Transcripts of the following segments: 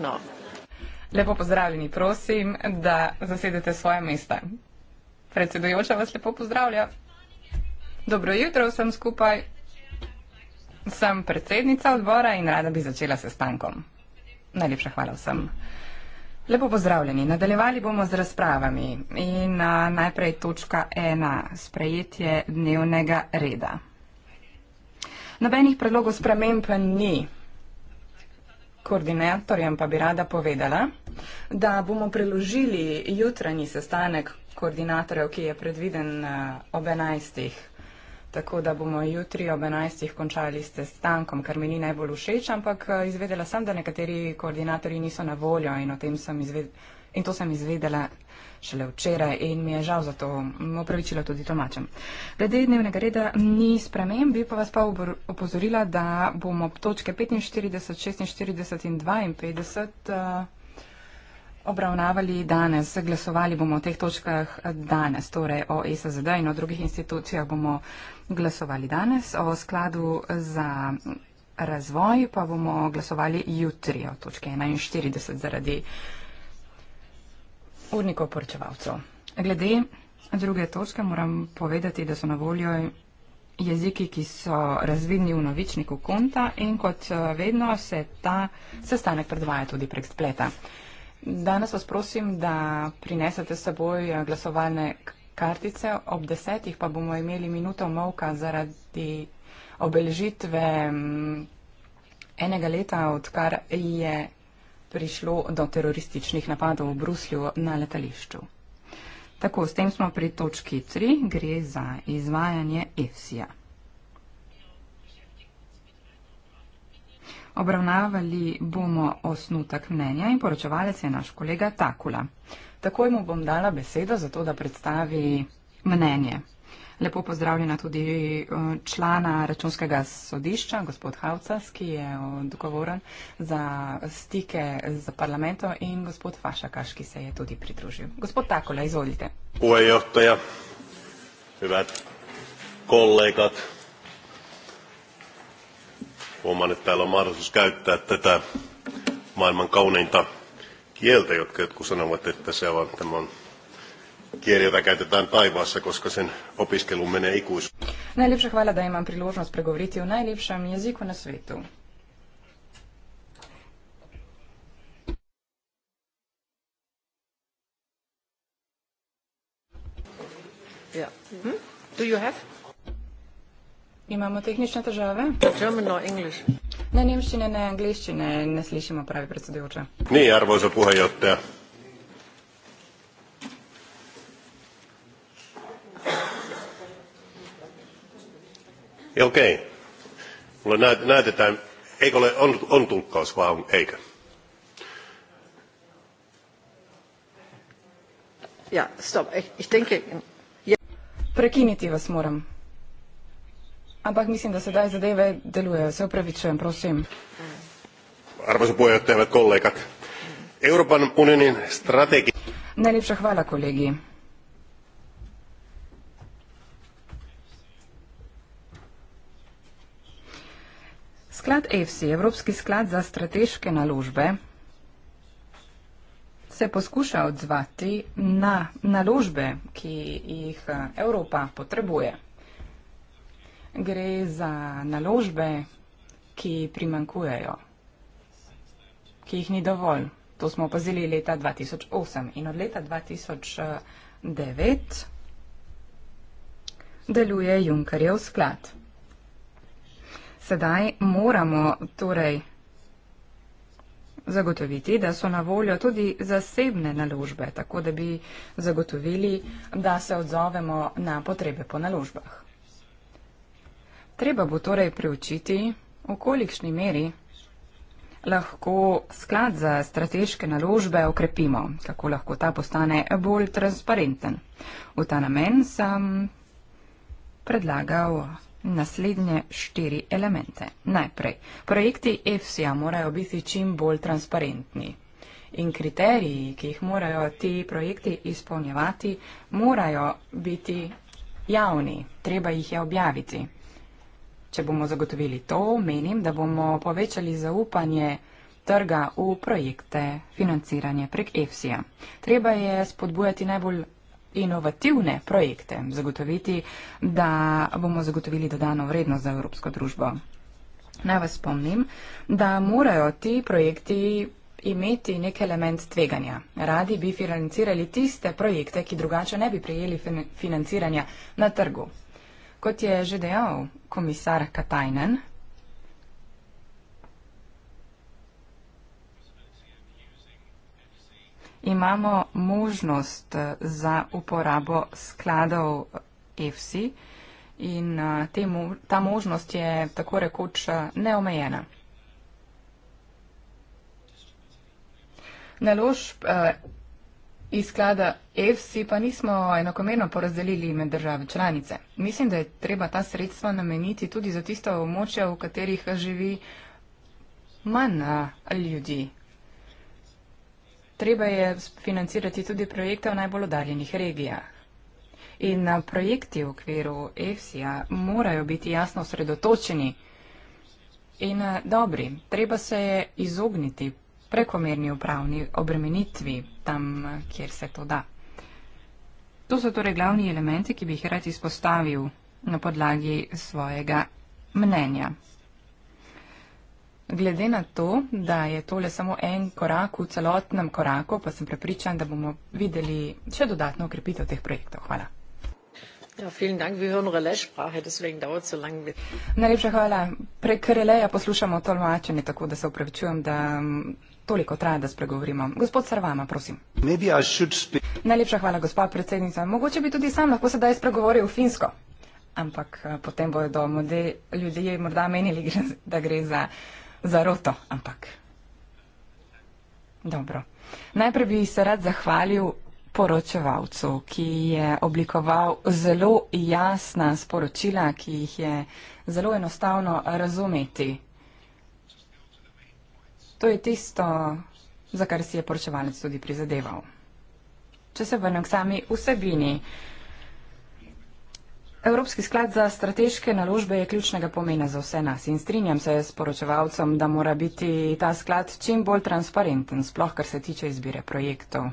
No. Lepo pozdravljeni, prosim, da zasedete svoje mesta. Predsedujoča vas lepo pozdravlja. Dobro jutro vsem skupaj. Sem predsednica odbora in rada bi začela se stankom. Najlepša hvala vsem. Lepo pozdravljeni. Nadaljevali bomo z razpravami in a, najprej točka ena, sprejetje dnevnega reda. Nobenih predlogov spremembe ni koordinatorjem pa bi rada povedala, da bomo preložili jutranji sestanek koordinatorjev, ki je predviden eh, ob 11. Tako da bomo jutri ob 11. končali s sestankom, kar mi ni najbolj všeč, ampak eh, izvedela sem, da nekateri koordinatorji niso na voljo in, sem izved... in to sem izvedela šele včeraj in mi je žal za to opravičilo tudi tolmačem. Glede dnevnega reda ni sprememb, bi pa vas pa opozorila, da bomo točke 45, 46 in 52 eh, obravnavali danes, glasovali bomo o teh točkah danes, torej o SZD in o drugih institucijah bomo glasovali danes, o skladu za razvoj pa bomo glasovali jutri o točke 41 zaradi urnikov poročevalcev. Glede druge točke moram povedati, da so na voljo jeziki, ki so razvidni v novičniku konta in kot eh, vedno se ta sestanek predvaja tudi prek spleta. Danes vas prosim, da prinesete s seboj eh, glasovalne kartice. Ob desetih pa bomo imeli minuto molka zaradi obeležitve mm, enega leta, odkar je prišlo do terorističnih napadov v Bruslju na letališču. Tako, s tem smo pri točki 3, gre za izvajanje EFSI-ja. Obravnavali bomo osnutek mnenja in poročevalec je naš kolega Takula. Takoj mu bom dala besedo za to, da predstavi mnenje. Lepo pozdravljena tudi eh, člana računskega sodišča, gospod Havcas, ki je odgovoren za stike z parlamentom in gospod Fašakaš, ki se je tudi pridružil. Gospod Takola, izvolite. Puhejohtaja, hyvät kollegat, huomaan, että täällä on mahdollisuus käyttää tätä maailman kauneinta kieltä, jotka jotkut sanovat, että se on, tämä on kjer je takrat dan tajvasa, ko se opiskel v mene ikus. Najlepša hvala, da imam priložnost pregovoriti v najlepšem jeziku na svetu. Ja. Mm -hmm. Imamo tehnične težave? Ja, no ne nemščine, ne angliščine ne slišimo, pravi predsedujoča. Ni, arvo za puhajote. Okei. Mulle näytetään, eikö ole on, on tulkkaus vai on, eikö? Ja, stop. Eh, ich denke, ja. Prekiniti vas moram. Ampak mislim, da sedaj zadeve delujejo. Se upravičujem, prosim. Arvoisa puheenjohtaja, kollegat. Euroopan unionin strategi... Najlepša hvala, kolegi. Sklad EFSI, Evropski sklad za strateške naložbe, se poskuša odzvati na naložbe, ki jih eh, Evropa potrebuje. Gre za naložbe, ki primankujejo, ki jih ni dovolj. To smo opazili leta 2008 in od leta 2009 eh, deluje Junkarjev sklad. Sedaj moramo torej zagotoviti, da so na voljo tudi zasebne naložbe, tako da bi zagotovili, da se odzovemo na potrebe po naložbah. Treba bo torej preučiti, v kolikšni meri lahko sklad za strateške naložbe okrepimo, kako lahko ta postane bolj transparenten. V ta namen sem predlagal naslednje štiri elemente. Najprej, projekti EFSIA morajo biti čim bolj transparentni. In kriteriji, ki jih morajo ti projekti izpolnjevati, morajo biti javni, treba jih je objaviti. Če bomo zagotovili to, menim, da bomo povečali zaupanje trga v projekte financiranje prek EFSIA. Treba je spodbujati najbolj inovativne projekte, zagotoviti, da bomo zagotovili dodano vrednost za evropsko družbo. Naj vas spomnim, da morajo ti projekti imeti nek element tveganja. Radi bi financirali tiste projekte, ki drugače ne bi prijeli financiranja na trgu. Kot je že dejal komisar Katajnen, imamo možnost eh, za uporabo skladov EFSI eh, in eh, te, ta možnost je tako rekoč neomejena. Naložb eh, iz sklada EFSI pa nismo enakomerno porazdelili med države članice. Mislim, da je treba ta sredstva nameniti tudi za tisto območje, v katerih živi manj ljudi treba je financirati tudi projekte v najbolj oddaljenih regijah. In projekti v okviru EFSI-ja morajo biti jasno osredotočeni in eh, dobri. Treba se je izogniti prekomerni upravni obremenitvi tam, eh, kjer se to da. To so torej glavni elementi, ki bi jih rad izpostavil na podlagi svojega mnenja. Glede na to, da je tole samo en korak v celotnem koraku, pa sem prepričan, da bomo videli še dodatno ukrepitev teh projektov. Hvala. Ja, Najlepša hvala. Prek releja poslušamo tolmačenje, tako da se upravičujem, da mm, toliko traja, da spregovorimo. Gospod Sarvama, prosim. Najlepša hvala, gospa predsednica. Mogoče bi tudi sam lahko sedaj spregovoril finsko. Ampak eh, potem bojo do ljudi morda menili, da gre za zaroto, ampak. Dobro. Najprej bi se rad zahvalil poročevalcu, ki je oblikoval zelo jasna sporočila, ki jih je zelo enostavno razumeti. To je tisto, za kar si je poročevalec tudi prizadeval. Če se vrnem k sami vsebini. Evropski sklad za strateške naložbe je ključnega pomena za vse nas in strinjam se s poročevalcem, da mora biti ta sklad čim bolj transparenten, sploh kar se tiče izbire projektov.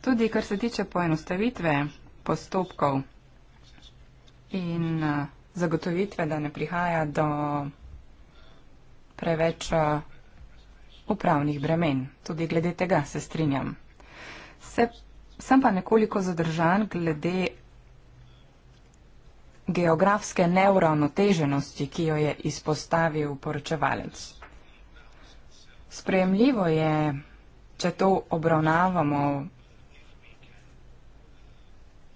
Tudi kar se tiče poenostavitve postopkov in eh, zagotovitve, da ne prihaja do preveča eh, upravnih bremen. Tudi glede tega se strinjam. Se, sem pa nekoliko zadržan glede geografske neuravnoteženosti, ki jo je izpostavil poročevalec. Sprejemljivo je, če to obravnavamo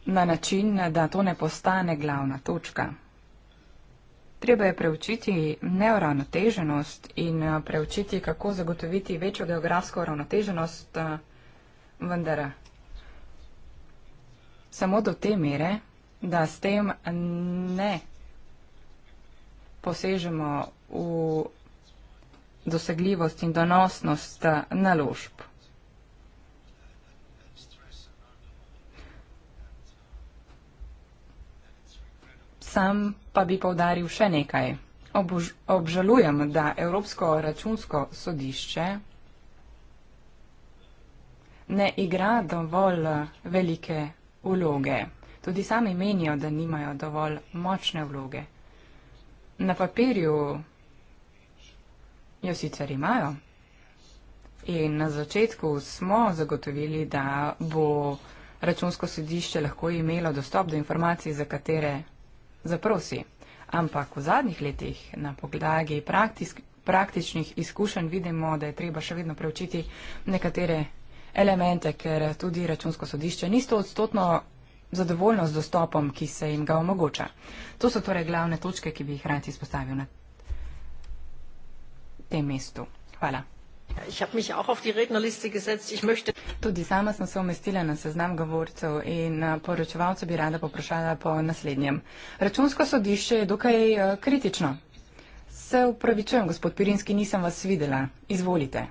na način, da to ne postane glavna točka Treba je preučiti neuravnoteženost in eh, preučiti, kako zagotoviti večjo geografsko ravnoteženost, eh, vendar eh, samo do te mere, da s tem ne posežemo v dosegljivost in donosnost naložb. Sam pa bi povdaril še nekaj. Obož, obžalujem, da Evropsko računsko sodišče ne igra dovolj velike vloge. Tudi sami menijo, da nimajo dovolj močne vloge. Na papirju jo sicer imajo. In na začetku smo zagotovili, da bo računsko sodišče lahko imelo dostop do informacij, za katere zaprosi. Ampak v zadnjih letih na podlagi praktisk, praktičnih izkušenj vidimo, da je treba še vedno preučiti nekatere elemente, ker tudi računsko sodišče ni sto odstotno zadovoljno z dostopom, ki se jim ga omogoča. To so torej glavne točke, ki bi jih rad izpostavil na tem mestu. Hvala. Tudi sama sem se umestila na seznam govorcev in eh, poročevalcu bi rada poprašala po naslednjem. Računsko sodišče je dokaj eh, kritično. Se upravičujem, gospod Pirinski, nisem vas videla. Izvolite.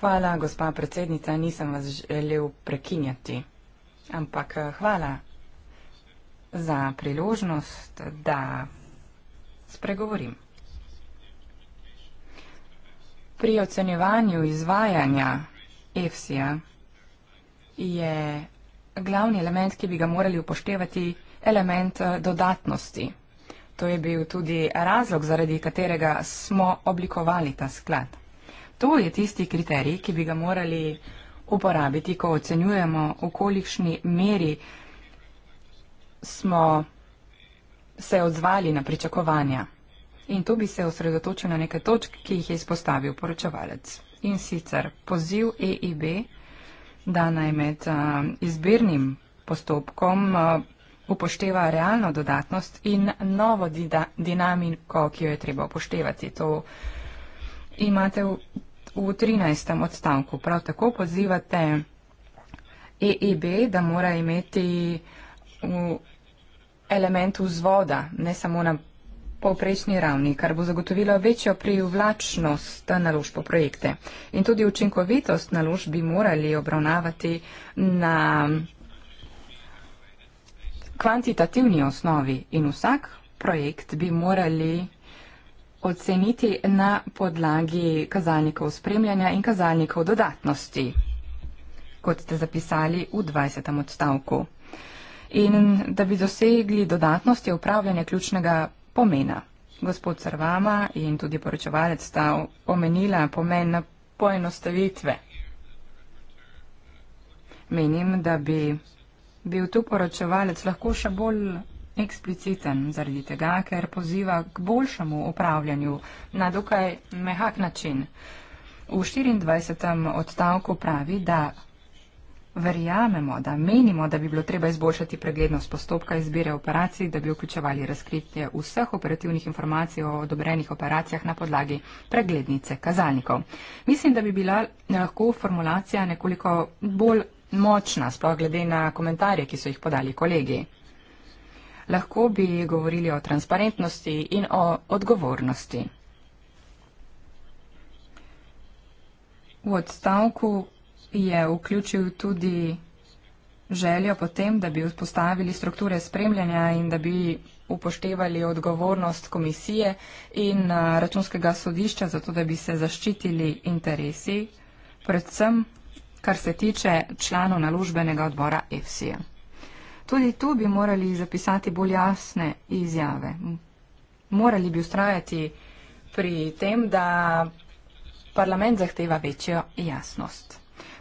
Hvala, gospa predsednica, nisem vas želel prekinjati. Ampak eh, hvala za priložnost, da spregovorim. Pri ocenjevanju izvajanja EFSI-ja je glavni element, ki bi ga morali upoštevati, element eh, dodatnosti. To je bil tudi razlog, zaradi katerega smo oblikovali ta sklad. To je tisti kriterij, ki bi ga morali uporabiti, ko ocenjujemo, v kolikšni meri smo se odzvali na pričakovanja in to bi se osredotočil na neke točke, ki jih je izpostavil poročevalec. In sicer poziv EIB, da naj med izbirnim postopkom upošteva realno dodatnost in novo dinamiko, ki jo je treba upoštevati. To imate v 13. odstavku. Prav tako pozivate EIB, da mora imeti v element vzvoda, ne samo na povprečni ravni, kar bo zagotovilo večjo privlačnost naložb po projekte. In tudi učinkovitost naložb bi morali obravnavati na kvantitativni osnovi in vsak projekt bi morali oceniti na podlagi kazalnikov spremljanja in kazalnikov dodatnosti, kot ste zapisali v 20. odstavku. In da bi dosegli dodatnosti upravljanja ključnega pomena. Gospod Sarvama in tudi poročevalec sta omenila pomen poenostavitve. Menim, da bi bil tu poročevalec lahko še bolj ekspliciten zaradi tega, ker poziva k boljšemu upravljanju na dokaj mehak način. V 24. odstavku pravi, da verjamemo, da menimo, da bi bilo treba izboljšati preglednost postopka izbire operacij, da bi vključevali razkritje vseh operativnih informacij o odobrenih operacijah na podlagi preglednice kazalnikov. Mislim, da bi bila lahko formulacija nekoliko bolj močna, sploh glede na komentarje, ki so jih podali kolegi. Lahko bi govorili o transparentnosti in o odgovornosti. V odstavku je vključil tudi željo potem, da bi vzpostavili strukture spremljanja in da bi upoštevali odgovornost komisije in računskega sodišča, zato da bi se zaščitili interesi, predvsem kar se tiče članov naložbenega odbora EFSI-ja. Tudi tu bi morali zapisati bolj jasne izjave. Morali bi ustrajati pri tem, da parlament zahteva večjo jasnost.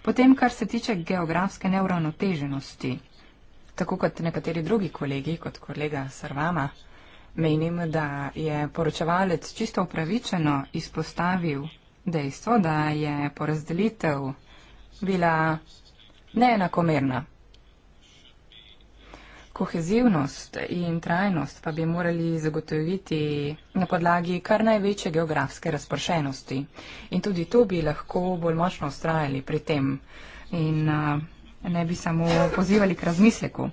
Potem, kar se tiče geografske neuravnoteženosti, tako kot nekateri drugi kolegi, kot kolega Sarvama, menim, da je poročevalec čisto upravičeno izpostavil dejstvo, da je porazdelitev bila neenakomerna kohezivnost in trajnost pa bi morali zagotoviti na podlagi kar največje geografske razpršenosti. In tudi to bi lahko bolj močno ustrajali pri tem in ne bi samo pozivali k razmisleku.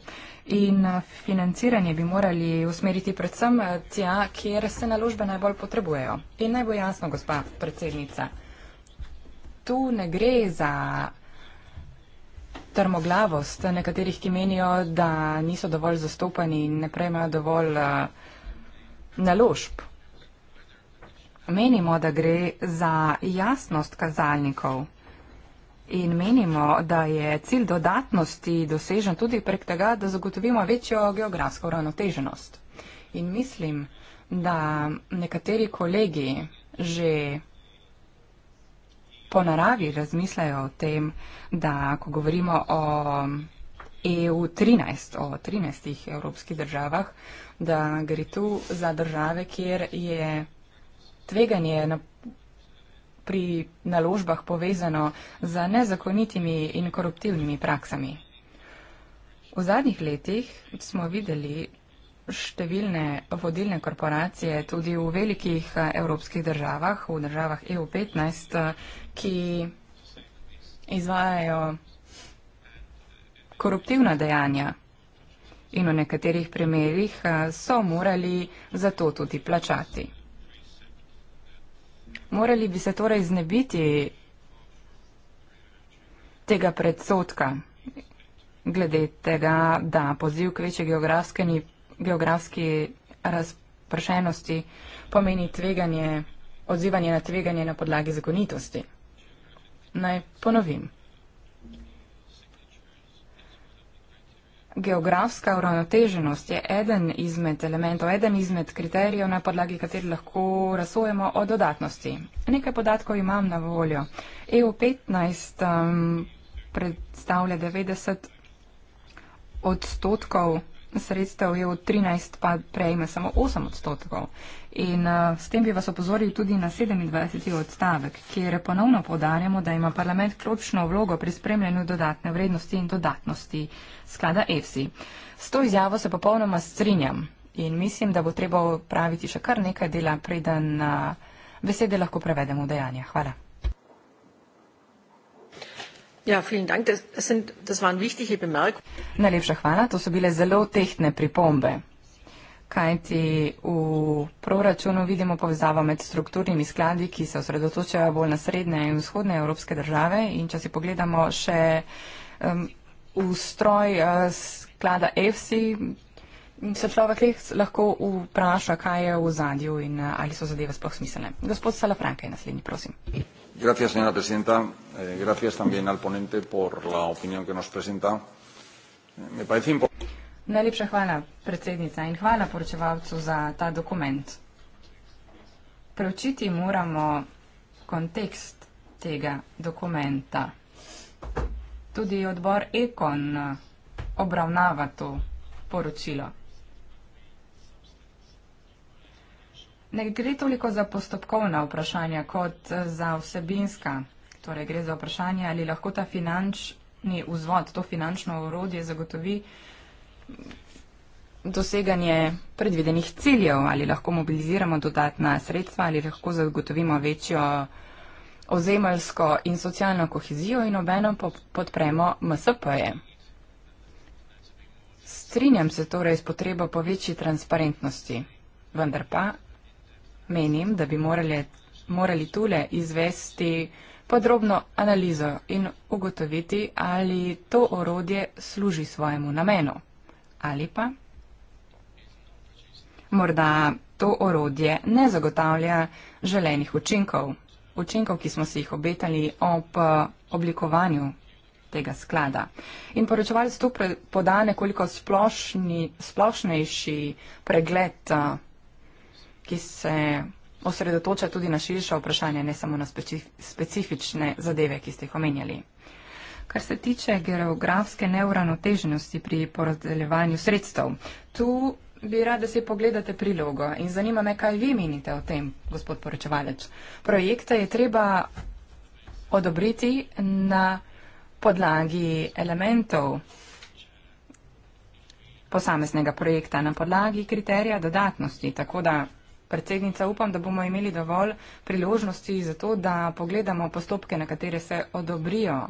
In financiranje bi morali usmeriti predvsem tja, kjer se naložbe najbolj potrebujejo. In naj bo jasno, gospa predsednica, tu ne gre za trmoglavost nekaterih, ki menijo, da niso dovolj zastopani in ne prejmejo dovolj eh, naložb. Menimo, da gre za jasnost kazalnikov in menimo, da je cilj dodatnosti dosežen tudi prek tega, da zagotovimo večjo geografsko ravnoteženost. In mislim, da nekateri kolegi že po naravi razmišljajo o tem, da ko govorimo o EU 13, o 13 evropskih državah, da gre tu za države, kjer je tveganje na, pri naložbah povezano z nezakonitimi in koruptivnimi praksami. V zadnjih letih smo videli, številne vodilne korporacije tudi v velikih eh, evropskih državah, v državah EU15, eh, ki izvajajo koruptivna dejanja in v nekaterih primerjih eh, so morali za to tudi plačati. Morali bi se torej znebiti tega predsotka glede tega, da poziv k večji geografskeni geografski razpršenosti pomeni tveganje, odzivanje na tveganje na podlagi zakonitosti. Naj ponovim. Geografska uravnoteženost je eden izmed elementov, eden izmed kriterijev, na podlagi kateri lahko razsojemo o dodatnosti. Nekaj podatkov imam na voljo. EU15 um, predstavlja 90 odstotkov sredstev EU 13 pa prejme samo 8 odstotkov. In uh, s tem bi vas opozorili tudi na 27. odstavek, kjer ponovno podarjamo, da ima parlament ključno vlogo pri spremljanju dodatne vrednosti in dodatnosti sklada EFSI. S to izjavo se popolnoma strinjam in mislim, da bo treba praviti še kar nekaj dela, preden uh, besede lahko prevedemo v dejanje. Hvala. Ja, dank, das sind, das waren Najlepša hvala, to so bile zelo tehtne pripombe. Kaj ti v proračunu vidimo povezavo med strukturnimi skladi, ki se osredotočajo bolj na srednje in vzhodne evropske države in če si pogledamo še um, ustroj uh, sklada EFSI, se človek lahko vpraša, kaj je v zadju in uh, ali so zadeve sploh smiselne. Gospod Salafranke, naslednji, prosim. Mm. Gracias, señora presidenta. Eh, gracias también al ponente por la opinión que nos presenta. Eh, me parece Najlepša hvala, predsednica, in hvala poročevalcu za ta dokument. Preučiti moramo kontekst tega dokumenta. Tudi odbor Ekon eh, obravnava to poročilo. Ne gre toliko za postopkovna vprašanja kot eh, za vsebinska. Torej gre za vprašanje, ali lahko ta finančni vzvod, to finančno urodje zagotovi doseganje predvidenih ciljev, ali lahko mobiliziramo dodatna sredstva, ali lahko zagotovimo večjo ozemeljsko in socialno kohezijo in obenem podpremo MSP-je. Strinjam se torej s potrebo po večji transparentnosti, vendar pa Menim, da bi morali, morali tule izvesti podrobno analizo in ugotoviti, ali to orodje služi svojemu namenu. Ali pa morda to orodje ne zagotavlja želenih učinkov, učinkov, ki smo si jih obetali ob oblikovanju tega sklada. In poročevalc tu poda nekoliko splošni, splošnejši pregled ki se osredotoča tudi na širše vprašanje, ne samo na specif specifične zadeve, ki ste jih omenjali. Kar se tiče geografske neuranoteženosti pri porazdeljevanju sredstev, tu bi rada si pogledate prilogo in zanima me, kaj vi menite o tem, gospod poročevalec. Projekte je treba odobriti na podlagi elementov posameznega projekta, na podlagi kriterija dodatnosti, tako da Predsednica, upam, da bomo imeli dovolj priložnosti za to, da pogledamo postopke, na katere se odobrijo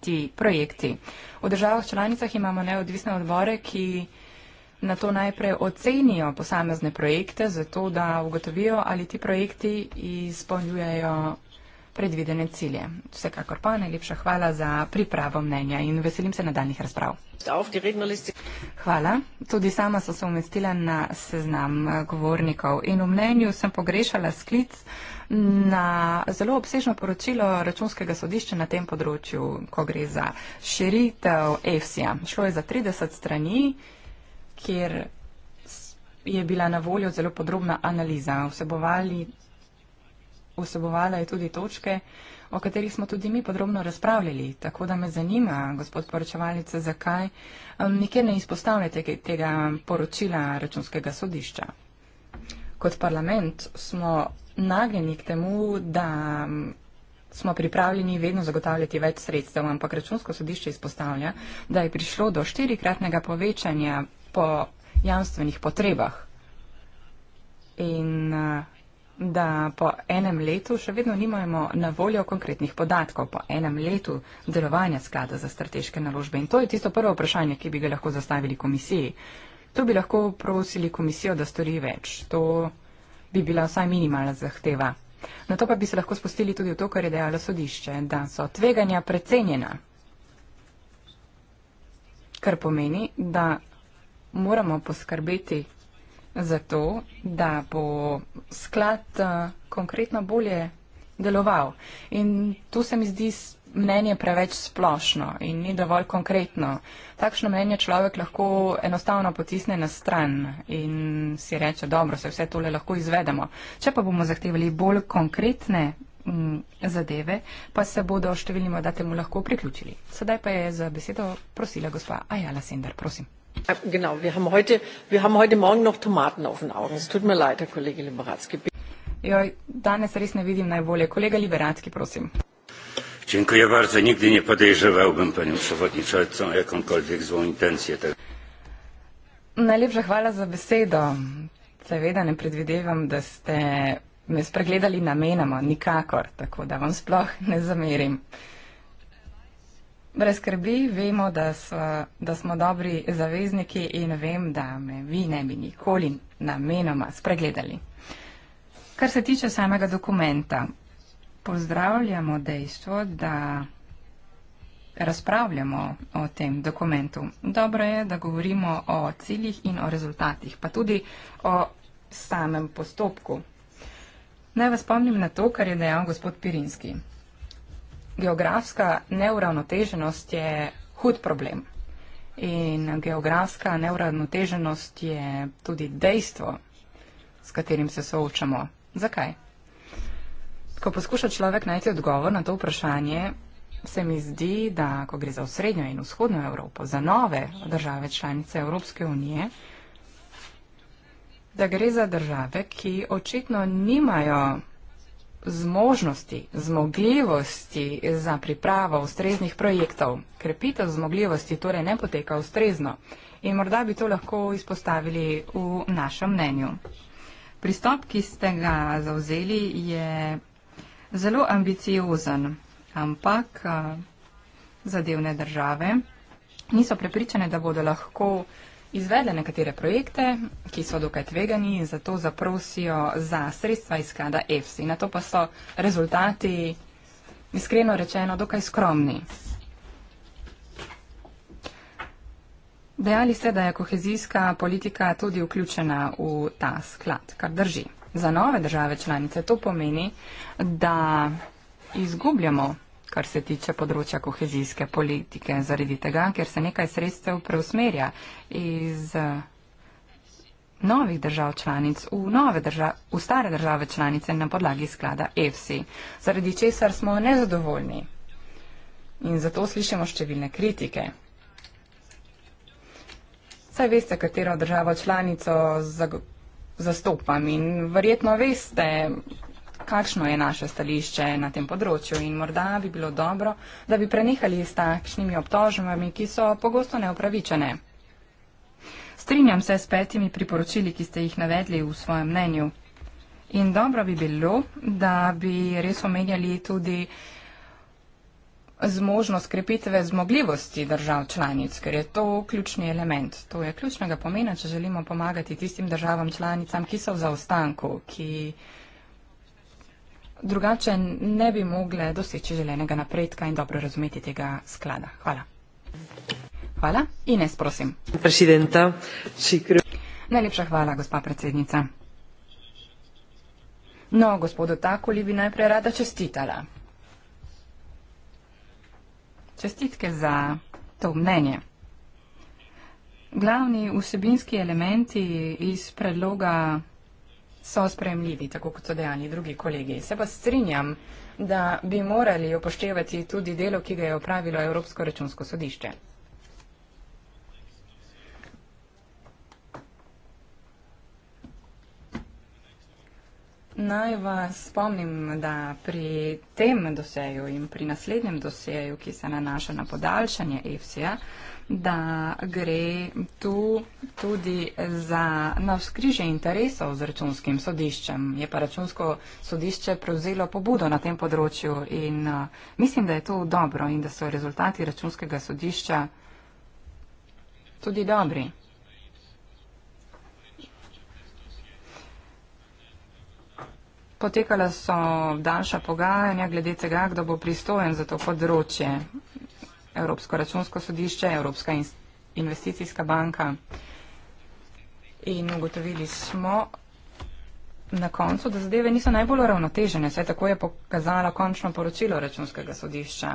ti projekti. V državah članicah imamo neodvisne odbore, ki na to najprej ocenijo posamezne projekte, zato da ugotovijo, ali ti projekti izpolnjujejo predvidene cilje. Vsekakor pa najlepša hvala za pripravo mnenja in veselim se nadaljnih razprav. Hvala. Tudi sama sem se umestila na seznam eh, govornikov in v mnenju sem pogrešala sklic na zelo obsežno poročilo računskega sodišča na tem področju, ko gre za širitev EFSI-ja. Šlo je za 30 strani, kjer je bila na voljo zelo podrobna analiza. Vsebovali vsebovala je tudi točke, o katerih smo tudi mi podrobno razpravljali. Tako da me zanima, gospod poročevalec, zakaj um, nikjer ne izpostavljate tega poročila računskega sodišča. Kot parlament smo nagljeni k temu, da um, smo pripravljeni vedno zagotavljati več sredstev, ampak računsko sodišče izpostavlja, da je prišlo do štirikratnega povečanja po jamstvenih potrebah. In uh, da po enem letu še vedno nimamo na voljo konkretnih podatkov, po enem letu delovanja sklada za strateške naložbe. In to je tisto prvo vprašanje, ki bi ga lahko zastavili komisiji. To bi lahko prosili komisijo, da stori več. To bi bila vsaj minimalna zahteva. Na to pa bi se lahko spustili tudi v to, kar je dejalo sodišče, da so tveganja precenjena. Kar pomeni, da moramo poskrbeti zato, da bo sklad eh, konkretno bolje deloval. In tu se mi zdi mnenje preveč splošno in ni dovolj konkretno. Takšno mnenje človek lahko enostavno potisne na stran in si reče, dobro, se vse tole lahko izvedemo. Če pa bomo zahtevali bolj konkretne mm, zadeve, pa se bodo številni mandatemu lahko priključili. Sedaj pa je za besedo prosila gospa Ajala Sender, prosim. Äh, genau, wir haben heute, wir haben heute Morgen noch Tomaten auf den Augen. Es tut mir leid, Herr Kollege Liberatski. Joj, ja, danes res ne vidim najbolje. Kolega Liberatski, prosim. Dziękuję bardzo. Nigdy nie podejrzewałbym panią przewodniczącą jakąkolwiek złą intencję. Najlepsza chwała za besedo. Seveda ne predvidevam, da ste me spregledali namenoma, nikakor, tako da vam sploh ne zamerim. Brez skrbi, vemo, da, sva, da smo dobri zavezniki in vem, da me vi ne bi nikoli namenoma spregledali. Kar se tiče samega dokumenta, pozdravljamo dejstvo, da razpravljamo o tem dokumentu. Dobro je, da govorimo o ciljih in o rezultatih, pa tudi o samem postopku. Naj vas spomnim na to, kar je dejal gospod Pirinski geografska neuravnoteženost je hud problem. In geografska neuravnoteženost je tudi dejstvo, s katerim se soočamo. Zakaj? Ko poskuša človek najti odgovor na to vprašanje, se mi zdi, da ko gre za osrednjo in vzhodno Evropo, za nove države članice Evropske unije, da gre za države, ki očitno nimajo zmožnosti, zmogljivosti za pripravo ustreznih projektov. Krepitev zmogljivosti torej ne poteka ustrezno in morda bi to lahko izpostavili v našem mnenju. Pristop, ki ste ga zauzeli, je zelo ambiciozen, ampak eh, zadevne države niso prepričane, da bodo lahko izvedle nekatere projekte, ki so dokaj tvegani in zato zaprosijo za sredstva iz sklada EFSI. Na to pa so rezultati, iskreno rečeno, dokaj skromni. Dejali ste, da je kohezijska politika tudi vključena v ta sklad, kar drži. Za nove države članice to pomeni, da izgubljamo kar se tiče področja kohezijske politike, zaradi tega, ker se nekaj sredstev preusmerja iz eh, novih držav članic v, nove držav, v stare države članice na podlagi sklada EFSI, zaradi česar smo nezadovoljni in zato slišimo številne kritike. Saj veste, katero državo članico zastopam in verjetno veste, kakšno je naše stališče na tem področju in morda bi bilo dobro, da bi prenehali s takšnimi obtožbami, ki so pogosto neupravičene. Strinjam se s petimi priporočili, ki ste jih navedli v svojem mnenju. In dobro bi bilo, da bi res omenjali tudi zmožnost krepitve zmogljivosti držav članic, ker je to ključni element. To je ključnega pomena, če želimo pomagati tistim državam članicam, ki so v zaostanku, ki drugače ne bi mogle doseči želenega napredka in dobro razumeti tega sklada. Hvala. Hvala. Ines, prosim. Najlepša hvala, gospa predsednica. No, gospodu Takuli bi najprej rada čestitala. Čestitke za to mnenje. Glavni vsebinski elementi iz predloga so spremljivi, tako kot so dejali drugi kolegi. Se pa strinjam, da bi morali upoštevati tudi delo, ki ga je opravilo Evropsko računsko sodišče. Naj vas spomnim, da pri tem doseju in pri naslednjem doseju, ki se nanaša na podaljšanje EFSI-ja, da gre tu tudi za navskrižje interesov z računskim sodiščem. Je pa računsko sodišče prevzelo pobudo na tem področju in uh, mislim, da je to dobro in da so rezultati računskega sodišča tudi dobri. Potekala so daljša pogajanja glede tega, kdo bo pristojen za to področje. Evropsko računsko sodišče, Evropska in investicijska banka. In ugotovili smo na koncu, da zadeve niso najbolj ravnotežene, saj tako je pokazala končno poročilo računskega sodišča,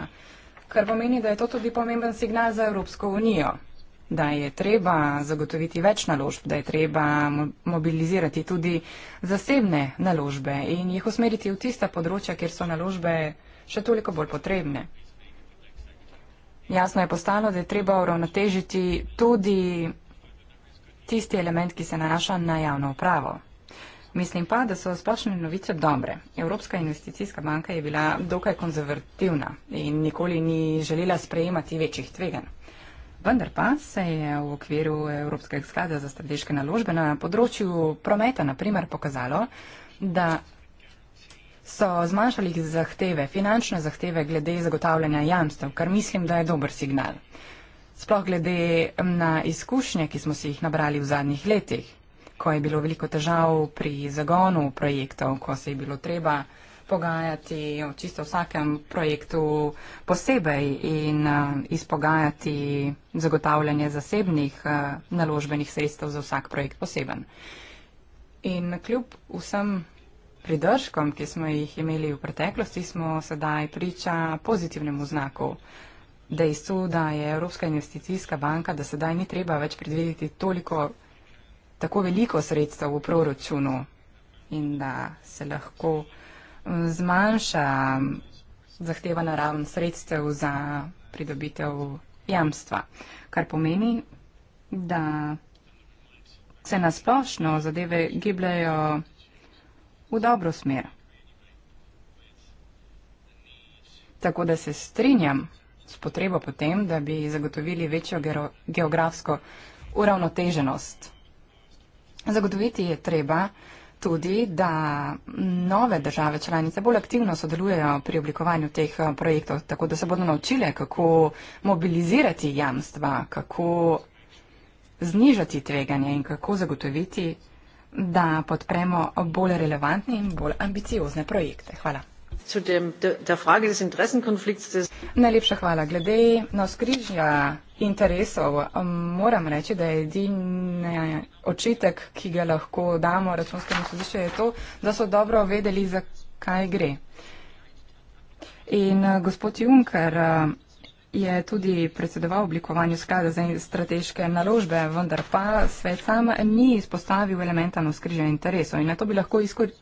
kar pomeni, da je to tudi pomemben signal za Evropsko unijo, da je treba zagotoviti več naložb, da je treba mobilizirati tudi zasebne naložbe in jih usmeriti v tista področja, kjer so naložbe še toliko bolj potrebne jasno je postalo, da je treba uravnotežiti tudi tisti element, ki se nanaša na javno upravo. Mislim pa, da so splošne novice dobre. Evropska investicijska banka je bila dokaj konzervativna in nikoli ni želela sprejemati večjih tvegan. Vendar pa se je v okviru Evropskega sklada za strateške naložbe na področju prometa naprimer pokazalo, da so zmanjšali zahteve, finančne zahteve glede zagotavljanja jamstev, kar mislim, da je dober signal. Sploh glede na izkušnje, ki smo si jih nabrali v zadnjih letih, ko je bilo veliko težav pri zagonu projektov, ko se je bilo treba pogajati o čisto vsakem projektu posebej in izpogajati zagotavljanje zasebnih naložbenih sredstev za vsak projekt poseben. In kljub vsem pridržkom, ki smo jih imeli v preteklosti, smo sedaj priča pozitivnemu znaku. Dejstvo, da je Evropska investicijska banka, da sedaj ni treba več predvideti toliko, tako veliko sredstev v proračunu in da se lahko mm, zmanjša zahtevana raven sredstev za pridobitev jamstva, kar pomeni, da se nasplošno zadeve gibljajo v dobro smer. Tako da se strinjam s potrebo potem, da bi zagotovili večjo geografsko uravnoteženost. Zagotoviti je treba tudi, da nove države članice bolj aktivno sodelujejo pri oblikovanju teh eh, projektov, tako da se bodo naučile, kako mobilizirati jamstva, kako znižati tveganje in kako zagotoviti da podpremo bolj relevantne in bolj ambiciozne projekte. Hvala. Najlepša hvala. Glede na skrižja interesov moram reči, da je edini očitek, ki ga lahko damo računskemu sodišču, je to, da so dobro vedeli, zakaj gre. In gospod Juncker, je tudi predsedoval oblikovanju sklada za strateške naložbe, vendar pa svet sam ni izpostavil elementa navskrižja interesov in na to bi lahko izkoristili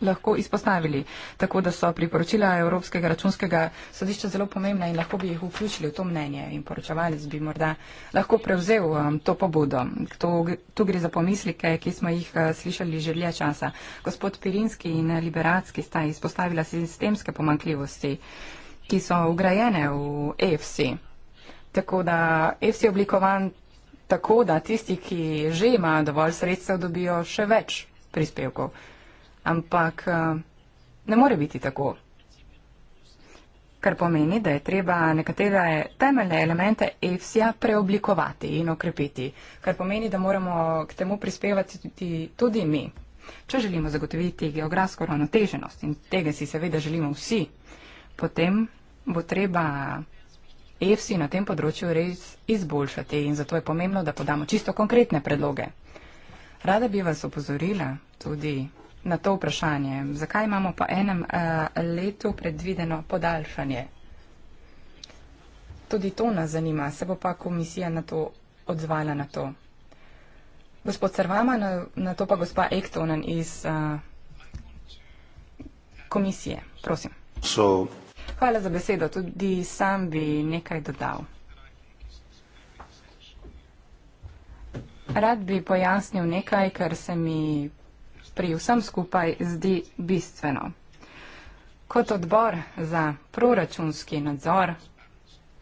lahko izpostavili, tako da so priporočila Evropskega računskega sodišča zelo pomembna in lahko bi jih vključili v to mnenje in poročevalec bi morda lahko prevzel um, to pobudo. To, tu gre za pomislike, ki smo jih uh, slišali že dlje časa. Gospod Pirinski in Liberatski sta izpostavila sistemske pomankljivosti uh, ki so ugrajene v EFSI. Tako da EFSI je oblikovan tako, da tisti, ki že ima dovolj sredstev, dobijo še več prispevkov. Ampak eh, ne more biti tako. Kar pomeni, da je treba nekatere temeljne elemente EFSI-ja preoblikovati in okrepiti. Kar pomeni, da moramo k temu prispevati tudi mi. Če želimo zagotoviti geografsko ravnoteženost in tega si seveda želimo vsi, potem bo treba EFSI na tem področju res izboljšati in zato je pomembno, da podamo čisto konkretne predloge. Rada bi vas opozorila tudi na to vprašanje, zakaj imamo po enem uh, letu predvideno podaljšanje. Tudi to nas zanima, se bo pa komisija na to odzvala na to. Gospod Servama, na, na to pa gospa Ektonen iz uh, komisije, prosim. So Hvala za besedo. Tudi sam bi nekaj dodal. Rad bi pojasnil nekaj, kar se mi pri vsem skupaj zdi bistveno. Kot odbor za proračunski nadzor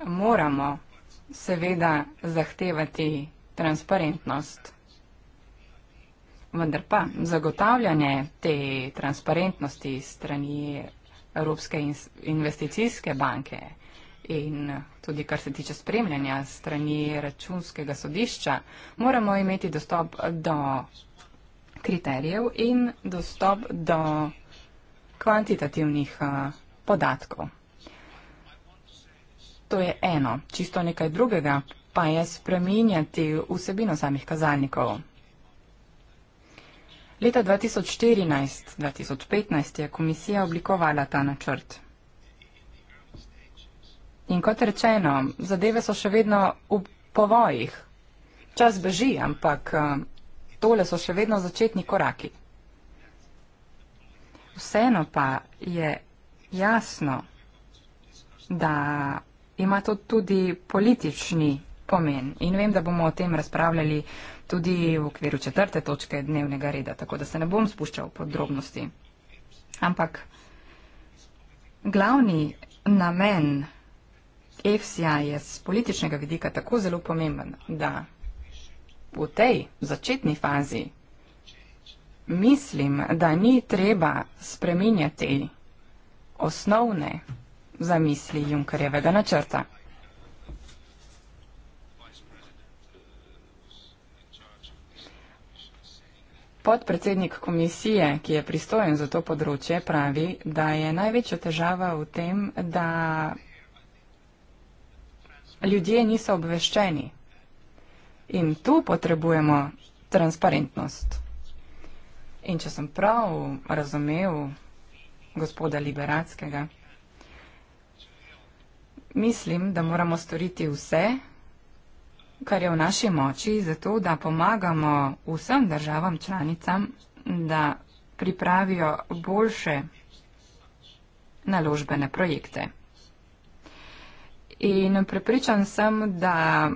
moramo seveda zahtevati transparentnost. Vendar pa zagotavljanje te transparentnosti strani Evropske investicijske banke in tudi kar se tiče spremljanja strani računskega sodišča, moramo imeti dostop do kriterijev in dostop do kvantitativnih eh, podatkov. To je eno. Čisto nekaj drugega pa je spreminjati vsebino samih kazalnikov. Leta 2014-2015 je komisija oblikovala ta načrt. In kot rečeno, zadeve so še vedno v povojih. Čas beži, ampak eh, tole so še vedno začetni koraki. Vseeno pa je jasno, da ima to tudi politični pomen. In vem, da bomo o tem razpravljali tudi v okviru četrte točke dnevnega reda, tako da se ne bom spuščal podrobnosti. Ampak glavni namen EFSI-ja je z političnega vidika tako zelo pomemben, da v tej začetni fazi mislim, da ni treba spreminjati osnovne zamisli Junkerjevega načrta. Podpredsednik komisije, ki je pristojen za to področje, pravi, da je največja težava v tem, da ljudje niso obveščeni. In tu potrebujemo transparentnost. In če sem prav razumev gospoda Liberackega, mislim, da moramo storiti vse, kar je v naši moči, zato da pomagamo vsem državam članicam, da pripravijo boljše naložbene projekte. In prepričan sem, da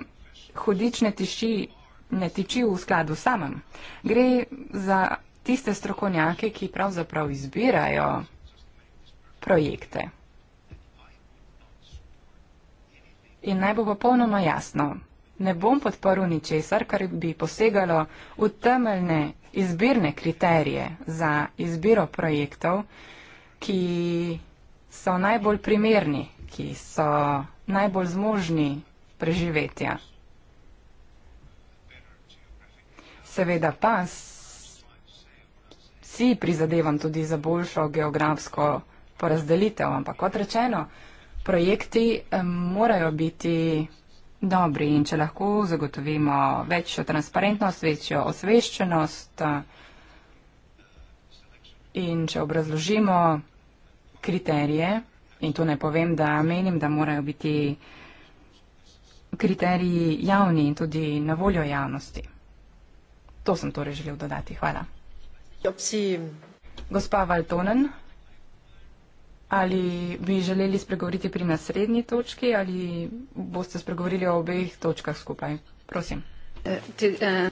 hudič ne tiši, ne tiči v skladu samem. Gre za tiste strokovnjake, ki pravzaprav izbirajo projekte. In naj bo popolnoma jasno, ne bom podporil ničesar, kar bi posegalo v temeljne izbirne kriterije za izbiro projektov, ki so najbolj primerni, ki so najbolj zmožni preživetja. Seveda pa si prizadevam tudi za boljšo geografsko porazdelitev, ampak kot rečeno, projekti eh, morajo biti Dobri, in če lahko zagotovimo večjo transparentnost, večjo osveščenost in če obrazložimo kriterije, in to ne povem, da menim, da morajo biti kriteriji javni in tudi na voljo javnosti. To sem torej želel dodati. Hvala. Gospa Valtonen, Ali bi želeli spregovoriti pri naslednji točki ali boste spregovorili o obeh točkah skupaj? Prosim. Eh, eh.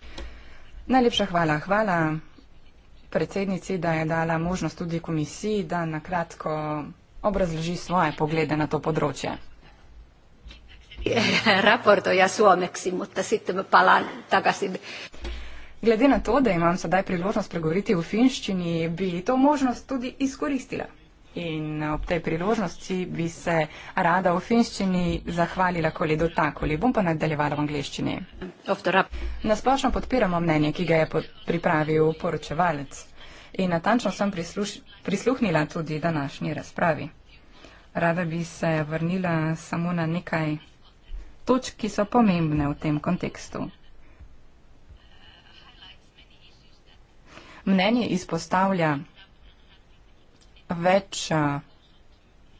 Najlepša hvala. Hvala predsednici, da je dala možnost tudi komisiji, da nakratko obrazloži svoje poglede na to področje. Ja Glede na to, da imam sedaj priložnost pregovoriti v finščini, bi to možnost tudi izkoristila in ob tej priložnosti bi se rada v finščini zahvalila kolegu Takoli. Bom pa nadaljevala v angliščini. Nasplošno podpiramo mnenje, ki ga je pripravil poročevalec. In natančno sem prisluhnila tudi današnji razpravi. Rada bi se vrnila samo na nekaj točk, ki so pomembne v tem kontekstu. Mnenje izpostavlja več eh,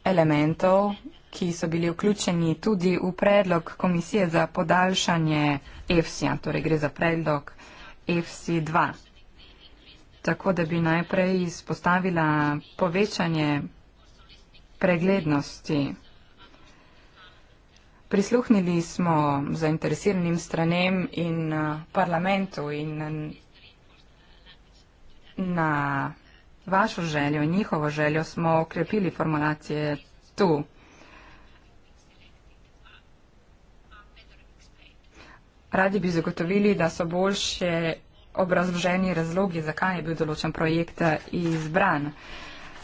elementov, ki so bili vključeni tudi v predlog komisije za podaljšanje EFSI-ja, torej gre za predlog EFSI-2. Tako da bi najprej izpostavila povečanje preglednosti. Prisluhnili smo zainteresiranim stranem in eh, parlamentu in na vašo željo in njihovo željo smo okrepili formulacije tu. Radi bi zagotovili, da so boljše obrazloženi razlogi, zakaj je bil določen projekt izbran.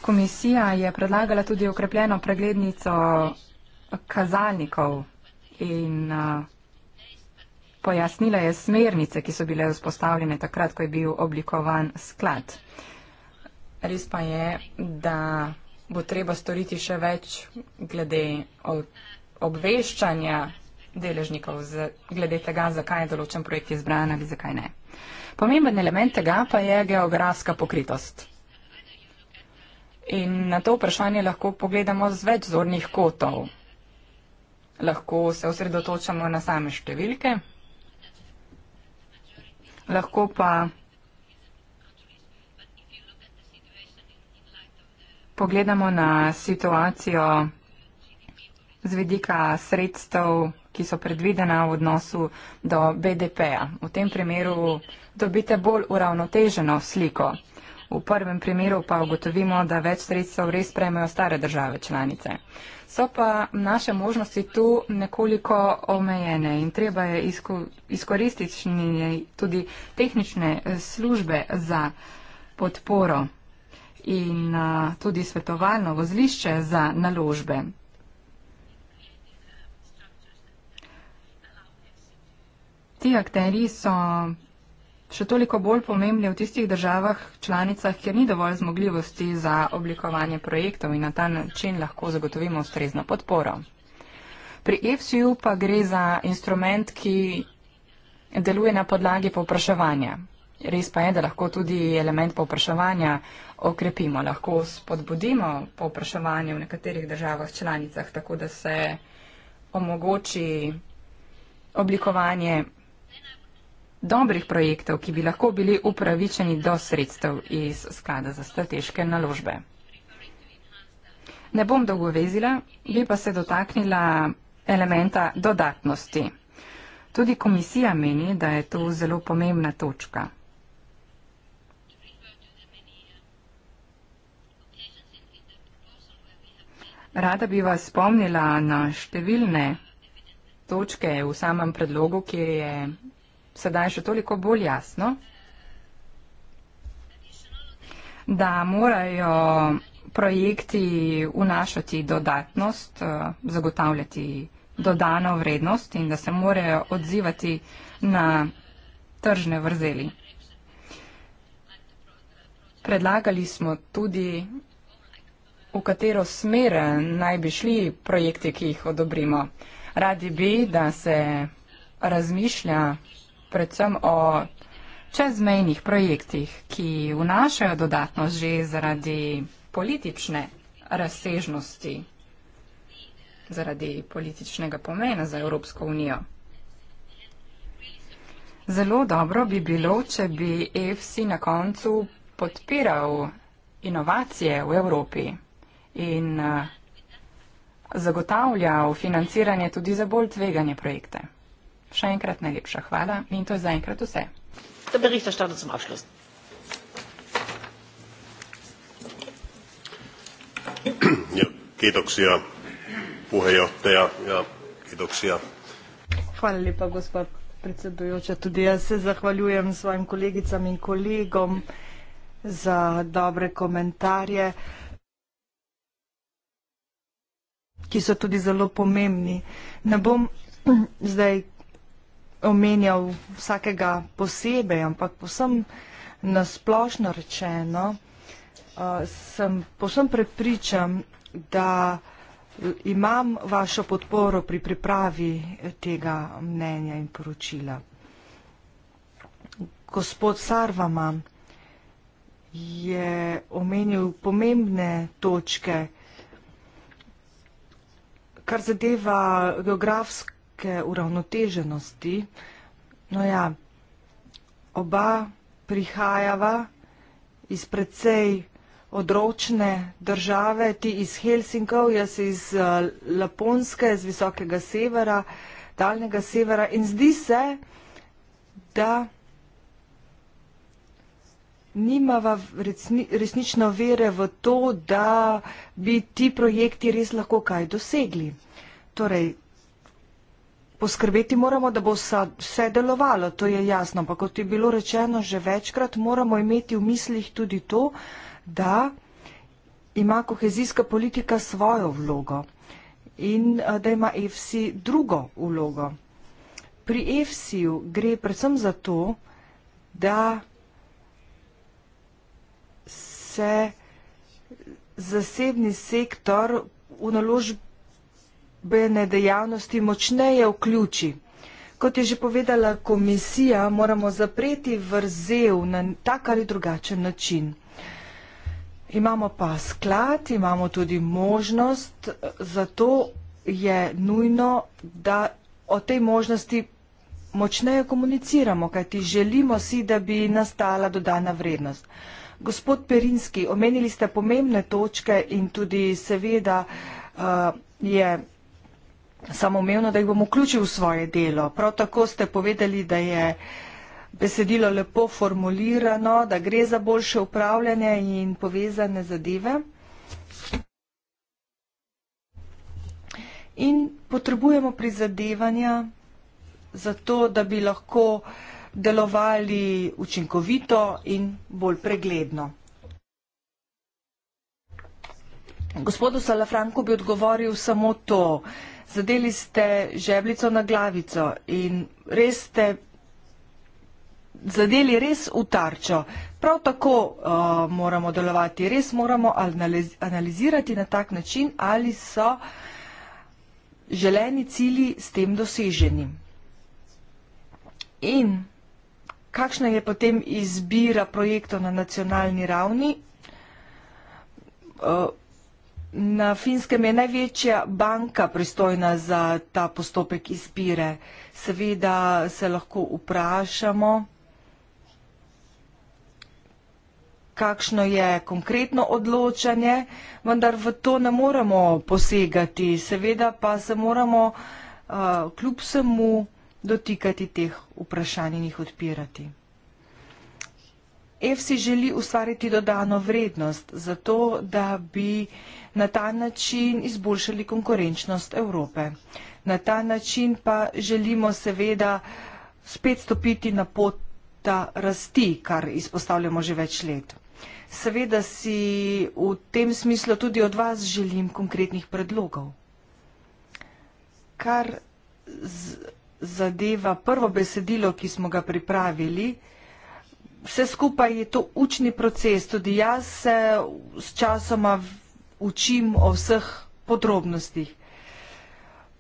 Komisija je predlagala tudi okrepljeno preglednico kazalnikov in eh, pojasnila je smernice, ki so bile vzpostavljene takrat, ko je bil oblikovan sklad. Res pa je, da bo treba storiti še več glede obveščanja deležnikov z, glede tega, zakaj je določen projekt izbran ali zakaj ne. Pomemben element tega pa je geografska pokritost. In na to vprašanje lahko pogledamo z več zornih kotov. Lahko se osredotočamo na same številke, lahko pa pogledamo na situacijo z vidika sredstev, ki so predvidena v odnosu do BDP-ja. V tem primeru dobite bolj uravnoteženo sliko. V prvem primeru pa ugotovimo, da več sredstev res prejmejo stare države članice. So pa naše možnosti tu nekoliko omejene in treba je izkoristiti tudi tehnične eh, službe za podporo in tudi svetovalno vozlišče za naložbe. Ti akteri so še toliko bolj pomembni v tistih državah članicah, kjer ni dovolj zmogljivosti za oblikovanje projektov in na ta način lahko zagotovimo ustrezno podporo. Pri EFSU pa gre za instrument, ki deluje na podlagi povpraševanja. Res pa je, da lahko tudi element povpraševanja okrepimo, lahko spodbudimo povpraševanje v nekaterih državah članicah, tako da se omogoči oblikovanje dobrih projektov, ki bi lahko bili upravičeni do sredstev iz sklada za strateške naložbe. Ne bom dolgovezila, bi pa se dotaknila elementa dodatnosti. Tudi komisija meni, da je to zelo pomembna točka. Rada bi vas spomnila na številne točke v samem predlogu, ki je sedaj še toliko bolj jasno, da morajo projekti vnašati dodatnost, eh, zagotavljati dodano vrednost in da se morajo odzivati na tržne vrzeli. Predlagali smo tudi v katero smer naj bi šli projekti, ki jih odobrimo. Radi bi, da se razmišlja predvsem o čezmejnih projektih, ki vnašajo dodatno že zaradi politične razsežnosti, zaradi političnega pomena za Evropsko unijo. Zelo dobro bi bilo, če bi EFSI na koncu podpiral inovacije v Evropi in eh, zagotavljal financiranje tudi za bolj tveganje projekte. Še enkrat najlepša hvala in to je zaenkrat vse. Ja, ja hvala lepa, gospa predsedujoča. Tudi jaz se zahvaljujem svojim kolegicam in kolegom za dobre komentarje ki so tudi zelo pomembni. Ne bom zdaj omenjal vsakega posebej, ampak posem nasplošno rečeno uh, sem posem prepričan, da uh, imam vašo podporo pri pripravi eh, tega mnenja in poročila. Gospod Sarvama je omenil pomembne točke, ki so kar zadeva geografske uravnoteženosti, no ja, oba prihajava iz precej odročne države, ti iz Helsinkov, jaz iz eh, Laponske, z visokega severa, daljnega severa in zdi se, da nimava resni, resnično vere v to, da bi ti projekti res lahko kaj dosegli. Torej, poskrbeti moramo, da bo vsa, vse delovalo, to je jasno, ampak kot je bilo rečeno že večkrat, moramo imeti v mislih tudi to, da ima kohezijska politika svojo vlogo in eh, da ima EFSI drugo vlogo. Pri EFSI-ju gre predvsem za to, da se zasebni sektor v naložbene dejavnosti močneje vključi. Kot je že povedala komisija, moramo zapreti vrzel na tak ali drugačen način. Imamo pa sklad, imamo tudi možnost, zato je nujno, da o tej možnosti močneje komuniciramo, kajti želimo si, da bi nastala dodana vrednost. Gospod Perinski, omenili ste pomembne točke in tudi seveda uh, je samomevno, da jih bom vključil v svoje delo. Prav tako ste povedali, da je besedilo lepo formulirano, da gre za boljše upravljanje in povezane zadeve. In potrebujemo prizadevanja za to, da bi lahko uh, delovali učinkovito in bolj pregledno. Gospodu Salafranku bi odgovoril samo to. Zadeli ste žebljico na glavico in res ste zadeli res v tarčo. Prav tako uh, moramo delovati, res moramo analiz analizirati na tak način, ali so želeni cilji s tem doseženi. In kakšna je potem izbira projektov na nacionalni ravni? Eh, na Finskem je največja banka pristojna za ta postopek izbire. Seveda se lahko vprašamo, kakšno je konkretno odločanje, vendar v to ne moremo posegati. Seveda pa se moramo eh, kljub vsemu dotikati teh vprašanj in jih odpirati. F si želi ustvariti dodano vrednost za to, da bi na ta način izboljšali konkurenčnost Evrope. Na ta način pa želimo seveda spet stopiti na pot ta rasti, kar izpostavljamo že več let. Seveda si v tem smislu tudi od vas želim konkretnih predlogov. Kar z, zadeva prvo besedilo, ki smo ga pripravili. Vse skupaj je to učni proces, tudi jaz se s časoma učim o vseh podrobnostih.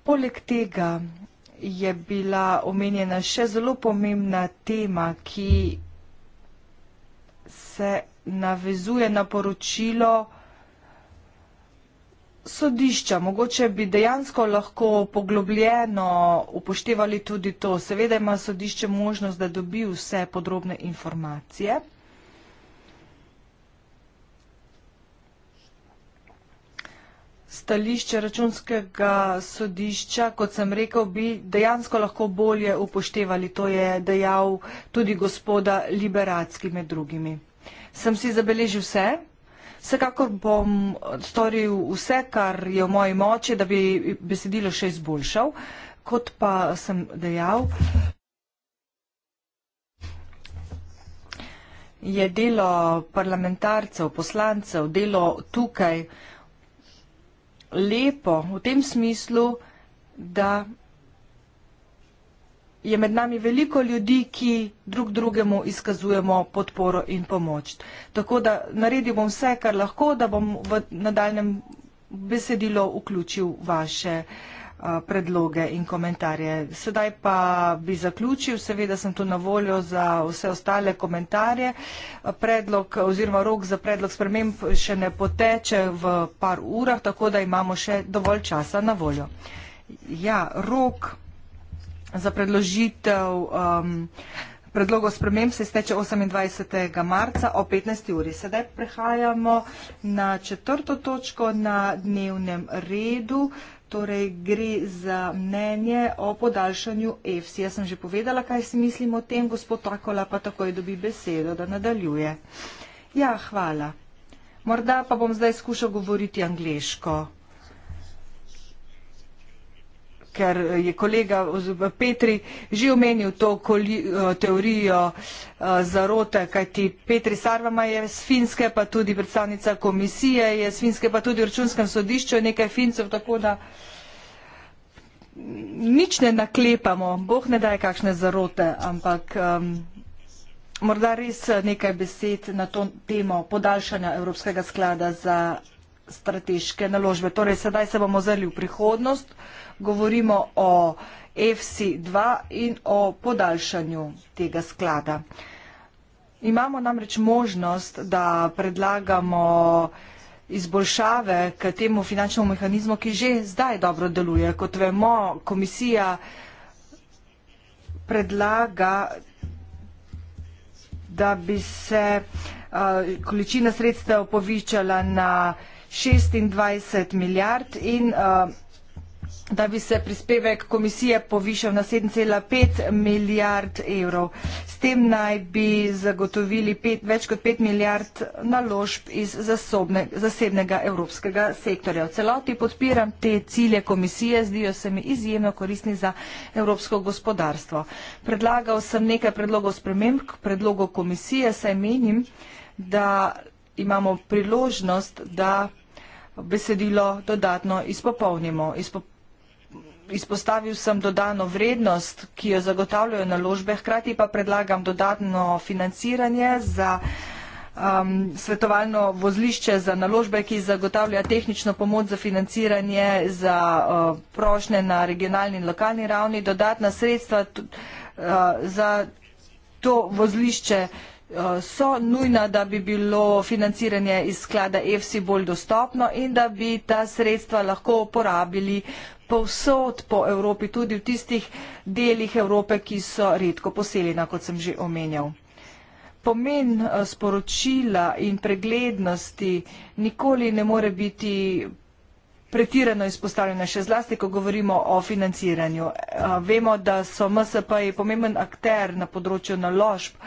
Poleg tega je bila omenjena še zelo pomembna tema, ki se navezuje na poročilo, sodišča, mogoče bi dejansko lahko poglobljeno upoštevali tudi to. Seveda ima sodišče možnost, da dobi vse podrobne informacije. Stališče računskega sodišča, kot sem rekel, bi dejansko lahko bolje upoštevali. To je dejal tudi gospoda Liberacki med drugimi. Sem si zabeležil vse? Vsekakor bom storil vse, kar je v moji moči, da bi besedilo še izboljšal, kot pa sem dejal. Je delo parlamentarcev, poslancev, delo tukaj lepo v tem smislu, da je med nami veliko ljudi, ki drug drugemu izkazujemo podporo in pomoč. Tako da naredil bom vse, kar lahko, da bom v nadaljem besedilo vključil vaše predloge in komentarje. Sedaj pa bi zaključil, seveda sem tu na voljo za vse ostale komentarje. Predlog oziroma rok za predlog sprememb še ne poteče v par urah, tako da imamo še dovolj časa na voljo. Ja, rok za predložitev um, predlogov sprememb se steče 28. marca o 15. uri. Sedaj prehajamo na četrto točko na dnevnem redu. Torej gre za mnenje o podaljšanju EFSI. Jaz sem že povedala, kaj si mislim o tem, gospod Takola pa takoj dobi besedo, da nadaljuje. Ja, hvala. Morda pa bom zdaj skušal govoriti angliško ker je kolega Petri že omenil to eh, teorijo eh, zarote, kajti Petri Sarvama je s Finske, pa tudi predstavnica komisije je s Finske, pa tudi v računskem sodišču nekaj Fincev, tako da nič ne naklepamo, boh ne daje kakšne zarote, ampak um, morda res eh, nekaj besed na to temo podaljšanja Evropskega sklada za strateške naložbe. Torej, sedaj se bomo zrli v prihodnost, govorimo o FC2 in o podaljšanju tega sklada. Imamo namreč možnost, da predlagamo izboljšave k temu finančnemu mehanizmu, ki že zdaj dobro deluje. Kot vemo, komisija predlaga, da bi se količina sredstev povičala na 26 milijard in eh, da bi se prispevek komisije povišal na 7,5 milijard evrov. S tem naj bi zagotovili več kot 5 milijard naložb iz zasebnega evropskega sektorja. V celoti podpiram te cilje komisije, zdijo se mi izjemno korisni za evropsko gospodarstvo. Predlagal sem nekaj predlogov sprememb k predlogu komisije, saj menim, da imamo priložnost, da besedilo dodatno izpopolnimo. Izpo Izpostavil sem dodano vrednost, ki jo zagotavljajo naložbe, hkrati pa predlagam dodatno financiranje za um, svetovalno vozlišče za naložbe, ki zagotavlja tehnično pomoč za financiranje za uh, prošnje na regionalni in lokalni ravni. Dodatna sredstva uh, za to vozlišče Eh, so nujna, da bi bilo financiranje iz sklada EFSI bolj dostopno in da bi ta sredstva lahko uporabili povsod po Evropi, tudi v tistih delih Evrope, ki so redko poseljena, kot sem že omenjal. Pomen eh, sporočila in preglednosti nikoli ne more biti pretirano izpostavljena, še zlasti, ko govorimo o financiranju. Eh, vemo, da so MSP pomemben akter na področju naložb,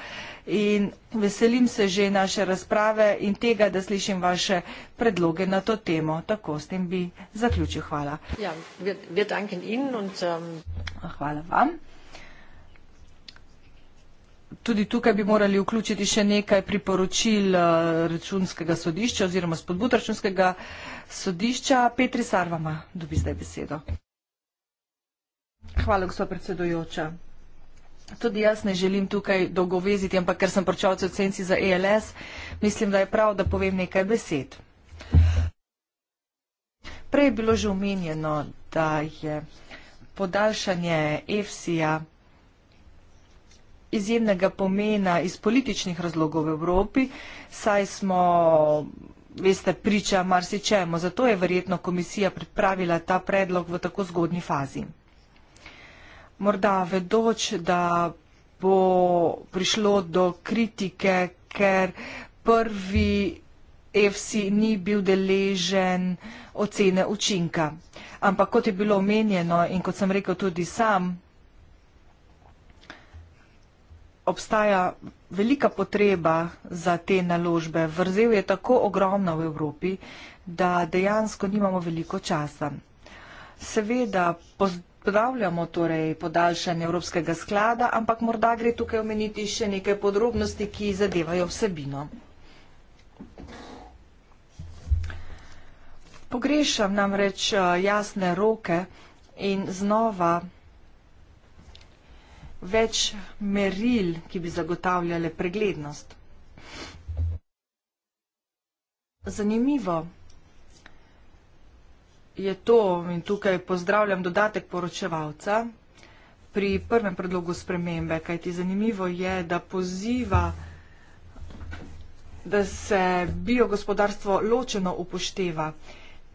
in veselim se že naše razprave in tega, da slišim vaše predloge na to temo. Tako s tem bi zaključil. Hvala. Ja, wir, wir und, um... Hvala vam. Tudi tukaj bi morali vključiti še nekaj priporočil eh, računskega sodišča oziroma spodbud računskega sodišča. Petri Sarvama dobi zdaj besedo. Hvala, gospod predsedujoča. Tudi jaz ne želim tukaj dolgoveziti, ampak ker sem pročalce v cenci za ELS, mislim, da je prav, da povem nekaj besed. Prej je bilo že omenjeno, da je podaljšanje EFSI-ja izjemnega pomena iz političnih razlogov v Evropi, saj smo, veste, priča marsičemo, zato je verjetno komisija pripravila ta predlog v tako zgodnji fazi morda vedoč, da bo prišlo do kritike, ker prvi EFSI ni bil deležen ocene učinka. Ampak kot je bilo omenjeno in kot sem rekel tudi sam, obstaja velika potreba za te naložbe. Vrzel je tako ogromno v Evropi, da dejansko nimamo veliko časa. Seveda, pozdravljamo, Pozdravljamo torej podaljšanje Evropskega sklada, ampak morda gre tukaj omeniti še nekaj podrobnosti, ki zadevajo vsebino. Pogrešam namreč eh, jasne roke in znova več meril, ki bi zagotavljale preglednost. Zanimivo, je to, in tukaj pozdravljam dodatek poročevalca pri prvem predlogu spremembe, kajti zanimivo je, da poziva, da se biogospodarstvo ločeno upošteva.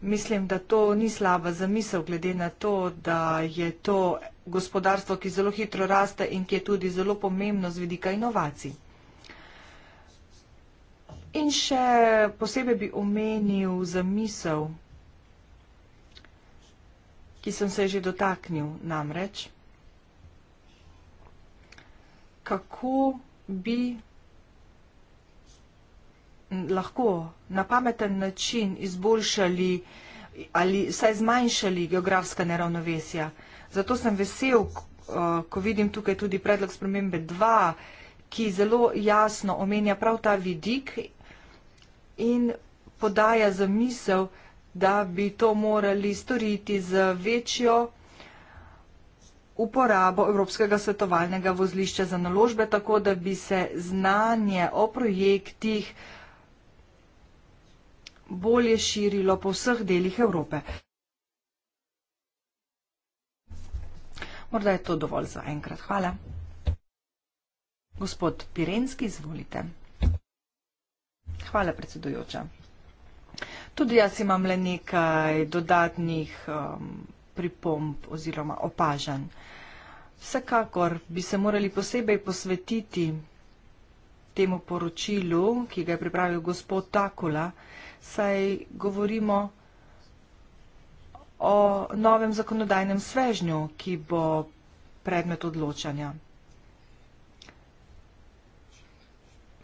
Mislim, da to ni slaba zamisel, glede na to, da je to gospodarstvo, ki zelo hitro raste in ki je tudi zelo pomembno z vidika inovacij. In še posebej bi omenil zamisel, ki sem se že dotaknil namreč, kako bi lahko na pameten način izboljšali ali vsaj zmanjšali geografska neravnovesja. Zato sem vesel, eh, ko vidim tukaj tudi predlog spremembe 2, ki zelo jasno omenja prav ta vidik in podaja za misel, da da bi to morali storiti z večjo uporabo Evropskega svetovalnega vozlišča za naložbe, tako da bi se znanje o projektih bolje širilo po vseh delih Evrope. Morda je to dovolj za enkrat. Hvala. Gospod Pirenski, izvolite. Hvala, predsedujoča. Tudi jaz imam le nekaj dodatnih um, pripomb oziroma opažanj. Vsekakor bi se morali posebej posvetiti temu poročilu, ki ga je pripravil gospod Takula, saj govorimo o novem zakonodajnem svežnju, ki bo predmet odločanja.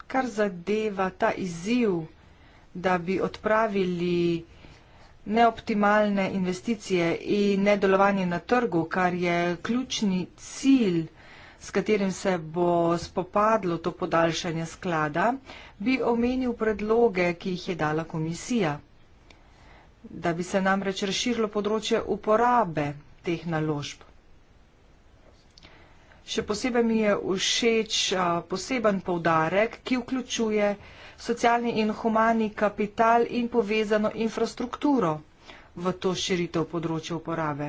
Kar zadeva ta izziv, da bi odpravili neoptimalne investicije in nedelovanje na trgu, kar je ključni cilj, s katerim se bo spopadlo to podaljšanje sklada, bi omenil predloge, ki jih je dala komisija. Da bi se namreč razširilo področje uporabe teh naložb. Še posebej mi je všeč poseben povdarek, ki vključuje socialni in humani kapital in povezano infrastrukturo v to širitev področja uporabe.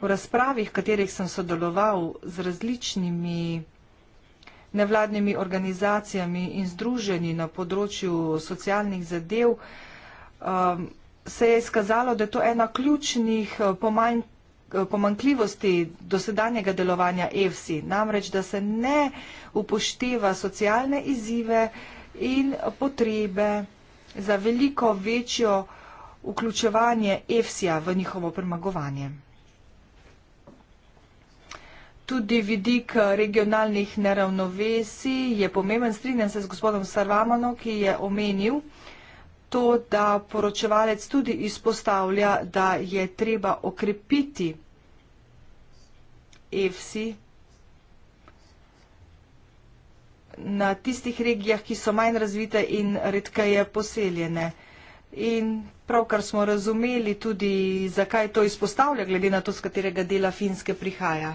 V razpravih, v katerih sem sodeloval z različnimi nevladnimi organizacijami in združeni na področju socialnih zadev, um, se je izkazalo, da je to ena ključnih eh, pomankljivosti eh, dosedanjega delovanja EFSI, namreč, da se ne upošteva socialne izzive, in potrebe za veliko večjo vključevanje EFSI-ja v njihovo premagovanje. Tudi vidik eh, regionalnih neravnovesi je pomemben. Strinjam se z gospodom Sarvamano, ki je omenil to, da poročevalec tudi izpostavlja, da je treba okrepiti EFSI-ja na tistih regijah, ki so manj razvite in redkeje poseljene. In pravkar smo razumeli tudi, zakaj to izpostavlja, glede na to, z katerega dela Finske prihaja.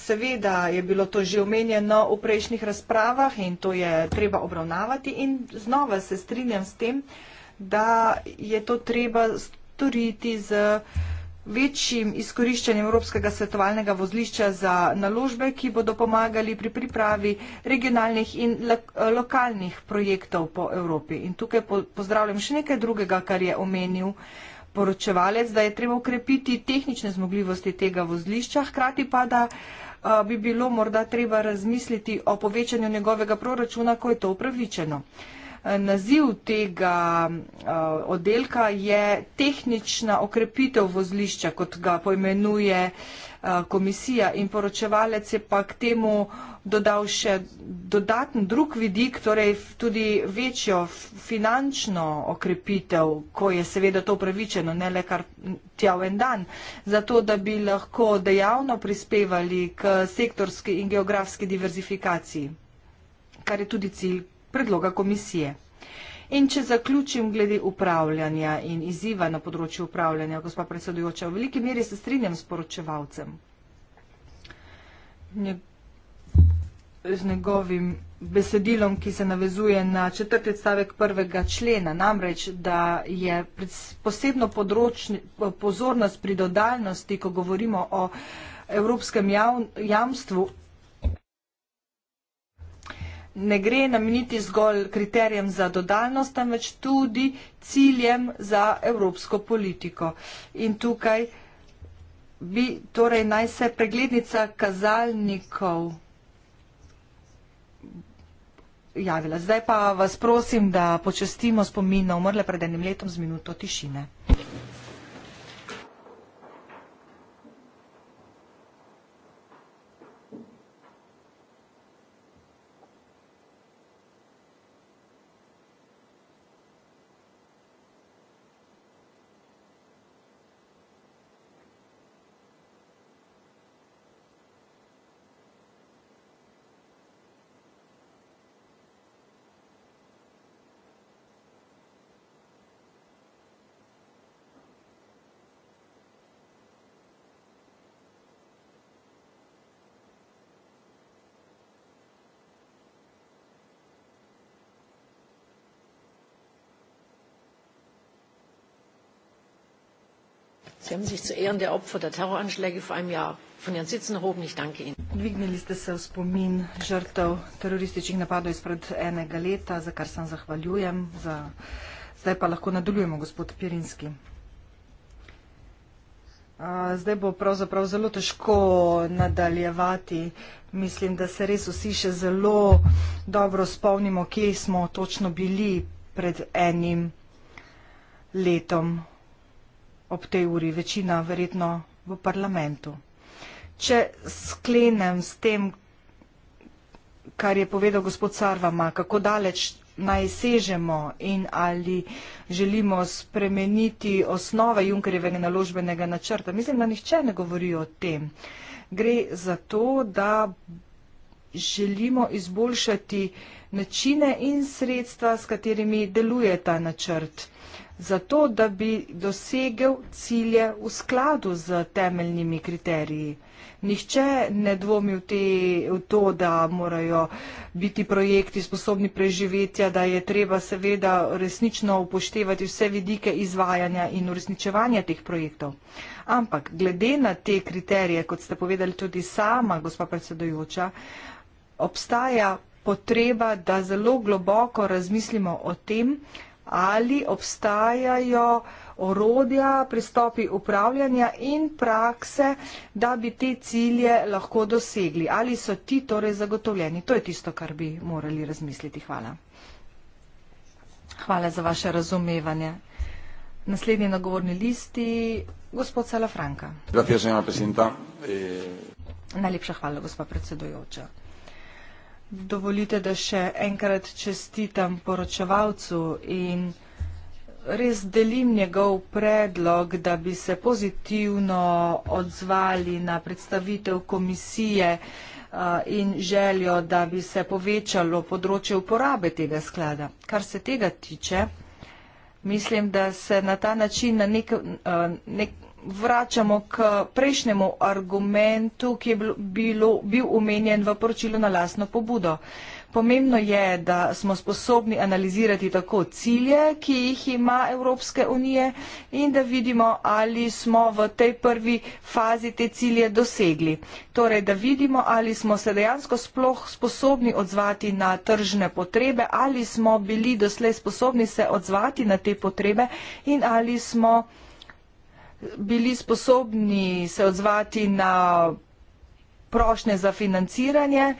Seveda je bilo to že omenjeno v prejšnjih razpravah in to je treba obravnavati in znova se strinjam s tem, da je to treba storiti z. Uh, večjim izkoriščanjem Evropskega svetovalnega vozlišča za naložbe, ki bodo pomagali pri pripravi regionalnih in lokalnih projektov po Evropi. In tukaj pozdravljam še nekaj drugega, kar je omenil poročevalec, da je treba ukrepiti tehnične zmogljivosti tega vozlišča, hkrati pa da bi bilo morda treba razmisliti o povečanju njegovega proračuna, ko je to upravičeno naziv tega eh, oddelka je tehnična okrepitev vozlišča, kot ga poimenuje eh, komisija in poročevalec je pa k temu dodal še dodaten drug vidik, torej tudi večjo finančno okrepitev, ko je seveda to upravičeno, ne le kar tja v en dan, zato da bi lahko dejavno prispevali k sektorski in geografski diverzifikaciji, kar je tudi cilj predloga komisije. In če zaključim glede upravljanja in izziva na področju upravljanja, gospa predsedujoča, v veliki meri se strinjam s poročevalcem. Ne, z njegovim besedilom, ki se navezuje na četrti odstavek prvega člena, namreč, da je posebno pozornost pri dodaljnosti, ko govorimo o evropskem javn, jamstvu ne gre nameniti zgolj kriterijem za dodalnost, temveč tudi ciljem za evropsko politiko. In tukaj bi torej naj se preglednica kazalnikov javila. Zdaj pa vas prosim, da počestimo spomin na umrle pred enim letom z minuto tišine. Sie haben sich zu Ehren der Opfer der Terroranschläge vor einem Jahr von Ihren Sitzen erhoben. Ich danke Ihnen. Dvignili ste se v spomin žrtev terorističnih napadov izpred enega leta, za kar sem zahvaljujem. Za... Zdaj pa lahko nadaljujemo, gospod Pirinski. Zdaj bo pravzaprav zelo težko nadaljevati. Mislim, da se res vsi še zelo dobro spomnimo, kje smo točno bili pred enim letom ob tej uri, večina verjetno v parlamentu. Če sklenem s tem, kar je povedal gospod Sarvama, kako daleč naj sežemo in ali želimo spremeniti osnove Junkerjevega naložbenega načrta. Mislim, da nihče ne govori o tem. Gre za to, da želimo izboljšati načine in sredstva, s katerimi deluje ta načrt zato da bi dosegel cilje v skladu z temeljnimi kriteriji. Nihče ne dvomi v, te, v to, da morajo biti projekti sposobni preživetja, da je treba seveda resnično upoštevati vse vidike izvajanja in uresničevanja teh projektov. Ampak glede na te kriterije, kot ste povedali tudi sama, gospa predsedojoča, obstaja potreba, da zelo globoko razmislimo o tem, ali obstajajo orodja, pristopi upravljanja in prakse, da bi te cilje lahko dosegli. Ali so ti torej zagotovljeni? To je tisto, kar bi morali razmisliti. Hvala. Hvala za vaše razumevanje. Naslednji nagovorni listi, gospod Salafranka. Eh, Najlepša hvala, gospod predsedujoča. Dovolite, da še enkrat čestitam poročevalcu in res delim njegov predlog, da bi se pozitivno odzvali na predstavitev komisije uh, in željo, da bi se povečalo področje uporabe tega sklada. Kar se tega tiče, mislim, da se na ta način na nek, uh, nek vračamo k prejšnjemu argumentu, ki je bil, bil umenjen v poročilu na lasno pobudo. Pomembno je, da smo sposobni analizirati tako cilje, ki jih ima Evropske unije in da vidimo, ali smo v tej prvi fazi te cilje dosegli. Torej, da vidimo, ali smo se dejansko sploh sposobni odzvati na tržne potrebe, ali smo bili doslej sposobni se odzvati na te potrebe in ali smo bili sposobni se odzvati na prošnje za financiranje,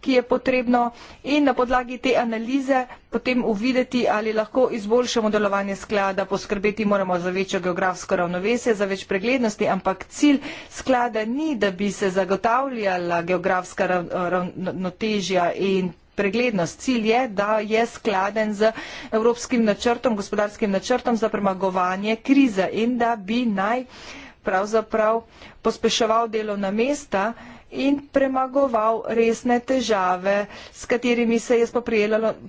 ki je potrebno in na podlagi te analize potem uvideti, ali lahko izboljšamo delovanje sklada, poskrbeti moramo za večjo geografsko ravnovesje, za več preglednosti, ampak cilj sklada ni, da bi se zagotavljala geografska ravnotežja in preglednost. Cilj je, da je skladen z evropskim načrtom, gospodarskim načrtom za premagovanje krize in da bi naj pravzaprav pospeševal delovna mesta in premagoval resne težave, s katerimi se je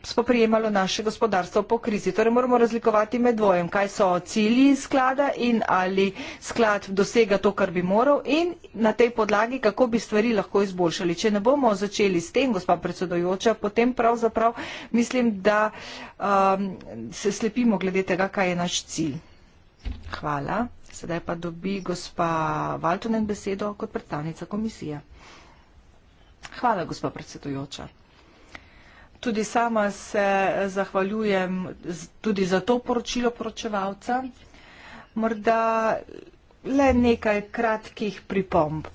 spoprijemalo naše gospodarstvo po krizi. Torej moramo razlikovati med dvojem, kaj so cilji sklada in ali sklad dosega to, kar bi moral in na tej podlagi, kako bi stvari lahko izboljšali. Če ne bomo začeli s tem, gospa predsedojoča, potem pravzaprav mislim, da um, se slepimo glede tega, kaj je naš cilj. Hvala. Sedaj pa dobi gospa Valtonen besedo kot predstavnica komisije. Hvala, gospa predsedujoča. Tudi sama se zahvaljujem tudi za to poročilo poročevalca. Morda le nekaj kratkih pripomb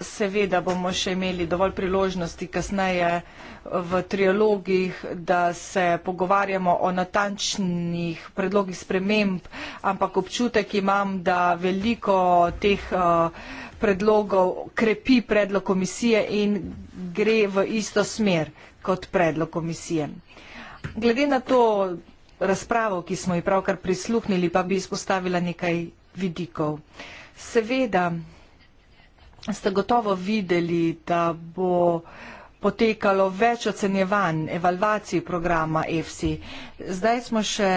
seveda bomo še imeli dovolj priložnosti kasneje v trialogih, da se pogovarjamo o natančnih predlogih sprememb, ampak občutek imam, da veliko teh eh, predlogov krepi predlog komisije in gre v isto smer kot predlog komisije. Glede na to razpravo, ki smo ji pravkar prisluhnili, pa bi izpostavila nekaj vidikov. Seveda, ste gotovo videli, da bo uh, potekalo več ocenjevanj, evalvacij programa EFSI. Zdaj smo še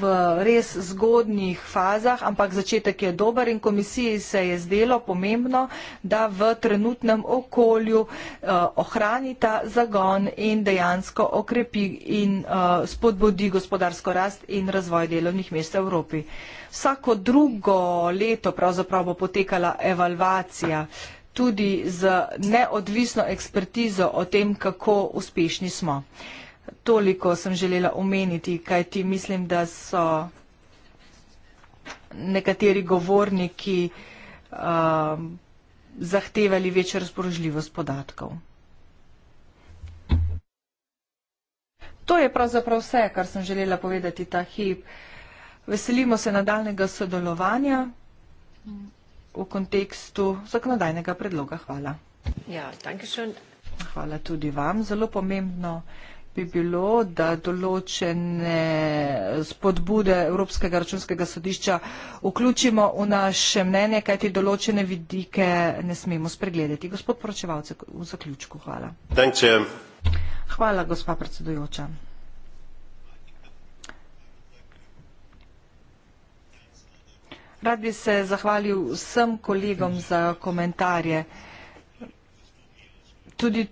v res zgodnjih fazah, ampak začetek je dober in komisiji se je zdelo pomembno, da v trenutnem okolju eh, ohrani ta zagon in dejansko okrepi in eh, spodbudi gospodarsko rast in razvoj delovnih mest v Evropi. Vsako drugo leto pravzaprav bo potekala evalvacija. Eh, tudi z neodvisno ekspertizo o tem, kako uspešni smo. Toliko sem želela omeniti, kaj ti mislim, da so nekateri govorniki um, zahtevali večjo razporožljivost podatkov. To je pravzaprav vse, kar sem želela povedati ta hip. Veselimo se nadaljnega sodelovanja. Mm v kontekstu zakonodajnega predloga. Hvala. Ja, Hvala tudi vam. Zelo pomembno bi bilo, da določene spodbude Evropskega računskega sodišča vključimo v naše mnenje, kajti določene vidike ne smemo spregledati. Gospod poročevalce, v zaključku. Hvala. Hvala, gospa predsedujoča. Rad bi se zahvalil vsem kolegom za komentarje. Tudi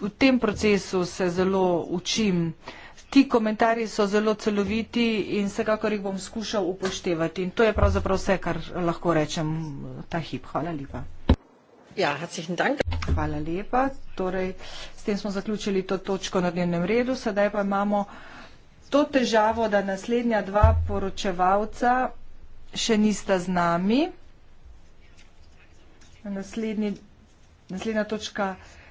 v tem procesu se zelo učim. Ti komentarji so zelo celoviti in vsekakor jih bom skušal upoštevati. In to je pravzaprav vse, kar lahko rečem ta hip. Hvala lepa. Ja, herzlichen Dank. Hvala lepa. Torej, s tem smo zaključili to točko na dnevnem redu. Sedaj pa imamo to težavo, da naslednja dva poročevalca še nista z nami. Naslednji, naslednja točka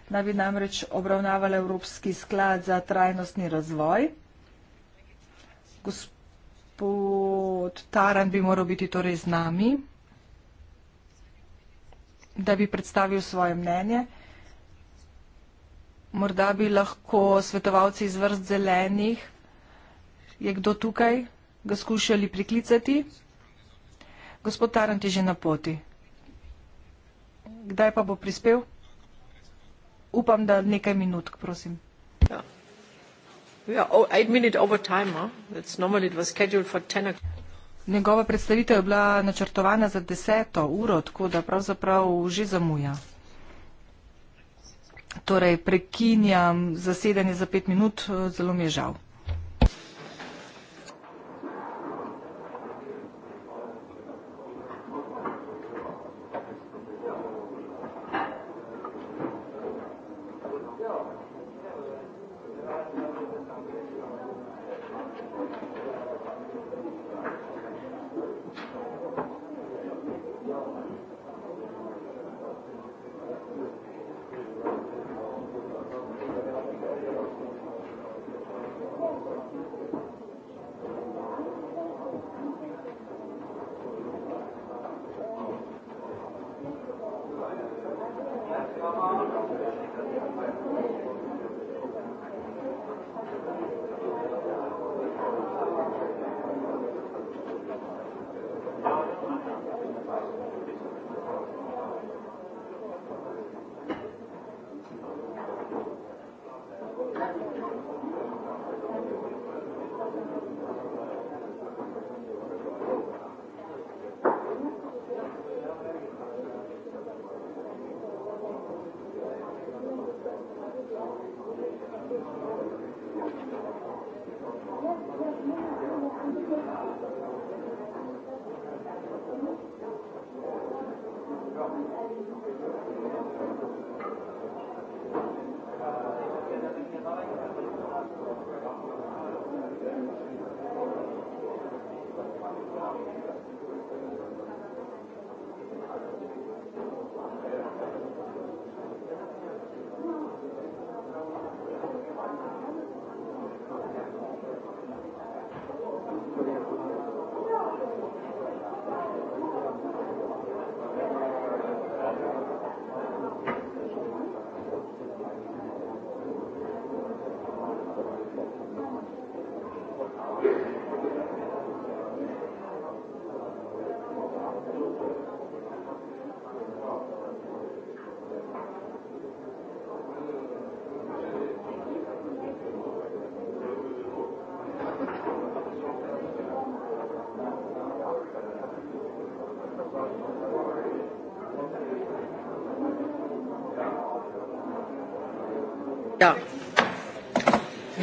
naj bi namreč obravnavala Evropski sklad za trajnostni razvoj. Gospod Taran bi moral biti torej z nami, da bi predstavil svoje mnenje. Morda bi lahko svetovalci iz vrst zelenih, je kdo tukaj, ga skušali priklicati. Gospod Tarant je že na poti. Kdaj pa bo prispel? Upam, da nekaj minutk, prosim. Ja. Ja, oh, Njegova predstavitev je bila načrtovana za deseto uro, tako da pravzaprav že zamuja. Torej, prekinjam zasedanje za pet minut, zelo mi je žal.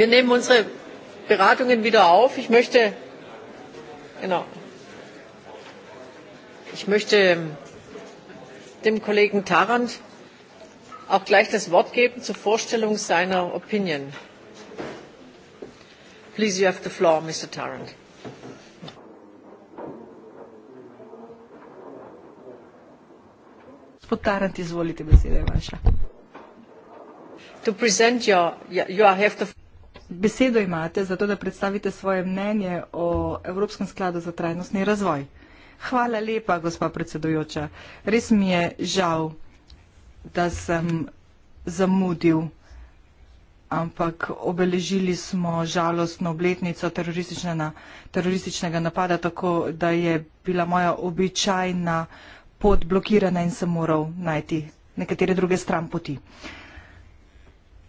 Wir nehmen unsere Beratungen wieder auf. Ich möchte, genau, ich möchte ähm, dem Kollegen Tarrant auch gleich das Wort geben zur Vorstellung seiner Opinion. Please, you have the floor, Mr. Tarrant. To present your, you have the floor besedo imate za to, da predstavite svoje mnenje o Evropskem skladu za trajnostni razvoj. Hvala lepa, gospa predsedujoča. Res mi je žal, da sem zamudil, ampak obeležili smo žalostno obletnico na, terorističnega napada, tako da je bila moja običajna pot blokirana in sem moral najti nekatere druge stran poti. Uh,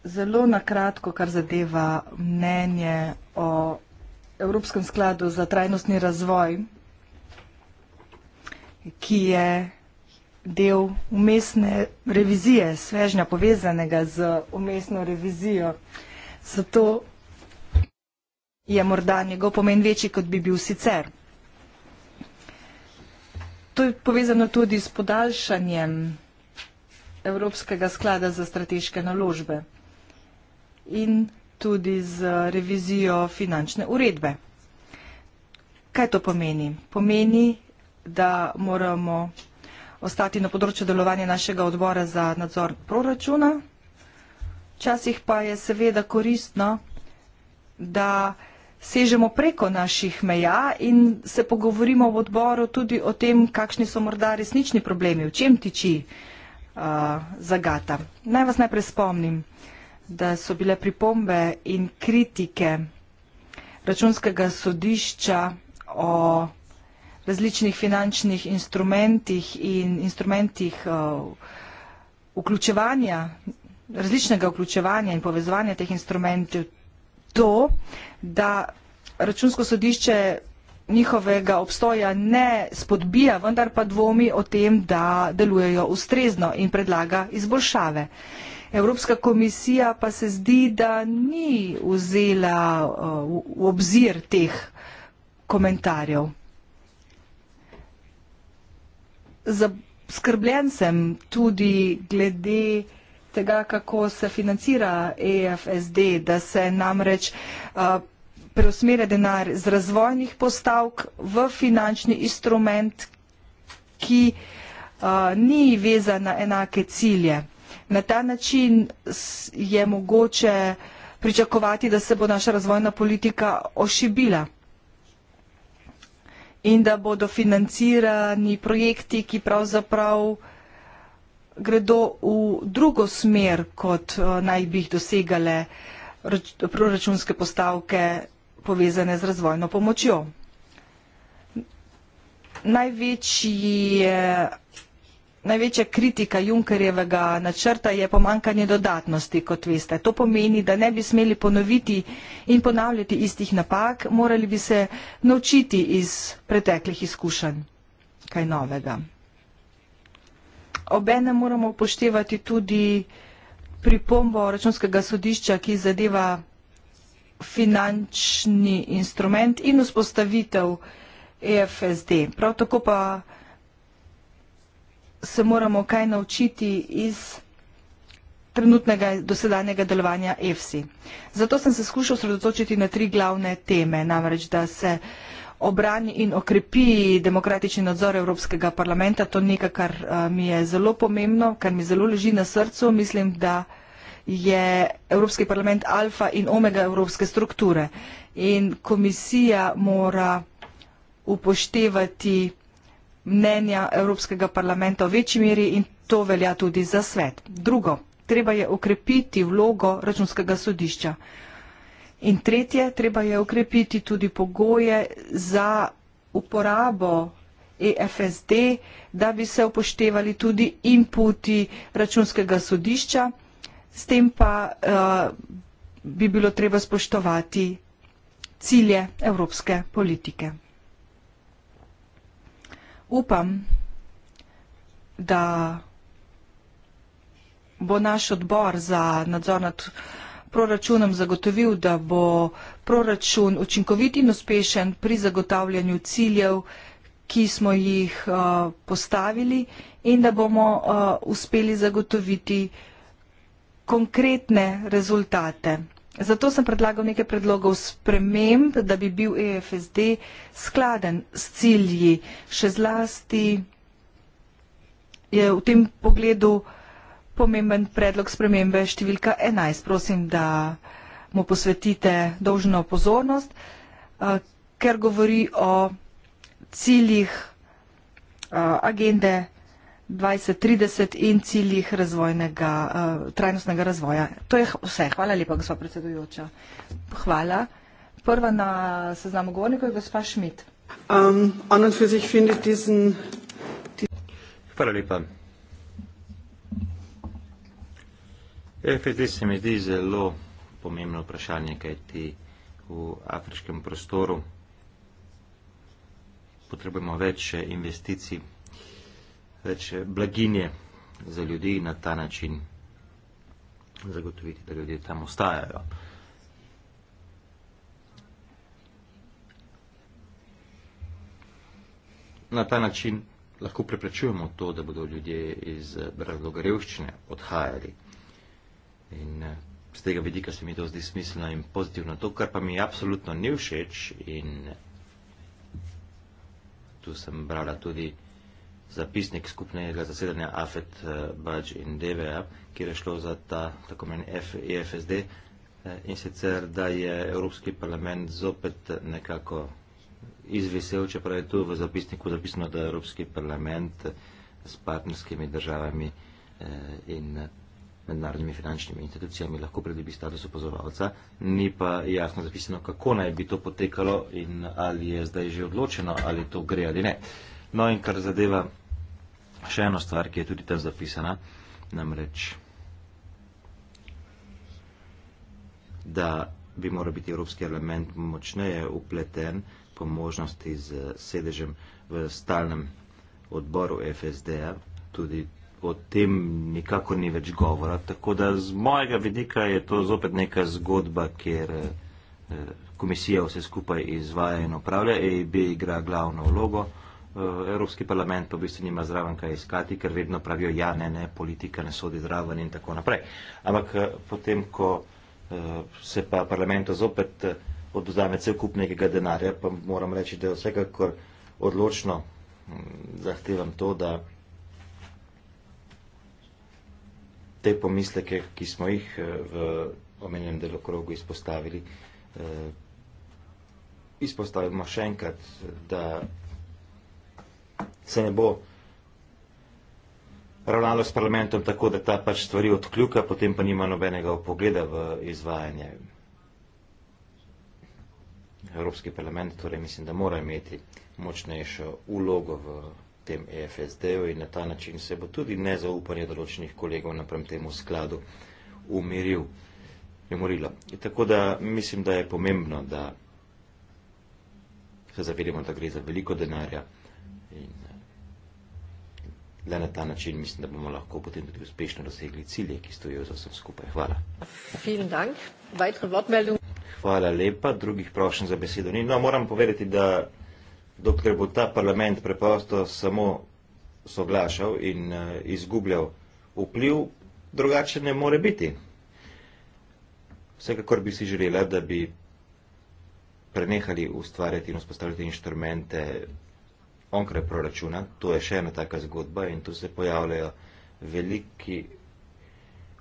zelo na kratko, kar zadeva mnenje o Evropskem skladu za trajnostni razvoj, ki je del umestne revizije, svežnja povezanega z umestno revizijo. Zato je morda njegov pomen večji, kot bi bil sicer. To je povezano tudi s podaljšanjem Evropskega sklada za strateške naložbe in tudi z revizijo finančne uredbe. Kaj to pomeni? Pomeni, da moramo ostati na področju delovanja našega odbora za nadzor proračuna. Včasih pa je seveda koristno, da sežemo preko naših meja in se pogovorimo v odboru tudi o tem, kakšni so morda resnični problemi, v čem tiči uh, zagata. Naj vas najprej spomnim. Uh, da so bile pripombe in kritike računskega sodišča o različnih finančnih instrumentih in instrumentih eh, vključevanja, različnega vključevanja in povezovanja teh instrumentov to, da računsko sodišče njihovega obstoja ne spodbija, vendar pa dvomi o tem, da delujejo ustrezno in predlaga izboljšave. Uh, Evropska komisija pa se zdi, da ni vzela uh, v obzir teh komentarjev. Skrbljen sem tudi glede tega, kako se financira EFSD, da se namreč uh, preusmere denar z razvojnih postavk v finančni instrument, ki uh, ni vezan na enake cilje. Na ta način je mogoče pričakovati, da se bo naša razvojna politika ošibila in da bodo financirani projekti, ki pravzaprav gredo v drugo smer, kot eh, naj bi jih dosegale proračunske postavke povezane z razvojno pomočjo. Največji je eh, največja kritika Junckerjevega načrta je pomankanje dodatnosti, kot veste. To pomeni, da ne bi smeli ponoviti in ponavljati istih napak, morali bi se naučiti iz preteklih izkušenj kaj novega. Obene moramo upoštevati tudi pripombo računskega sodišča, ki zadeva finančni instrument in vzpostavitev EFSD. Prav tako pa se moramo kaj naučiti iz trenutnega dosedanjega delovanja EFSI. Zato sem se skušal sredotočiti na tri glavne teme, namreč da se obrani in okrepi demokratični nadzor Evropskega parlamenta. To je nekaj, kar eh, mi je zelo pomembno, kar mi zelo leži na srcu. Mislim, da je Evropski parlament alfa in omega evropske strukture in komisija mora upoštevati mnenja Evropskega parlamenta v večji meri in to velja tudi za svet. Drugo, treba je okrepiti vlogo računskega sodišča. In tretje, treba je okrepiti tudi pogoje za uporabo EFSD, da bi se upoštevali tudi inputi računskega sodišča, s tem pa uh, bi bilo treba spoštovati cilje evropske politike upam, da bo naš odbor za nadzor nad proračunom zagotovil, da bo proračun učinkovit in uspešen pri zagotavljanju ciljev, ki smo jih uh, postavili in da bomo uh, uspeli zagotoviti konkretne rezultate. Zato sem predlagal nekaj predlogov sprememb, da bi bil EFSD skladen s cilji, še zlasti je v tem pogledu pomemben predlog spremembe številka 11. Prosim, da mu posvetite dolžno pozornost, ker govori o ciljih agende 2030. 2030 in ciljih razvojnega, uh, trajnostnega razvoja. To je vse. Hvala lepa, gospod predsedujoča. Hvala. Prva na seznamu govornikov je gospa Šmit. Um, Hvala lepa. FSD e se mi zdi zelo pomembno vprašanje, kaj ti v afriškem prostoru potrebujemo več investicij več blaginje za ljudi in na ta način zagotoviti, da ljudje tam ostajajo. Na ta način lahko preprečujemo to, da bodo ljudje iz razloga revščine odhajali. In z eh, tega vidika se mi to zdi smiselno in pozitivno. To, kar pa mi absolutno ni všeč in tu sem brala tudi zapisnik skupnega zasedanja AFET, eh, BAČ in DVA, kjer je šlo za ta tako meni EFSD eh, in sicer, da je Evropski parlament zopet nekako izvesel, čeprav je tu v zapisniku zapisano, da je Evropski parlament eh, s partnerskimi državami in mednarodnimi finančnimi institucijami lahko predobi status opozorovalca, ni pa jasno zapisano, kako naj bi to potekalo in ali je zdaj že odločeno, ali to gre ali ne. No in kar zadeva še eno stvar, ki je tudi tam zapisana, namreč, da bi moral biti Evropski element močneje upleten po možnosti z sedežem v stalnem odboru FSD-a, tudi o tem nikako ni več govora, tako da z mojega vidika je to zopet neka zgodba, kjer eh, komisija vse skupaj izvaja in opravlja, EIB igra glavno vlogo. Eh, Evropski parlament pa v bistvu nima zraven kaj iskati, ker vedno pravijo, ja, ne, ne, politika ne sodi zraven in tako naprej. Ampak eh, potem, ko eh, se pa parlamentu zopet oduzame cel kup nekega denarja, pa moram reči, da vsekakor odločno hm, zahtevam to, da te pomisleke, ki smo jih v omenjenem delokrogu izpostavili, izpostavimo še enkrat, da se ne bo ravnalo s parlamentom tako, da ta pač stvari odkljuka, potem pa nima nobenega pogleda v izvajanje. Evropski parlament torej mislim, da mora imeti močnejšo ulogo v tem EFSD-u in na ta način se bo tudi nezaupanje določenih kolegov naprem temu skladu umiril, umorilo. In tako da mislim, da je pomembno, da se zavedemo, da gre za veliko denarja, In eh, le na ta način mislim, da bomo lahko potem tudi uspešno dosegli cilje, ki stojijo za vsem skupaj. Hvala. Hvala lepa. Drugih prošen za besedo ni. No, moram povedati, da dokler bo ta parlament preprosto samo soglašal in uh, izgubljal vpliv, drugače ne more biti. Vsekakor bi si želela, da bi prenehali ustvarjati in vzpostavljati inštrumente onkraj proračuna, to je še ena taka zgodba in tu se pojavljajo veliki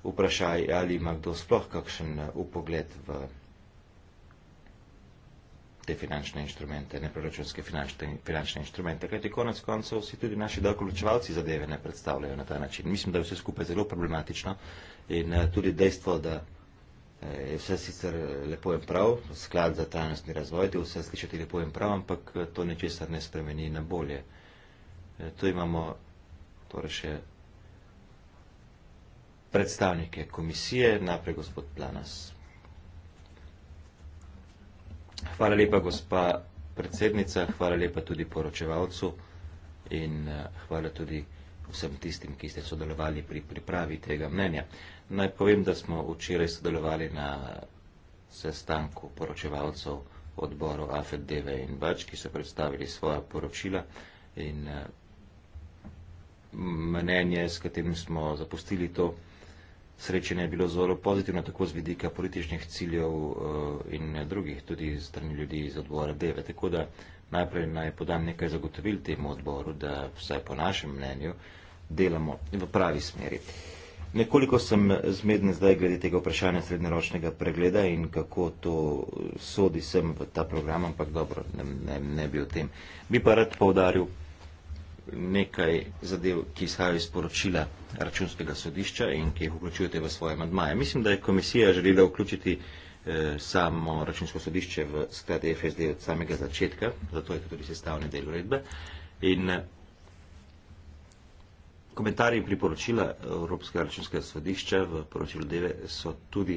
vprašaj, ali ima kdo sploh kakšen upogled eh, v te finančne inštrumente, neproračunske finančne, finančne inštrumente, kajti konec koncev si tudi naši davkoločevalci zadeve ne predstavljajo na ta način. Mislim, da je vse skupaj zelo problematično in eh, tudi dejstvo, da Eh, je vse sicer lepo in prav, sklad za trajnostni razvoj, da vse slišite lepo in prav, ampak eh, to nečesar ne spremeni na bolje. Eh, tu imamo torej še predstavnike komisije, naprej gospod Planas. Hvala lepa, gospa predsednica, hvala lepa tudi poročevalcu in hvala tudi vsem tistim, ki ste sodelovali pri pripravi tega mnenja. Naj povem, da smo včeraj sodelovali na sestanku poročevalcev odborov AFED, DV in BAČ, ki so predstavili svoja poročila in eh, mnenje, s katerim smo zapustili to srečanje, je bilo zelo pozitivno, tako z vidika političnih ciljev eh, in drugih, tudi strani ljudi iz odbora DV. Tako da najprej naj podam nekaj zagotovil temu odboru, da vsaj po našem mnenju delamo v pravi smeri. Uh, Nekoliko sem zmeden zdaj glede tega vprašanja srednjeročnega pregleda in kako to sodi sem v ta program, ampak dobro, ne, ne, ne bi o tem. Bi pa rad povdaril nekaj zadev, ki izhajajo iz poročila računskega sodišča in ki jih vključujete v svoje madmaje. Mislim, da je komisija želela vključiti eh, samo računsko sodišče v sklade FSD od samega začetka, zato je to tudi sestavni del uredbe. In eh, Komentarji priporočila Evropskega računskega sodišča v poročilu Deve so tudi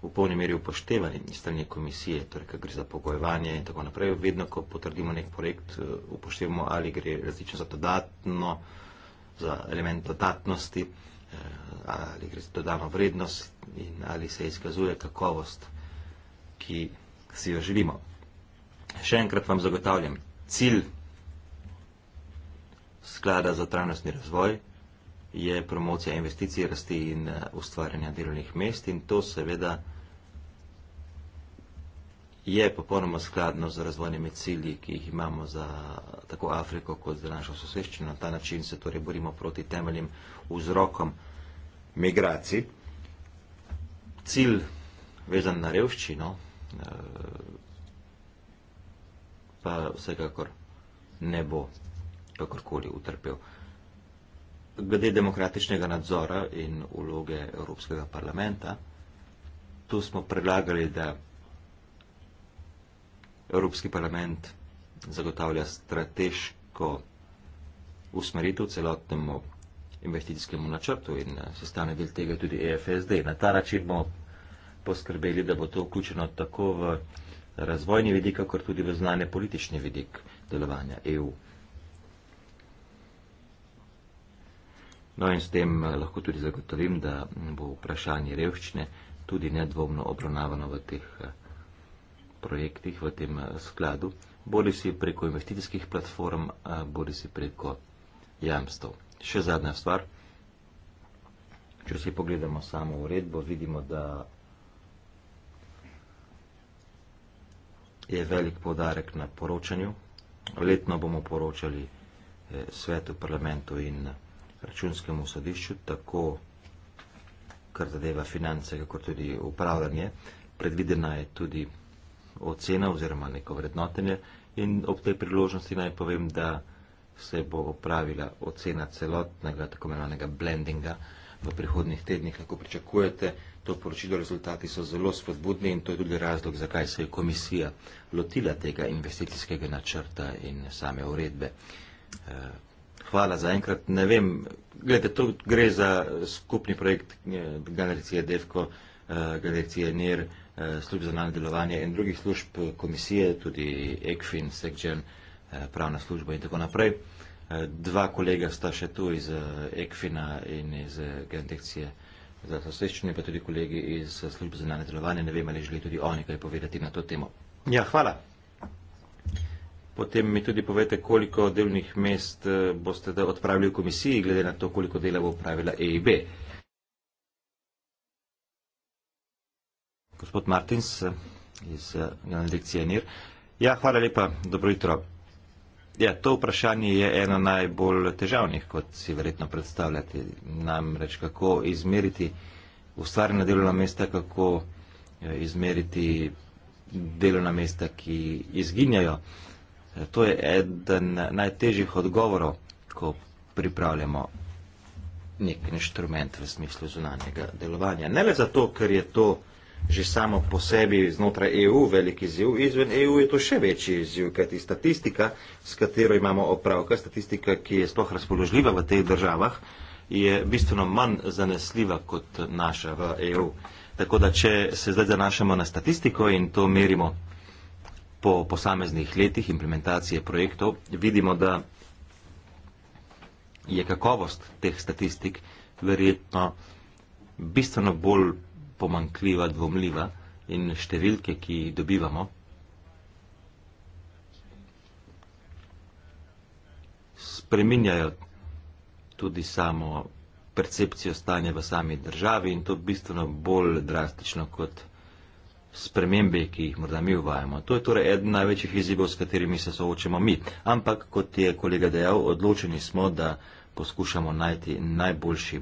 v polni meri upoštevani strani komisije, torej kaj gre za pogojevanje in tako naprej. Vedno, ko potrdimo nek projekt, upoštevamo ali gre različno za dodatno, za element dodatnosti, eh, ali gre za dodano vrednost in ali se izkazuje kakovost, ki si jo želimo. Še enkrat vam zagotavljam, cilj sklada za trajnostni razvoj je promocija investicij, rasti in eh, ustvarjanja delovnih mest in to seveda je popolnoma skladno z razvojnimi cilji, ki jih imamo za tako Afriko kot za našo soseščino. Na ta način se torej borimo proti temeljim vzrokom migracij. Cilj vezan na revščino eh, pa vsekakor ne bo kakorkoli utrpel. Glede demokratičnega nadzora in uloge Evropskega parlamenta, tu smo predlagali, da Evropski parlament zagotavlja strateško usmeritev celotnemu investicijskemu načrtu in eh, sestavni del tega tudi EFSD. Na ta način bomo poskrbeli, da bo to vključeno tako v razvojni vidik, kot tudi v znane politični vidik delovanja EU. No in s tem eh, lahko tudi zagotovim, da bo vprašanje revščine tudi nedvomno obravnavano v teh eh, projektih, v tem eh, skladu, bodi si preko investicijskih platform, bodi si preko jamstov. Še zadnja stvar. Če si pogledamo samo uredbo, vidimo, da je velik podarek na poročanju. Letno bomo poročali svetu, parlamentu in vsega računskemu sodišču, tako kar zadeva finance, kako tudi upravljanje. Predvidena je tudi ocena oziroma neko vrednotenje in ob tej priložnosti naj povem, da se bo opravila ocena celotnega tako imenovanega blendinga v prihodnih tednih, lahko pričakujete. To poročilo rezultati so zelo spodbudni in to je tudi razlog, zakaj se je komisija lotila tega investicijskega načrta in same uredbe. Eh, Hvala za enkrat. Ne vem, gledajte, to gre za skupni projekt Galerije eh, Defko, Galerije eh, NER, eh, Služb za nalne delovanje in drugih služb komisije, tudi ECFIN, SECGEN, pravna služba in tako naprej. Dva kolega sta še tu iz ECFINA in iz Galerije za sosečenje, pa tudi kolegi iz Služb za nalne delovanje. Ne vem, ali želi tudi oni kaj povedati na to temo. Ja, hvala. Potem mi tudi povete, koliko delovnih mest eh, boste odpravili v komisiji, glede na to, koliko dela bo upravila EIB. Gospod Martins eh, iz eh, Generalnega NIR. Ja, hvala lepa, dobro jutro. Ja, to vprašanje je eno najbolj težavnih, kot si verjetno predstavljate. Namreč, kako izmeriti ustvarjena delovna mesta, kako izmeriti delovna mesta, ki izginjajo. To je eden najtežjih odgovorov, ko pripravljamo nek inštrument v smislu zunanjega delovanja. Ne le zato, ker je to že samo po sebi znotraj EU veliki ziv, izven EU je to še večji ziv, kajti statistika, s katero imamo opravka, statistika, ki je sploh razpoložljiva v teh državah, je bistveno manj zanesljiva kot naša v EU. Tako da, če se zdaj zanašamo na statistiko in to merimo po posameznih letih implementacije projektov vidimo, da je kakovost teh statistik verjetno bistveno bolj pomankljiva, dvomljiva in številke, ki jih dobivamo, spreminjajo tudi samo percepcijo stanja v sami državi in to bistveno bolj drastično kot spremembe, ki jih morda mi uvajamo. To je torej eden največjih izzivov, s katerimi se soočamo mi. Ampak, kot je kolega dejal, odločeni smo, da poskušamo najti najboljši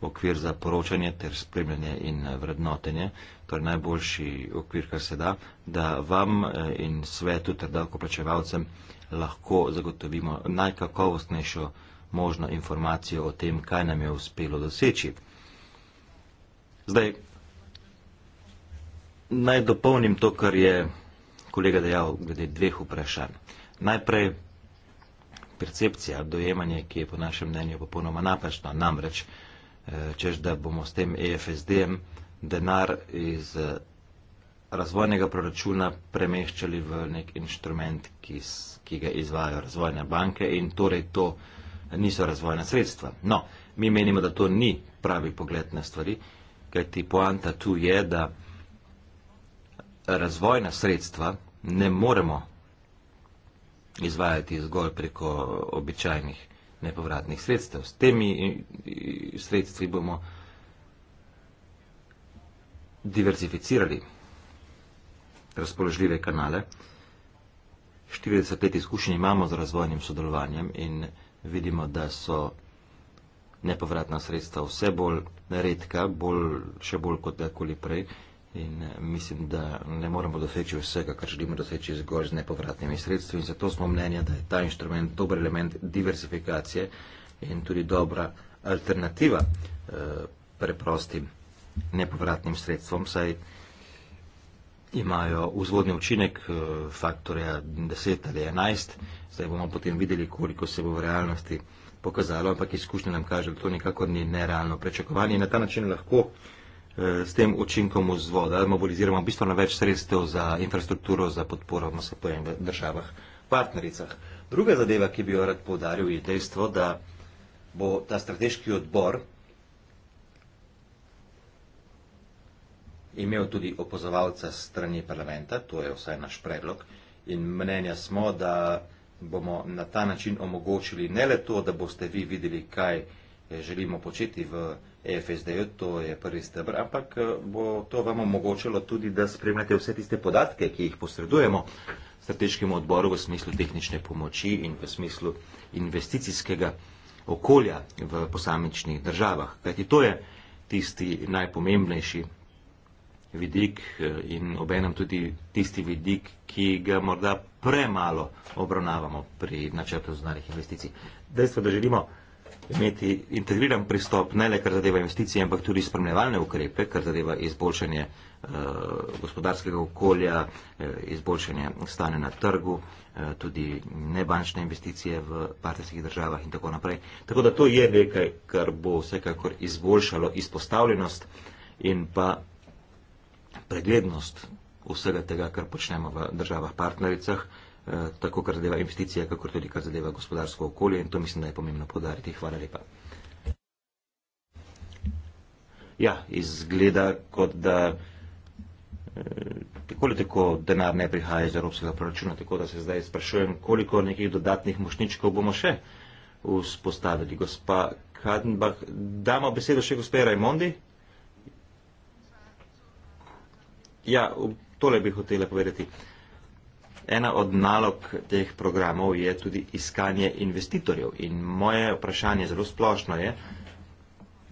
okvir za poročanje ter spremljanje in eh, vrednotenje, torej najboljši okvir, kar se da, da vam eh, in svetu ter davkoplačevalcem lahko zagotovimo najkakovostnejšo možno informacijo o tem, kaj nam je uspelo doseči. Zdaj, Naj dopolnim to, kar je kolega dejal glede dveh vprašanj. Najprej percepcija, dojemanje, ki je po našem mnenju popolnoma napačno, namreč, eh, čež da bomo s tem EFSD-em denar iz eh, razvojnega proračuna premeščali v nek inštrument, ki, ki ga izvajo razvojne banke in torej to niso razvojna sredstva. No, mi menimo, da to ni pravi pogled na stvari, kajti poanta tu je, da razvojna sredstva ne moremo izvajati zgolj preko običajnih nepovratnih sredstev. S temi sredstvi bomo diversificirali razpoložljive kanale. 40 let izkušenj imamo z razvojnim sodelovanjem in vidimo, da so nepovratna sredstva vse bolj redka, bolj, še bolj kot takoli prej. In eh, mislim, da ne moramo doseči vsega, kar želimo doseči zgolj z nepovratnimi sredstvi. In zato smo mnenja, da je ta inštrument dober element diversifikacije in tudi dobra alternativa eh, preprostim nepovratnim sredstvom, saj imajo vzvodni učinek eh, faktorja 10 ali 11. Zdaj bomo potem videli, koliko se bo v realnosti pokazalo, ampak izkušnje nam kaže, da to nikakor ni nerealno prečakovanje in na ta način lahko s tem učinkom vzvoda, da mobiliziramo bistveno več sredstev za infrastrukturo, za podporo MSP-jem v državah partnericah. Druga zadeva, ki bi jo rad povdaril, je dejstvo, da bo ta strateški odbor imel tudi opozovalca strani parlamenta, to je vsaj naš predlog, in mnenja smo, da bomo na ta način omogočili ne le to, da boste vi videli, kaj je Eh, želimo početi v EFSD-ju, to je prvi stebr, ampak eh, bo to vam omogočilo tudi, da spremljate vse tiste podatke, ki jih posredujemo strateškemu odboru v smislu tehnične pomoči in v smislu investicijskega okolja v posamičnih državah. Kajti to je tisti najpomembnejši vidik eh, in obenem tudi tisti vidik, ki ga morda premalo obravnavamo pri načrtu zunanih investicij. Dejstvo, da želimo imeti integriran pristop, ne le kar zadeva investicije, ampak tudi spremljevalne ukrepe, kar zadeva izboljšanje eh, gospodarskega okolja, eh, izboljšanje stane na trgu, eh, tudi nebančne investicije v partnerskih državah in tako naprej. Tako da to je nekaj, kar bo vsekakor izboljšalo izpostavljenost in pa preglednost vsega tega, kar počnemo v državah partnericah. Eh, tako kar zadeva investicije, kako tudi kar zadeva gospodarsko okolje in to mislim, da je pomembno podariti. Hvala lepa. Ja, izgleda, kot da eh, takole tako denar ne prihaja iz evropskega proračuna, tako da se zdaj sprašujem, koliko nekih dodatnih mošničkov bomo še vzpostavili. Gospa Kadenbach, damo besedo še gospe Raimondi. Ja, tole bi hotela povedati. Uh, Ena od nalog teh programov je tudi iskanje investitorjev. In moje vprašanje zelo splošno je,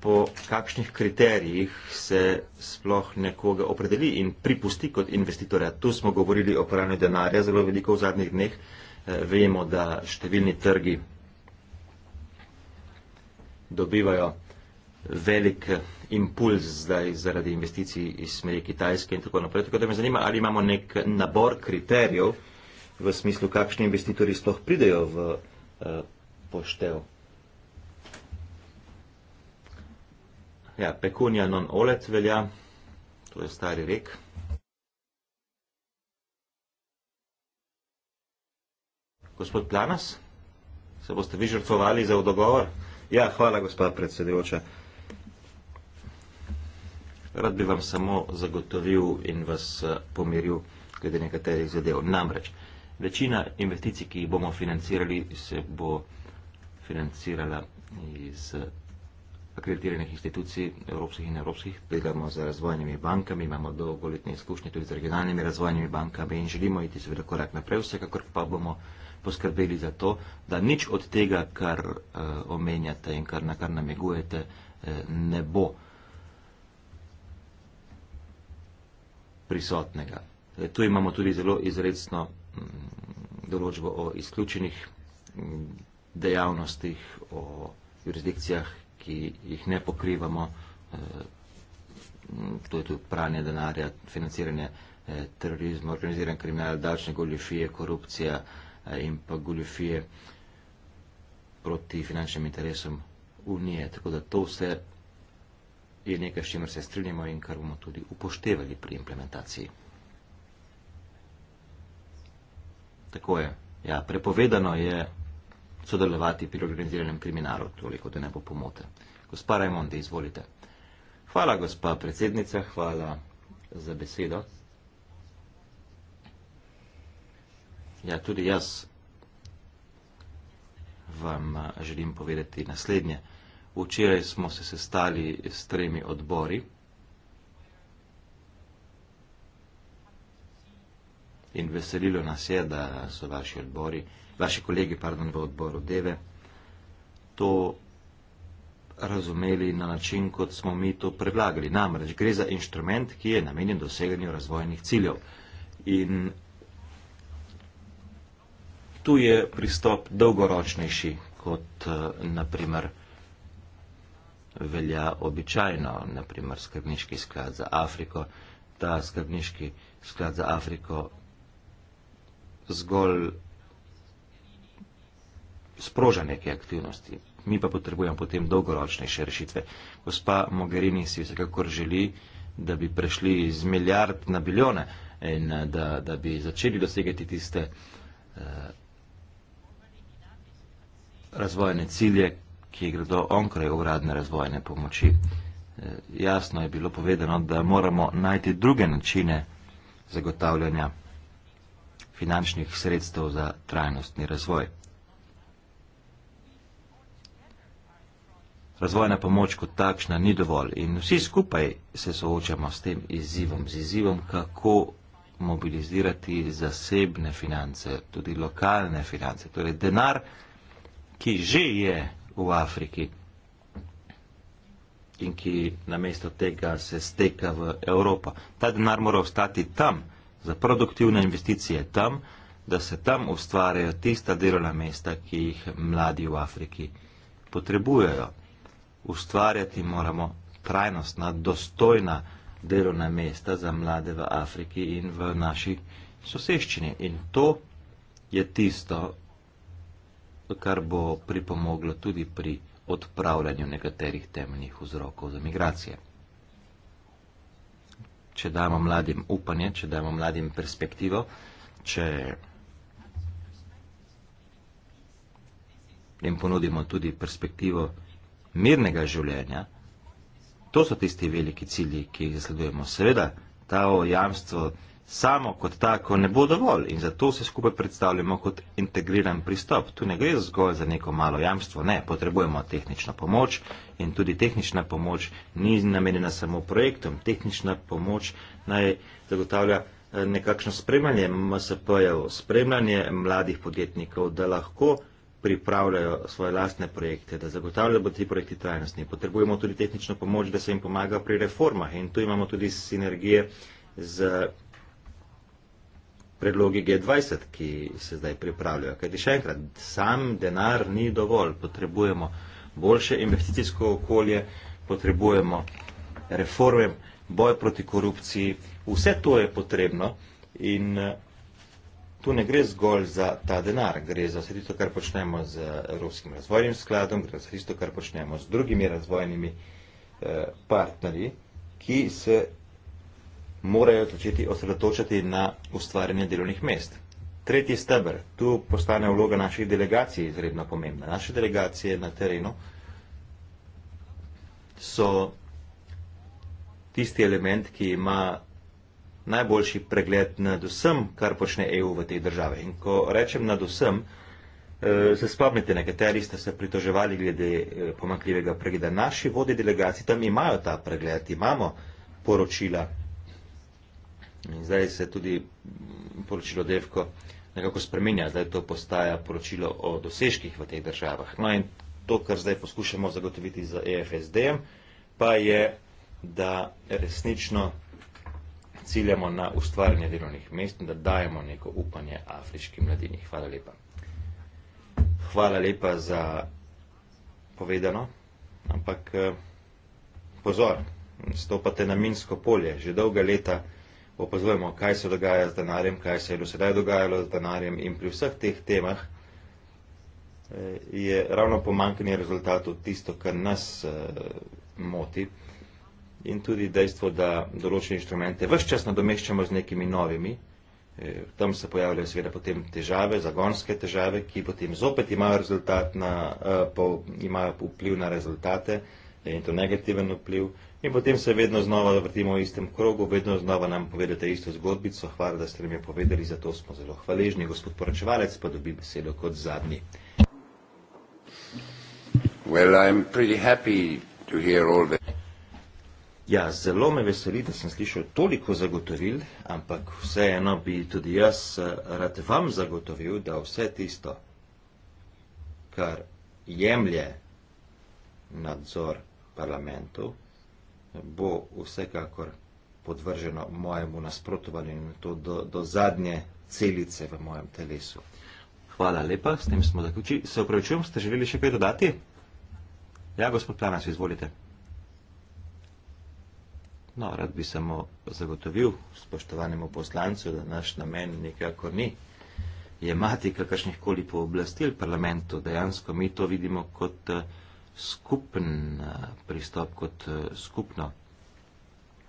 po kakšnih kriterijih se sploh nekoga opredeli in pripusti kot investitorja. Tu smo govorili o pranju denarja zelo veliko v zadnjih dneh. Eh, vemo, da številni trgi dobivajo velik impuls zdaj zaradi investicij iz smeri Kitajske in tako naprej. Tako da me zanima, ali imamo nek nabor kriterijev v smislu, kakšni investitorji sploh pridejo v uh, poštev. Ja, pekunja non olet velja, to je stari rek. Gospod Planas, se boste vi žrtvovali za odgovor? Ja, hvala, gospod predsedujoča rad bi vam samo zagotovil in vas eh, pomiril glede nekaterih zadev. Namreč, večina investicij, ki jih bomo financirali, se bo financirala iz eh, akreditiranih institucij evropskih in evropskih. Delamo z razvojnimi bankami, imamo dolgoletne izkušnje tudi z regionalnimi razvojnimi bankami in želimo iti seveda korak naprej. Vsekakor pa bomo poskrbeli za to, da nič od tega, kar uh, omenjate in kar, na kar namigujete, uh, ne bo uh, prisotnega. Tu imamo tudi zelo izredno mm, določbo o izključenih mm, dejavnostih, o jurisdikcijah, ki jih ne pokrivamo. Eh, mm, to je tudi pranje denarja, financiranje eh, terorizma, organiziran kriminal, davčne goljofije, korupcija eh, in pa goljofije proti finančnim interesom Unije. Tako da to vse je nekaj, s čimer se strinjamo in kar bomo tudi upoštevali pri implementaciji. Tako je. Ja, prepovedano je sodelovati pri organiziranem kriminalu, toliko da ne bo pomote. Gospa Raimonde, izvolite. Hvala, gospa predsednica, hvala za besedo. Ja, tudi jaz vam eh, želim povedati naslednje. Včeraj smo se sestali s tremi odbori in veselilo nas je, da so vaši odbori, vaši kolegi, pardon, v odboru Deve, to razumeli na način, kot smo mi to predlagali. Namreč gre za inštrument, ki je namenjen doseganju razvojnih ciljev. In tu je pristop dolgoročnejši kot, eh, na primer, velja običajno, naprimer skrbniški sklad za Afriko. Ta skrbniški sklad za Afriko zgolj sproža neke aktivnosti. Mi pa potrebujemo potem dolgoročnejše rešitve. Gospa Mogherini si vsekakor želi, da bi prešli iz milijard na biljone in eh, da, da bi začeli dosegati tiste eh, razvojne cilje, ki gredo onkraj uradne razvojne pomoči. E, jasno je bilo povedano, da moramo najti druge načine zagotavljanja finančnih sredstev za trajnostni razvoj. Razvojna pomoč kot takšna ni dovolj in vsi skupaj se soočamo s tem izzivom, z izzivom, kako mobilizirati zasebne finance, tudi lokalne finance, torej denar, ki že je v Afriki in ki namesto tega se steka v Evropo. Ta denar mora ostati tam, za produktivne investicije tam, da se tam ustvarjajo tista delovna mesta, ki jih mladi v Afriki potrebujejo. Ustvarjati moramo trajnostna, dostojna delovna mesta za mlade v Afriki in v naši soseščini. In to je tisto, kar bo pripomoglo tudi pri odpravljanju nekaterih temeljnih vzrokov za migracije. Če damo mladim upanje, če damo mladim perspektivo, če jim ponudimo tudi perspektivo mirnega življenja, to so tisti veliki cilji, ki jih zasledujemo. Seveda, ta jamstvo samo kot tako ne bo dovolj in zato se skupaj predstavljamo kot integriran pristop. Tu ne gre zgolj za neko malo jamstvo, ne, potrebujemo tehnično pomoč in tudi tehnična pomoč ni namenjena samo projektom. Tehnična pomoč naj zagotavlja eh, nekakšno spremljanje MSP-jev, spremljanje mladih podjetnikov, da lahko pripravljajo svoje lastne projekte, da zagotavljajo, da bodo ti projekti trajnostni. Potrebujemo tudi tehnično pomoč, da se jim pomaga pri reformah in tu imamo tudi sinergije z predlogi G20, ki se zdaj pripravljajo. Ker še enkrat, sam denar ni dovolj, potrebujemo boljše investicijsko okolje, potrebujemo reforme, boj proti korupciji, vse to je potrebno in eh, tu ne gre zgolj za ta denar, gre za vse tisto, kar počnemo z Evropskim razvojnim skladom, gre za vse tisto, kar počnemo z drugimi razvojnimi eh, partnerji, ki se morajo začeti osredotočati na ustvarjanje delovnih mest. Tretji stebr, tu postane vloga naših delegacij izredno pomembna. Naše delegacije na terenu so tisti element, ki ima najboljši pregled nad vsem, kar počne EU v tej državi. In ko rečem nad vsem, eh, se spomnite, nekateri ste se pritoževali glede eh, pomakljivega pregleda. Naši vodi delegacij tam imajo ta pregled, imamo poročila In zdaj se tudi poročilo Devko nekako spreminja, zdaj to postaja poročilo o dosežkih v teh državah. No in to, kar zdaj poskušamo zagotoviti z EFSD-em, pa je, da resnično ciljamo na ustvarjanje delovnih mest in da dajemo neko upanje afriški mladini. Hvala lepa. Hvala lepa za povedano, ampak eh, pozor, stopate na minsko polje, že dolga leta opazujemo, kaj se dogaja z denarjem, kaj se je do sedaj dogajalo z denarjem in pri vseh teh temah eh, je ravno pomankanje rezultatov tisto, kar nas eh, moti in tudi dejstvo, da določene inštrumente vse čas nadomeščamo z nekimi novimi. Eh, tam se pojavljajo seveda potem težave, zagonske težave, ki potem zopet imajo, na, po, imajo vpliv na rezultate da je to negativen vpliv. In potem se vedno znova vrtimo v istem krogu, vedno znova nam povedate isto zgodbico. Hvala, da ste nam jo povedali, zato smo zelo hvaležni. Gospod poročevalec pa dobi besedo kot zadnji. Well, the... Ja, zelo me veseli, da sem slišal toliko zagotovil, ampak vseeno bi tudi jaz eh, rad vam zagotovil, da vse tisto, kar jemlje nadzor, parlamentov, bo vsekakor podvrženo mojemu nasprotovanju in to do, do zadnje celice v mojem telesu. Hvala lepa, s tem smo zaključili. Se upravičujem, ste želeli še kaj dodati? Ja, gospod Planas, izvolite. No, rad bi samo zagotovil spoštovanemu poslancu, da naš namen nikakor ni jemati kakršnih koli pooblastil parlamentu. Dejansko mi to vidimo kot uh, skupen eh, pristop, kot eh, skupno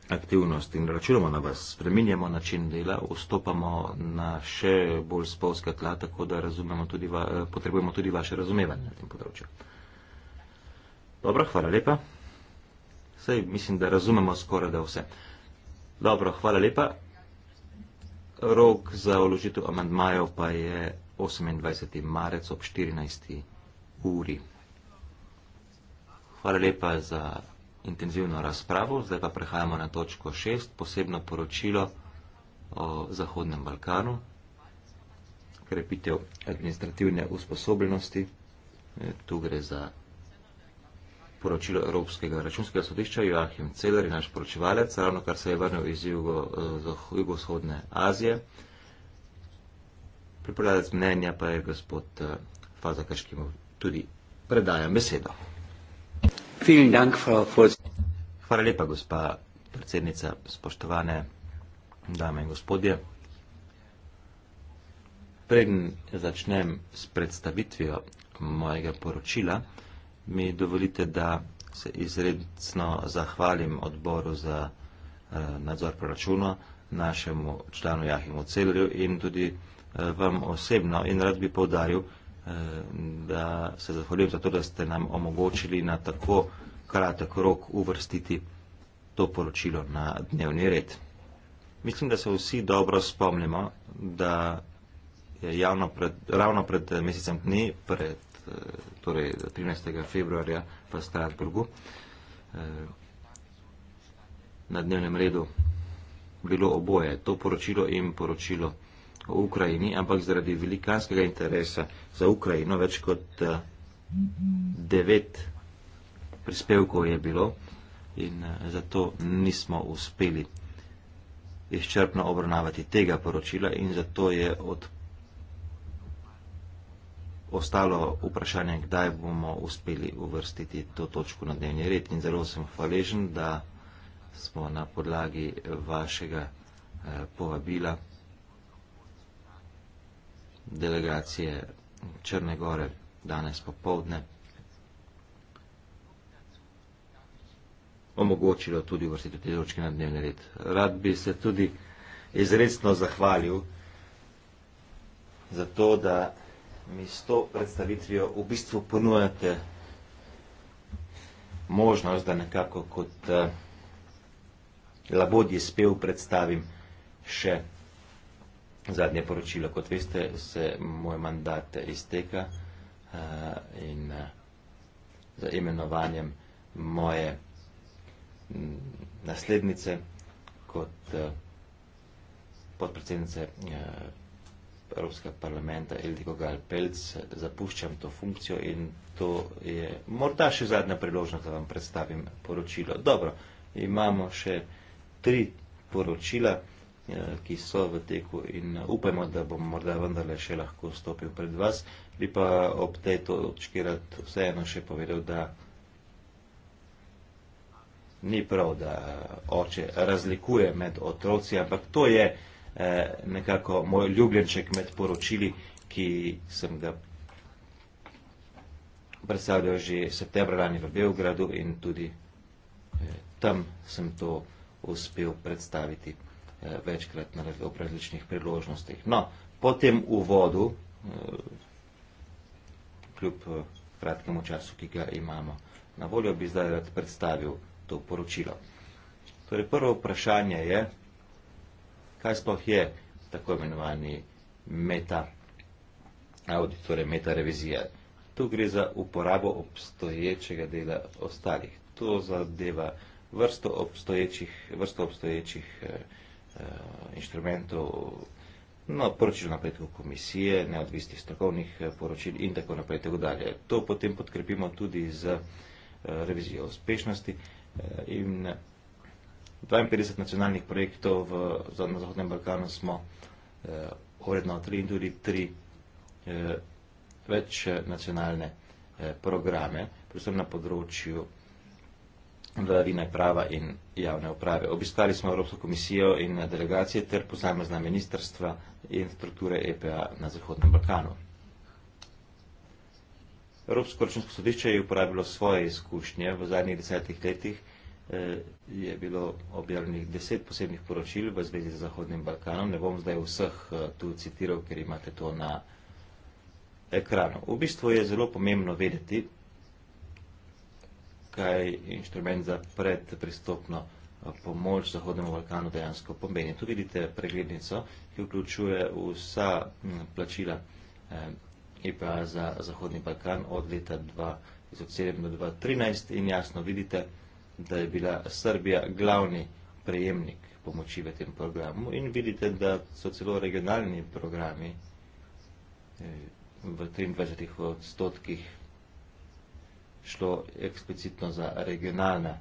aktivnost in računamo na vas, spreminjamo način dela, vstopamo na še bolj spolska tla, tako da tudi va, eh, potrebujemo tudi vaše razumevanje na tem področju. Dobro, hvala lepa. Sej, mislim, da razumemo skoraj da vse. Dobro, hvala lepa. Rok za uložitev amandmajev pa je 28. marec ob 14. uri. Hvala lepa za intenzivno razpravo. Zdaj pa prehajamo na točko šest, posebno poročilo o Zahodnem Balkanu, krepitev administrativne usposobljenosti. E, tu gre za poročilo Evropskega računskega sodišča. Joachim Celer je naš poročevalec, ravno kar se je vrnil iz e, jugovzhodne Azije. Pripravljalec mnenja pa je gospod e, Fazakaški, mu tudi predajam besedo. Hvala lepa, gospa predsednica, spoštovane dame in gospodje. Preden začnem s predstavitvijo mojega poročila, mi dovolite, da se izredno zahvalim odboru za eh, nadzor proračuna, našemu članu Jahimu Celerju in tudi eh, vam osebno in rad bi povdaril, Eh, da se zahvaljujem za to, da ste nam omogočili na tako kratek rok uvrstiti to poročilo na dnevni red. Mislim, da se vsi dobro spomnimo, da je javno pred, ravno pred mesecem dni, pred, eh, torej 13. februarja v Strasburgu, eh, na dnevnem redu bilo oboje, to poročilo in poročilo o Ukrajini, ampak zaradi velikanskega interesa za Ukrajino, več kot uh, devet prispevkov je bilo in uh, zato nismo uspeli izčrpno obravnavati tega poročila in zato je od ostalo vprašanje, kdaj bomo uspeli uvrstiti to točko na dnevni red. In zelo sem hvaležen, da smo na podlagi vašega eh, povabila delegacije Črne Gore danes popovdne omogočilo tudi vrstitev te točke na dnevni red. Rad bi se tudi izredno zahvalil za to, da mi s to predstavitvijo v bistvu ponujate možnost, da nekako kot uh, labodji spev predstavim še zadnje poročilo. Kot veste, se moj mandat izteka uh, in uh, eh, za imenovanjem moje naslednice kot uh, podpredsednice uh, Evropskega parlamenta Eldiko Galpelc zapuščam to funkcijo in to je morda še zadnja priložnost, da vam predstavim poročilo. Dobro, imamo še tri poročila. Eh, ki so v teku in eh, upajmo, da bom morda vendarle še lahko stopil pred vas. Bi pa ob tej točki rad vseeno še povedal, da ni prav, da eh, oče razlikuje med otroci, ampak to je nekako moj ljubljenček med poročili, ki sem ga predstavljal že septembra lani v Beogradu in tudi tam sem to uspel predstaviti. Eh, večkrat naredil ob različnih priložnostih. No, po tem uvodu, eh, kljub eh, kratkemu času, ki ga imamo na voljo, bi zdaj rad predstavil to poročilo. Torej, prvo vprašanje je, kaj sploh je tako imenovani meta audit, torej meta revizija. Tu gre za uporabo obstoječega dela ostalih. To zadeva vrsto obstoječih, vrsto obstoječih eh, Eh, inštrumentov, no, poročil napredkov komisije, neodvisnih strokovnih eh, poročil in tako naprej. Tako dalje. To potem podkrepimo tudi z eh, revizijo uspešnosti in 52 nacionalnih projektov v Zahodnem Balkanu smo urednotili in tudi tri več nacionalne programe, predvsem na področju vladavine prava in javne uprave. Obiskali smo Evropsko komisijo in delegacije ter posamezna ministrstva in strukture EPA na Zahodnem Balkanu. Evropsko računsko sodišče je uporabilo svoje izkušnje. V zadnjih desetih letih eh, je bilo objavljenih deset posebnih poročil v zvezi z Zahodnim Balkanom. Ne bom zdaj vseh eh, tu citiral, ker imate to na ekranu. V bistvu je zelo pomembno vedeti, kaj inštrument za predpristopno eh, pomoč Zahodnemu Balkanu dejansko pomeni. Tu vidite preglednico, ki vključuje vsa mm, plačila IPA eh, e za Zahodni Balkan od leta 2007 do 2013 in jasno vidite, da je bila Srbija glavni prejemnik pomoči v tem programu in vidite, da so celo regionalni programi eh, v 23 odstotkih šlo eksplicitno za regionalna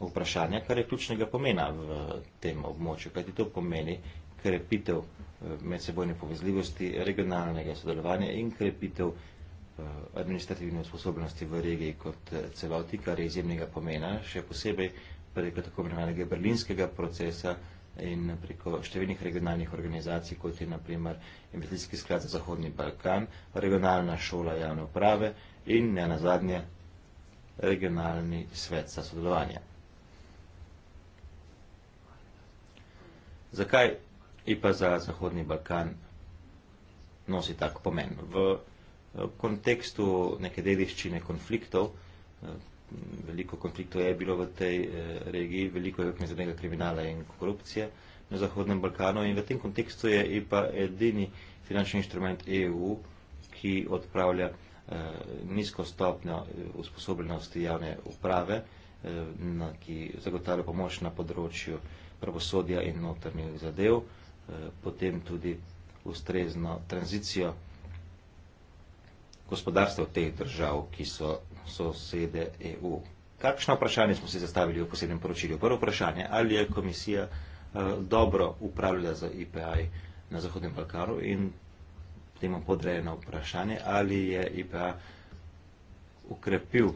vprašanja, kar je ključnega pomena v tem območju, kajti to pomeni krepitev eh, medsebojne povezljivosti, regionalnega sodelovanja in krepitev eh, administrativne sposobnosti v regiji kot eh, celoti, kar je izjemnega pomena, še posebej preko tako imenovanega berlinskega procesa in preko številnih regionalnih organizacij, kot je naprimer Investicijski sklad za Zahodni Balkan, regionalna šola javne uprave, in ne nazadnje regionalni svet za sodelovanje. Zakaj in pa za Zahodni Balkan nosi tak pomen? V eh, kontekstu neke dediščine konfliktov, eh, veliko konfliktov je bilo v tej eh, regiji, veliko je mezernega kriminala in korupcije na Zahodnem Balkanu in v tem kontekstu je IPA edini finančni inštrument EU, ki odpravlja Eh, nizko stopnjo eh, usposobljenosti javne uprave, eh, ki zagotavlja pomoč na področju pravosodja in notrnih zadev, potem tudi ustrezno tranzicijo gospodarstva teh držav, ki so sosede EU. Kakšno vprašanje smo si zastavili v posebnem poročilju? Prvo vprašanje, ali je komisija dobro upravljala za IPI na Zahodnem Balkanu in temu podrejeno vprašanje, ali je IPA ukrepil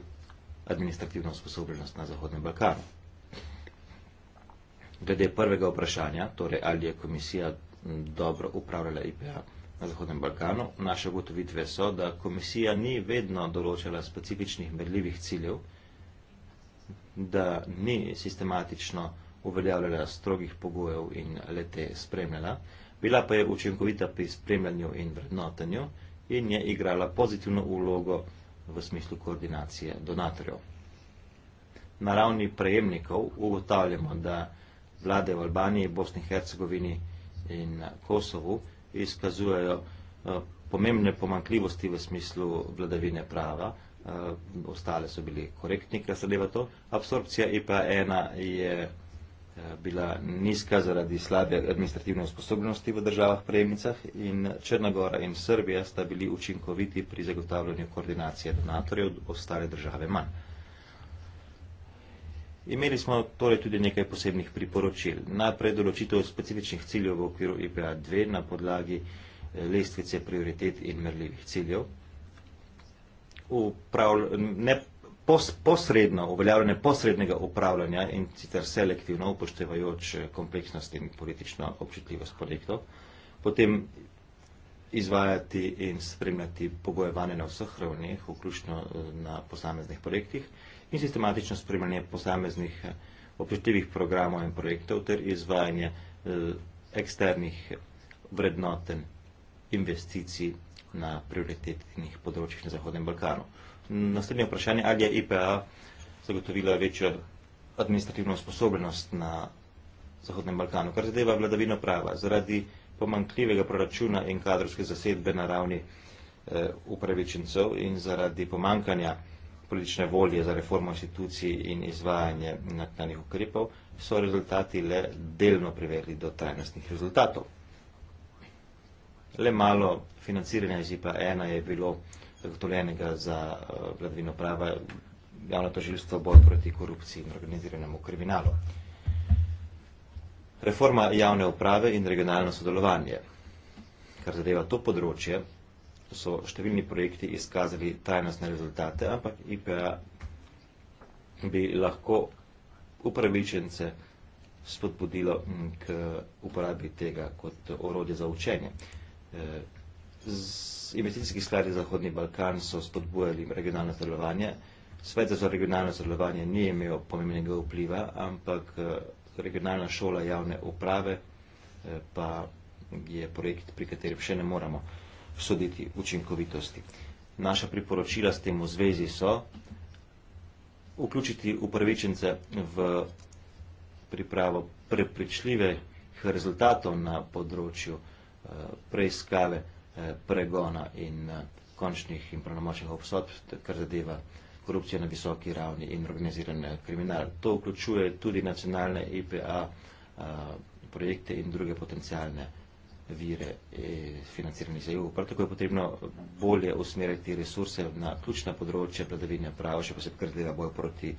administrativno sposobnost na Zahodnem Balkanu. Glede prvega vprašanja, torej ali je komisija dobro upravljala IPA na Zahodnem Balkanu, naše ugotovitve so, da komisija ni vedno določala specifičnih merljivih ciljev, da ni sistematično uveljavljala strogih pogojev in lete spremljala, bila pa je učinkovita pri spremljanju in vrednotenju in je igrala pozitivno ulogo v smislu koordinacije donatorjev. Na ravni prejemnikov ugotavljamo, da vlade v Albaniji, Bosni in Hercegovini in Kosovu izkazujejo eh, pomembne pomankljivosti v smislu vladavine prava, eh, ostale so bili korektni, kar se deva to. Absorpcija IPA1 je Eh, bila nizka zaradi slabe administrativne usposobljenosti v državah prejemnicah in Črna Gora in Srbija sta bili učinkoviti pri zagotavljanju koordinacije donatorjev, ostale države manj. Imeli smo torej tudi nekaj posebnih priporočil. Najprej določitev specifičnih ciljev v okviru IPA 2 na podlagi eh, lestvice prioritet in merljivih ciljev. Uprav, ne pos, posredno, uveljavljanje posrednega upravljanja in sicer selektivno upoštevajoč eh, kompleksnost in politično občutljivost projektov, potem izvajati in spremljati pogojevanje na vseh ravneh, vključno eh, na posameznih projektih in sistematično spremljanje posameznih eh, občutljivih programov in projektov ter izvajanje eksternih vrednoten investicij na prioritetnih področjih na Zahodnem Balkanu. Naslednje vprašanje, ali je IPA zagotovila večjo administrativno sposobnost na Zahodnem Balkanu, kar zadeva vladavino prava, zaradi pomankljivega proračuna in kadrovske zasedbe na ravni eh, upravičencev in zaradi pomankanja politične volje za reformo institucij in izvajanje naknanih ukrepov, so rezultati le delno privedli do trajnostnih rezultatov. Le malo financiranja iz IPA 1 je bilo zagotovljenega za eh, vladavino prava, javno toživstvo, boj proti korupciji in organiziranemu kriminalu. Reforma javne uprave in regionalno sodelovanje, kar zadeva to področje, so številni projekti izkazali tajnostne rezultate, ampak IPA bi lahko upravičence spodbudilo mm, k uporabi tega kot orodje za učenje. Eh, investicijski skladi Zahodni Balkan so spodbujali regionalno sodelovanje. Svet za regionalno sodelovanje ni imel pomembnega vpliva, ampak eh, regionalna šola javne uprave eh, pa je projekt, pri katerem še ne moramo soditi učinkovitosti. Naša priporočila s tem v zvezi so vključiti upravičence v pripravo prepričljivih rezultatov na področju eh, preiskave Eh, pregona in eh, končnih in pravnomočnih obsodb, kar zadeva korupcijo na visoki ravni in organiziran eh, kriminal. To vključuje tudi nacionalne IPA projekte in druge potencijalne vire financirani za EU. Prav tako je potrebno bolje usmeriti resurse na ključna področja vladavine prava, še posebej kar zadeva boj proti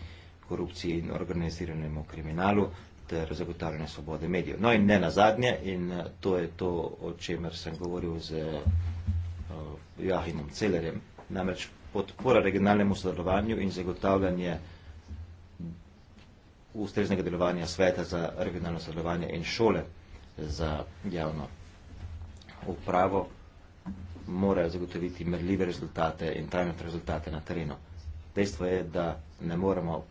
korupciji in organiziranemu kriminalu, ter zagotavljanje svobode medijev. No in ne na zadnje, in eh, to je to, o čemer sem govoril z uh, eh, Jahinom Celerjem, namreč podpora regionalnemu sodelovanju in zagotavljanje ustreznega delovanja sveta za regionalno sodelovanje in šole za javno upravo morajo zagotoviti merljive rezultate in trajne rezultate na terenu. Dejstvo je, da ne moremo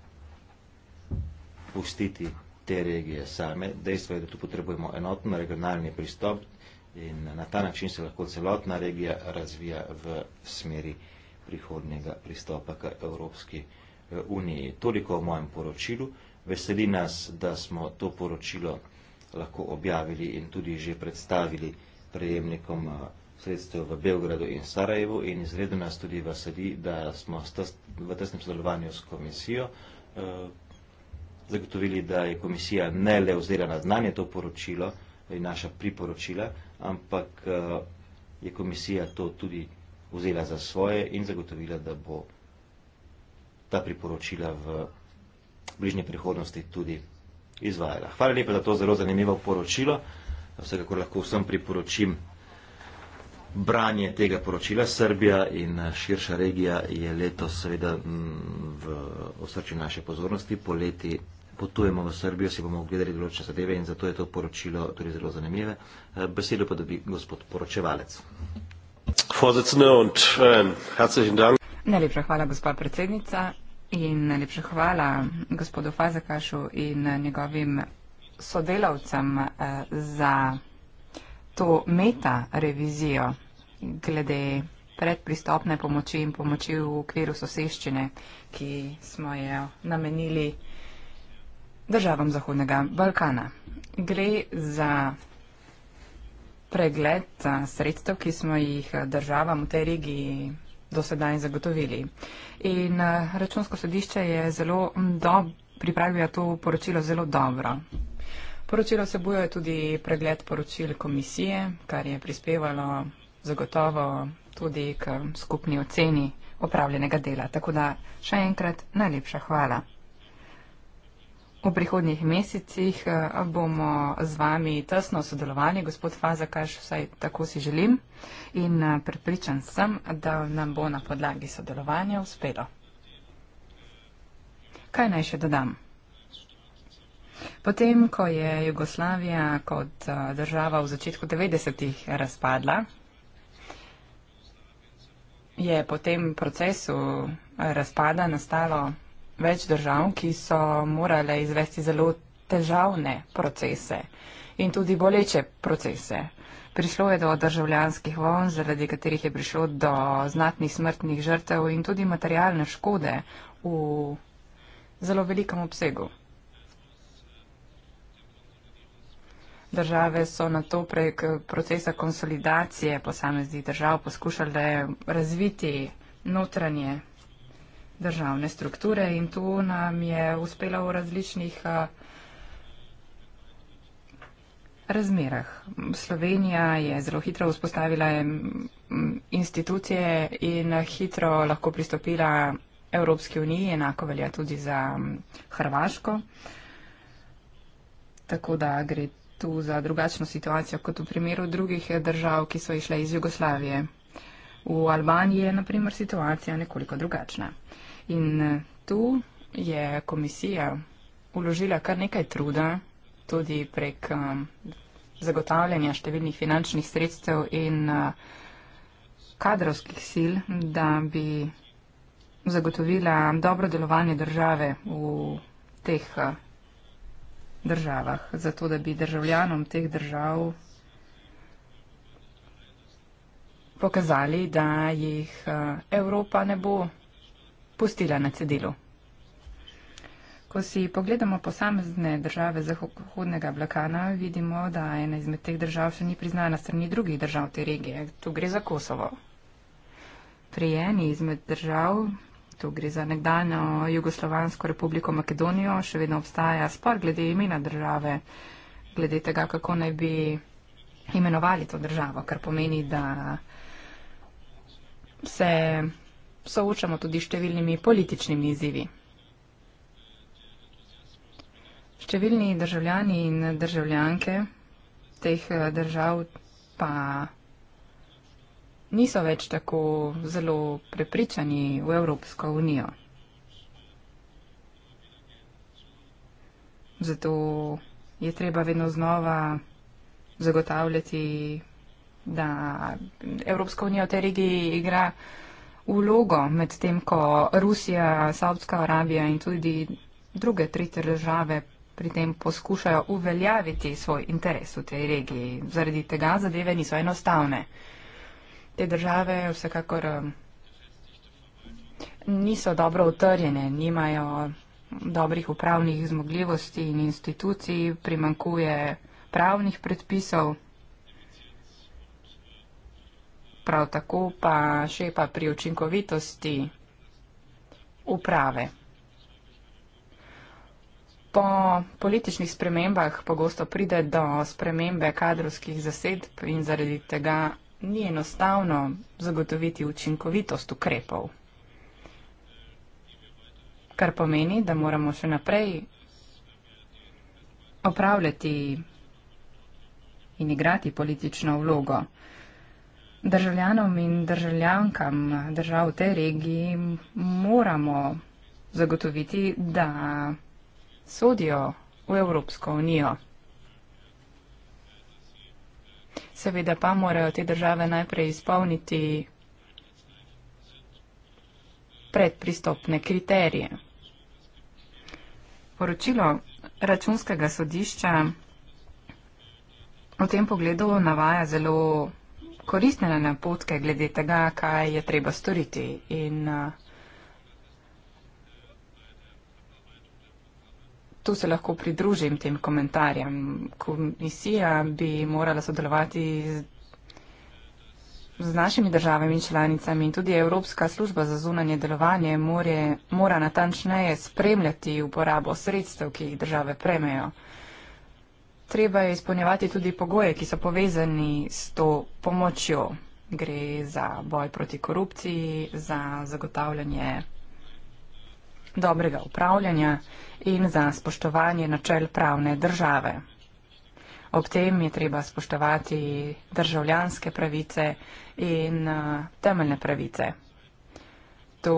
pustiti te regije same. Dejstvo je, da tu potrebujemo enoten regionalni pristop in na ta način se lahko celotna regija razvija v smeri prihodnjega pristopa k Evropski eh, uniji. Toliko o mojem poročilu. Veseli nas, da smo to poročilo lahko objavili in tudi že predstavili prejemnikom eh, sredstev v Belgradu in Sarajevu in izredno nas tudi veseli, da smo v tesnem sodelovanju s komisijo eh, zagotovili, da je komisija ne le vzela na znanje to poročilo in naša priporočila, ampak eh, je komisija to tudi vzela za svoje in zagotovila, da bo ta priporočila v bližnji prihodnosti tudi izvajala. Hvala lepa za to zelo zanimivo poročilo. Vsekakor lahko vsem priporočim branje tega poročila. Srbija in eh, širša regija je letos seveda mm, v osrčju naše pozornosti. Po leti potujemo v Srbijo, si bomo ogledali določene zadeve in zato je to poročilo tudi zelo zanimive. Eh, besedo pa dobi gospod poročevalec. Ähm, najlepša hvala, gospa predsednica, in najlepša hvala gospodu Fazekašu in njegovim sodelavcem eh, za to meta revizijo glede predpristopne pomoči in pomoči v okviru soseščine, ki smo jo namenili državam Zahodnega Balkana. Gre za pregled sredstev, ki smo jih eh, državam v tej regiji dosedaj zagotovili. In eh, računsko sodišče je zelo mm, dob, pripravilo to poročilo zelo dobro. Poročilo seboj je tudi pregled poročil komisije, kar je prispevalo zagotovo tudi k mm, skupni oceni opravljenega dela. Tako da še enkrat najlepša hvala. V prihodnjih mesecih eh, bomo z vami tesno sodelovali, gospod Faza, kar še vsaj tako si želim in eh, prepričan sem, da nam bo na podlagi sodelovanja uspelo. Kaj naj še dodam? Potem, ko je Jugoslavija kot eh, država v začetku 90-ih razpadla, je po tem procesu razpada nastalo več držav, ki so morale izvesti zelo težavne procese in tudi boleče procese. Prišlo je do državljanskih vojn, zaradi katerih je prišlo do znatnih smrtnih žrtev in tudi materialne škode v zelo velikem obsegu. Države so na to prek procesa konsolidacije posameznih držav poskušale razviti notranje državne strukture in to nam je uspelo v različnih razmerah. Slovenija je zelo hitro vzpostavila institucije in hitro lahko pristopila Evropski uniji, enako velja tudi za Hrvaško. Tako da gre tu za drugačno situacijo kot v primeru drugih držav, ki so išle iz Jugoslavije. V Albaniji je, na primer, situacija nekoliko drugačna. In eh, tu je komisija uložila kar nekaj truda, tudi prek um, zagotavljanja številnih finančnih sredstev in uh, kadrovskih sil, da bi zagotovila dobro delovanje države v teh uh, državah, zato da bi državljanom teh držav pokazali, da jih uh, Evropa ne bo pustila na cedilu. Ko si pogledamo posamezne države Zahodnega Balkana, vidimo, da ena izmed teh držav še ni priznana strani drugih držav te regije. Tu gre za Kosovo. Pri eni izmed držav, tu gre za nekdanjo Jugoslovansko republiko Makedonijo, še vedno obstaja spor glede imena države, glede tega, kako naj bi imenovali to državo, kar pomeni, da se soočamo tudi številnimi političnimi izzivi. Številni državljani in državljanke teh eh, držav pa niso več tako zelo prepričani v Evropsko unijo. Zato je treba vedno znova zagotavljati, da Evropska unija v tej regiji igra vlogo med tem, ko Rusija, Saudska Arabija in tudi druge tretje države pri tem poskušajo uveljaviti svoj interes v tej regiji. Zaradi tega zadeve niso enostavne. Te države vsekakor eh, niso dobro utrjene, nimajo dobrih upravnih zmogljivosti in institucij, primankuje pravnih predpisov prav tako pa še pa pri učinkovitosti uprave. Po političnih spremembah pogosto pride do spremembe kadrovskih zasedb in zaradi tega ni enostavno zagotoviti učinkovitost ukrepov. Kar pomeni, da moramo še naprej opravljati in igrati politično vlogo državljanom in državljankam držav v tej regiji moramo zagotoviti, da sodijo v Evropsko unijo. Seveda pa morajo te države najprej izpolniti predpristopne kriterije. Poročilo računskega sodišča v tem pogledu navaja zelo koristne napotke glede tega, kaj je treba storiti. In eh, tu se lahko pridružim tem komentarjem. Komisija bi morala sodelovati z, z našimi državami in članicami in tudi Evropska služba za zunanje delovanje more, mora natančneje spremljati uporabo sredstev, ki jih države premejo. Uh, treba je izpolnjevati tudi pogoje, ki so povezani s to pomočjo. Gre za boj proti korupciji, za zagotavljanje dobrega upravljanja in za spoštovanje načel pravne države. Ob tem je treba spoštovati državljanske pravice in uh, temeljne pravice. To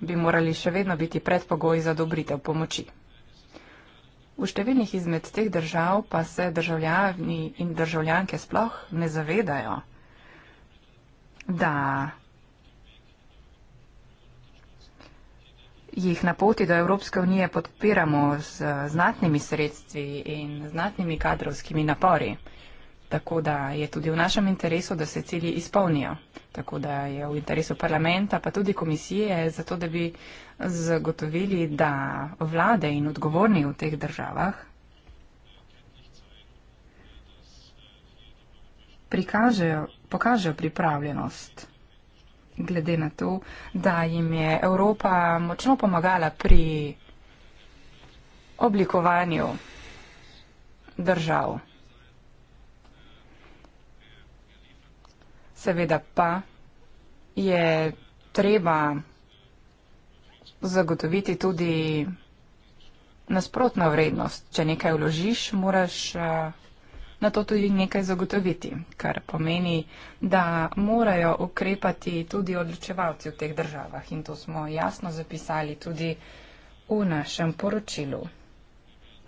bi morali še vedno biti predpogoj za dobritev pomoči. V številnih izmed teh držav pa se državljani in državljanke sploh ne zavedajo, da jih na poti do Evropske unije podpiramo z znatnimi sredstvi in znatnimi kadrovskimi napori. Tako da je tudi v našem interesu, da se cilji izpolnijo. Tako da je v interesu parlamenta, pa tudi komisije, zato da bi zagotovili, da vlade in odgovorni v teh državah prikažejo, pokažejo pripravljenost glede na to, da jim je Evropa močno pomagala pri oblikovanju držav. Seveda pa je treba zagotoviti tudi nasprotno vrednost. Če nekaj vložiš, moraš eh, na to tudi nekaj zagotoviti, kar pomeni, da morajo ukrepati tudi odločevalci v teh državah. In to smo jasno zapisali tudi v našem poročilu.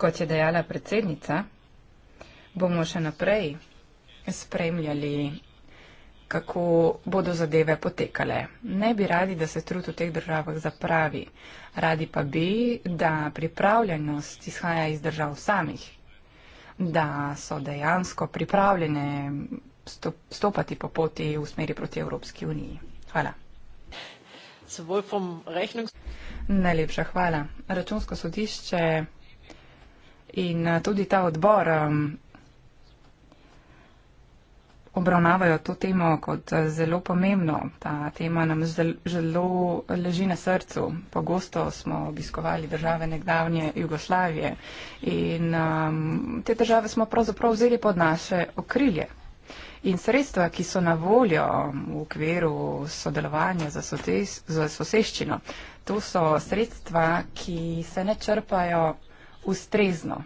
Kot je dejala predsednica, bomo še naprej spremljali kako bodo zadeve potekale. Ne bi radi, da se trud v teh državah zapravi, radi pa bi, da pripravljenost izhaja iz držav samih, da so dejansko pripravljene stopati po poti v smeri proti Evropski uniji. Hvala. Najlepša hvala. Računsko sodišče in tudi ta odbor um, obravnavajo to temo kot eh, zelo pomembno. Ta tema nam zelo leži na srcu. Pogosto smo obiskovali države nekdavnje Jugoslavije in um, te države smo pravzaprav vzeli pod naše okrilje. In sredstva, ki so na voljo ehm, v okviru sodelovanja za, sotez, za soseščino, to so sredstva, ki se ne črpajo ustrezno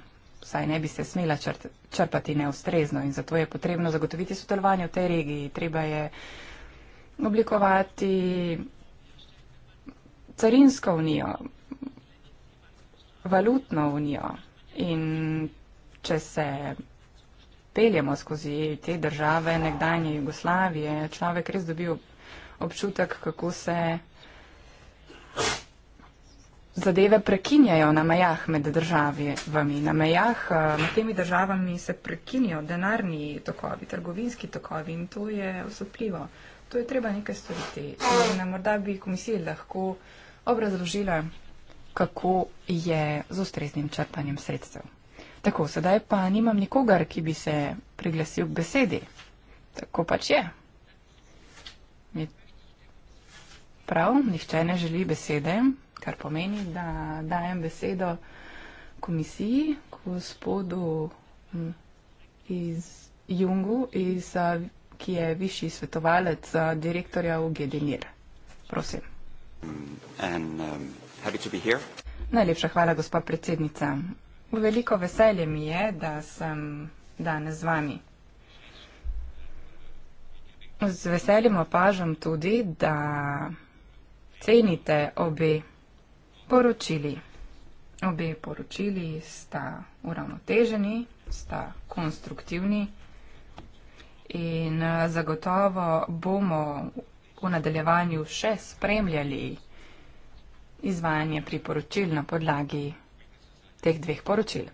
saj ne bi se smela črt, črpati neustrezno in zato je potrebno zagotoviti sodelovanje v tej regiji. Treba je oblikovati carinsko unijo, valutno unijo in če se peljemo skozi te države nekdanje Jugoslavije, človek res dobil občutek, kako se zadeve prekinjajo na mejah med državami. Na mejah eh, med temi državami se prekinjajo denarni tokovi, trgovinski tokovi in to je osupljivo. To je treba nekaj storiti. In eh, morda bi komisija lahko obrazložila, kako je z ustreznim črpanjem sredstev. Tako, sedaj pa nimam nikogar, ki bi se priglasil k besedi. Tako pač je. je. Prav, nihče ne želi besede, kar pomeni, da dajem besedo komisiji, gospodu hm, iz Jungu, iz, ki je višji svetovalec direktorja v Gedenir. Prosim. And, um, Najlepša hvala, gospod predsednica. Veliko veselje mi je, da sem danes z vami. Z veseljem opažam tudi, da cenite obe Poročili. Obe poročili sta uravnoteženi, sta konstruktivni in eh, zagotovo bomo v nadaljevanju še spremljali izvajanje priporočil na podlagi teh dveh poročil.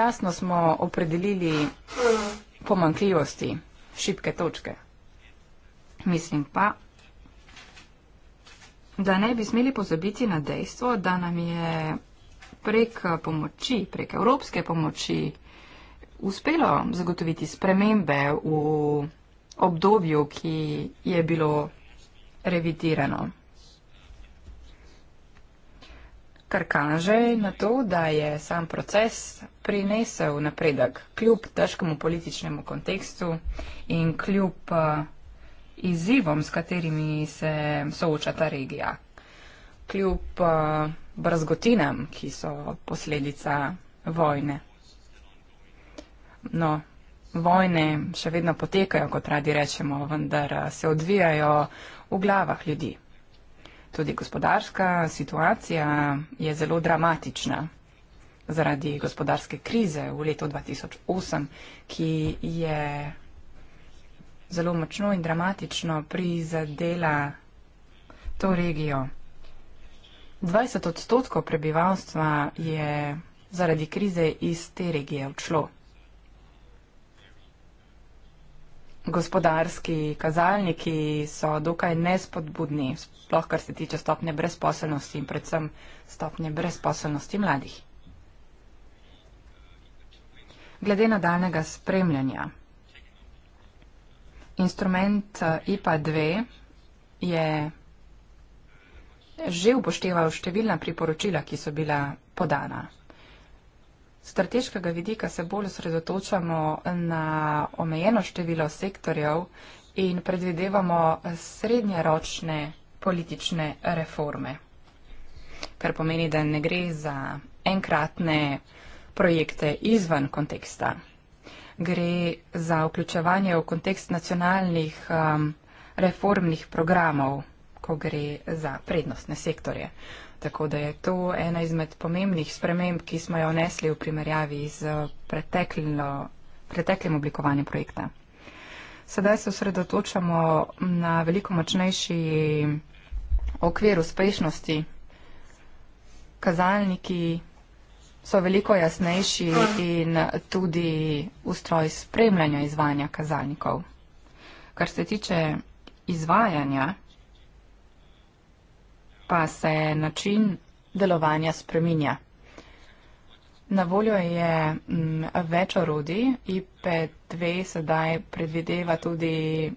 Jasno smo opredelili pomankljivosti, šibke točke. Mislim pa, da ne bi smeli pozabiti na dejstvo, da nam je prek pomoči, prek evropske pomoči uspelo zagotoviti spremembe v obdobju, ki je bilo revidirano. Kar kaže na to, da je sam proces prinesel napredek kljub težkemu političnemu kontekstu in kljub uh, izzivom, s katerimi se sooča ta regija, kljub eh, brazgotinam, ki so posledica vojne. No, vojne še vedno potekajo, kot radi rečemo, vendar eh, se odvijajo v glavah ljudi. Tudi gospodarska situacija je zelo dramatična zaradi gospodarske krize v letu 2008, ki je zelo močno in dramatično prizadela to regijo. 20 odstotkov prebivalstva je zaradi krize iz te regije odšlo. Gospodarski kazalniki so dokaj nespodbudni, sploh kar se tiče stopne brezposelnosti in predvsem stopne brezposelnosti mladih. Glede nadaljnega spremljanja Instrument eh, IPA 2 je že upošteval številna priporočila, ki so bila podana. Strateškega vidika se bolj osredotočamo na omejeno število sektorjev in predvidevamo srednjeročne politične reforme, kar pomeni, da ne gre za enkratne projekte izven konteksta gre za vključevanje v kontekst nacionalnih um, reformnih programov, ko gre za prednostne sektorje. Tako da je to ena izmed pomembnih sprememb, ki smo jo vnesli v primerjavi z preteklim oblikovanjem projekta. Sedaj se osredotočamo na veliko močnejši okvir uspešnosti. Kazalniki, so veliko jasnejši in tudi ustroj spremljanja izvajanja kazalnikov. Kar se tiče izvajanja, pa se način delovanja spreminja. Na voljo je mm, več orodij, IP2 sedaj predvideva tudi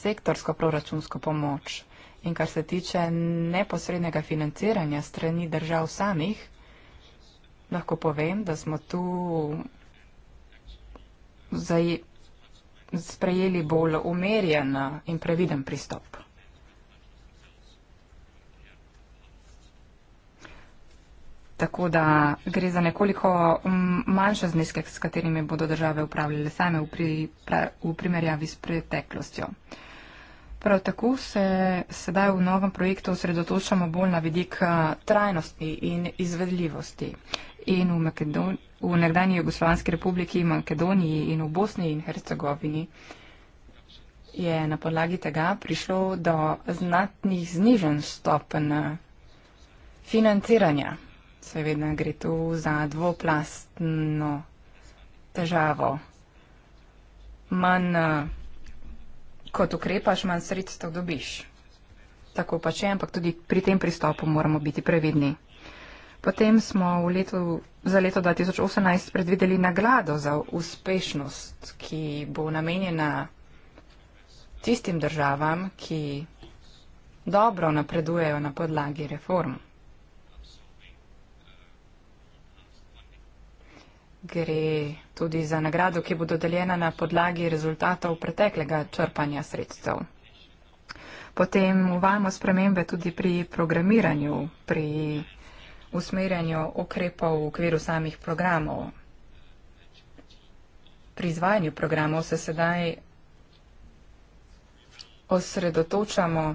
sektorsko proračunsko pomoč. In kar se tiče neposrednega financiranja strani držav samih, lahko povem, da smo tu zaj, sprejeli bolj umerjen in previden pristop. Tako da gre za nekoliko manjše zneske, s katerimi bodo države upravljale same v, pri, pra, v primerjavi s preteklostjo. Uh, Prav tako se sedaj v novem projektu osredotočamo bolj na vidik eh, trajnosti in izvedljivosti. In v, Makedon v nekdajni Jugoslavijski republiki, Makedoniji in v Bosni in Hercegovini je na podlagi tega prišlo do znatnih znižen stopen eh, financiranja. Seveda gre tu za dvoplastno težavo. Manj eh, kot ukrepaš, manj sredstev dobiš. Tako pa če, ampak tudi pri tem pristopu moramo biti previdni. Potem smo v letu, za leto 2018 predvideli naglado za uspešnost, ki bo namenjena tistim državam, ki dobro napredujejo na podlagi reform. Gre tudi za nagrado, ki bo dodeljena na podlagi rezultatov preteklega črpanja sredstev. Potem uvajamo spremembe tudi pri programiranju, pri usmerjanju okrepov v okviru samih programov. Pri izvajanju programov se sedaj osredotočamo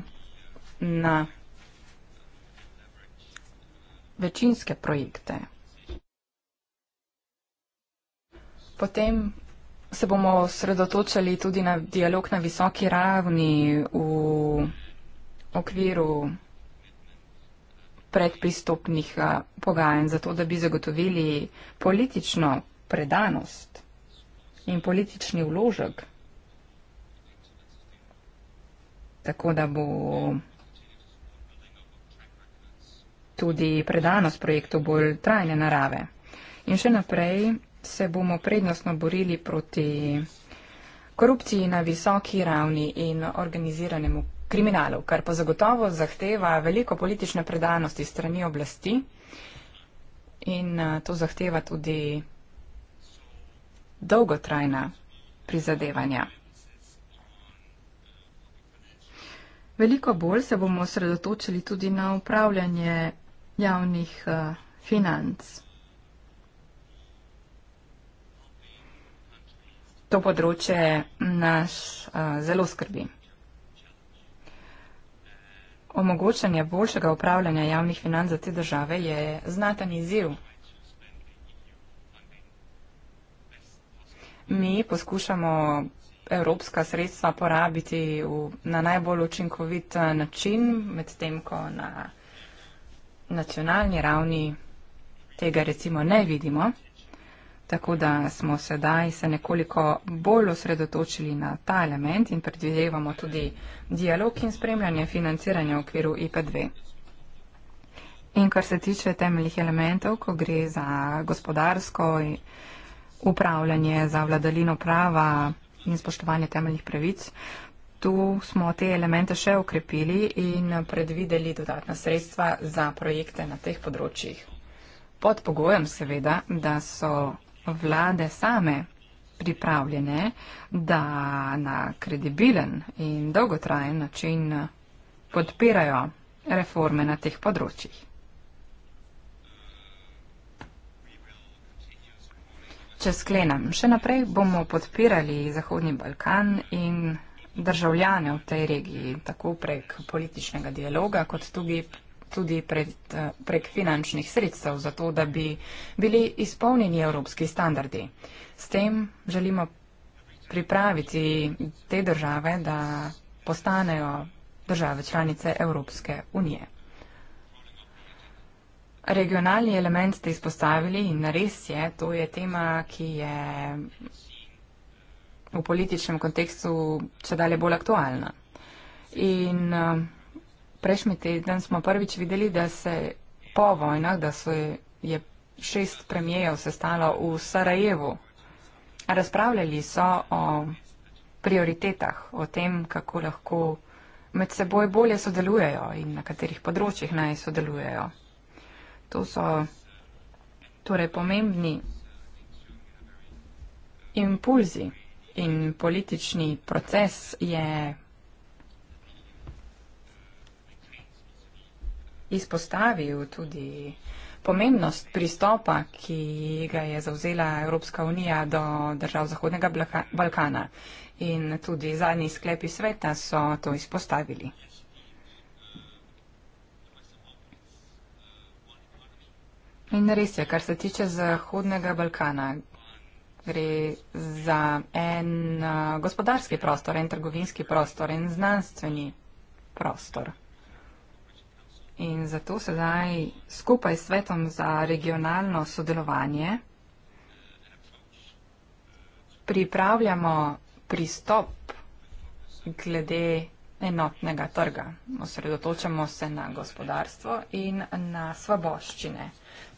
na večinske projekte, Potem se bomo sredotočali tudi na dialog na visoki ravni v okviru predpristopnih pogajanj, zato da bi zagotovili politično predanost in politični vložek, tako da bo tudi predanost projektu bolj trajne narave. In še naprej se bomo prednostno borili proti korupciji na visoki ravni in organiziranemu kriminalu, kar pa zagotovo zahteva veliko politične predanosti strani oblasti in eh, to zahteva tudi dolgotrajna prizadevanja. Veliko bolj se bomo osredotočili tudi na upravljanje javnih eh, financ. to področje naš a, zelo skrbi. Omogočanje boljšega upravljanja javnih financ za te države je znaten izziv. Mi poskušamo evropska sredstva porabiti v, na najbolj učinkovit način, medtem ko na nacionalni ravni tega recimo ne vidimo. Tako da smo sedaj se nekoliko bolj osredotočili na ta element in predvidevamo tudi dialog in spremljanje financiranja v okviru IP2. In kar se tiče temeljih elementov, ko gre za gospodarsko upravljanje, za vladalino prava in spoštovanje temeljnih pravic, tu smo te elemente še ukrepili in predvideli dodatna sredstva za projekte na teh področjih. Pod pogojem seveda, da so vlade same pripravljene, da na kredibilen in dolgotrajen način podpirajo reforme na teh področjih. Če sklenem, še naprej bomo podpirali Zahodni Balkan in državljane v tej regiji, tako prek političnega dialoga, kot tudi tudi pred, eh, prek finančnih sredstev, zato da bi bili izpolnjeni evropski standardi. S tem želimo pripraviti te države, da postanejo države članice Evropske unije. Regionalni element ste izpostavili in res je, to je tema, ki je v političnem kontekstu še dalje bolj aktualna. In uh, Prejšnji teden smo prvič videli, da se po vojnah, da se je šest premijev sestalo v Sarajevu. Razpravljali so o prioritetah, o tem, kako lahko med seboj bolje sodelujejo in na katerih področjih naj sodelujejo. To so torej pomembni impulzi in politični proces je izpostavil tudi pomembnost pristopa, ki ga je zauzela Evropska unija do držav Zahodnega Balkana. In tudi zadnji sklepi sveta so to izpostavili. In res je, kar se tiče Zahodnega Balkana, gre za en gospodarski prostor, en trgovinski prostor, en znanstveni prostor. In zato sedaj skupaj s Svetom za regionalno sodelovanje pripravljamo pristop glede enotnega trga. Osredotočamo se na gospodarstvo in na svoboščine.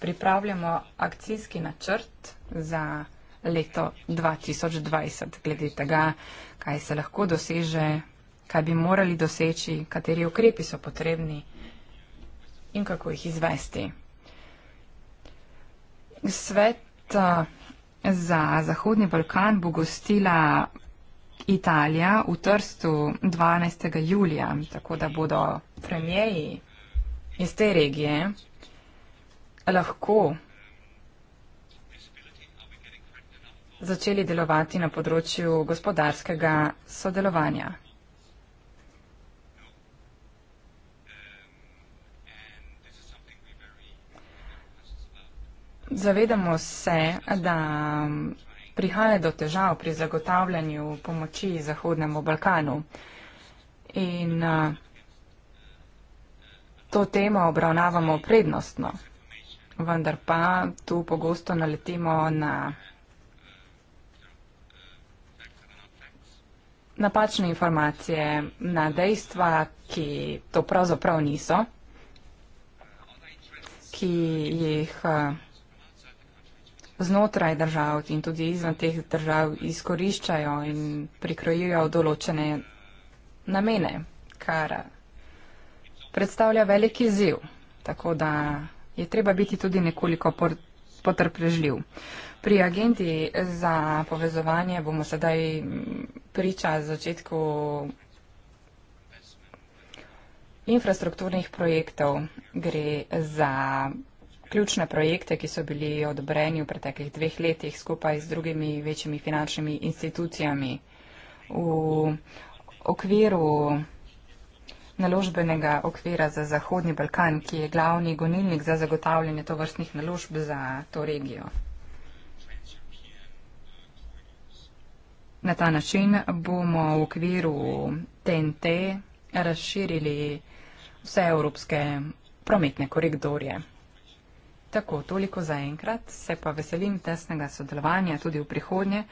Pripravljamo akcijski načrt za leto 2020 glede tega, kaj se lahko doseže, kaj bi morali doseči, kateri ukrepi so potrebni in kako jih izvesti. Svet za Zahodni Balkan bo gostila Italija v Trstu 12. julija, tako da bodo premijeji iz te regije lahko začeli delovati na področju gospodarskega sodelovanja. Zavedamo se, da prihaja do težav pri zagotavljanju pomoči Zahodnemu Balkanu. In to temo obravnavamo prednostno, vendar pa tu pogosto naletimo na napačne informacije, na dejstva, ki to pravzaprav niso, ki jih znotraj držav in tudi izven teh držav izkoriščajo in prikrojujo določene namene, kar predstavlja veliki ziv, tako da je treba biti tudi nekoliko potrpežljiv. Pri agendi za povezovanje bomo sedaj mm, priča začetku infrastrukturnih projektov. Gre za ključne projekte, ki so bili odobreni v preteklih dveh letih skupaj z drugimi večjimi finančnimi institucijami. V okviru naložbenega okvira za Zahodni Balkan, ki je glavni gonilnik za zagotavljanje tovrstnih naložb za to regijo. Na ta način bomo v okviru TNT razširili vse evropske prometne koridorje. Tako, toliko za enkrat. Se pa veselim tesnega sodelovanja tudi v prihodnje,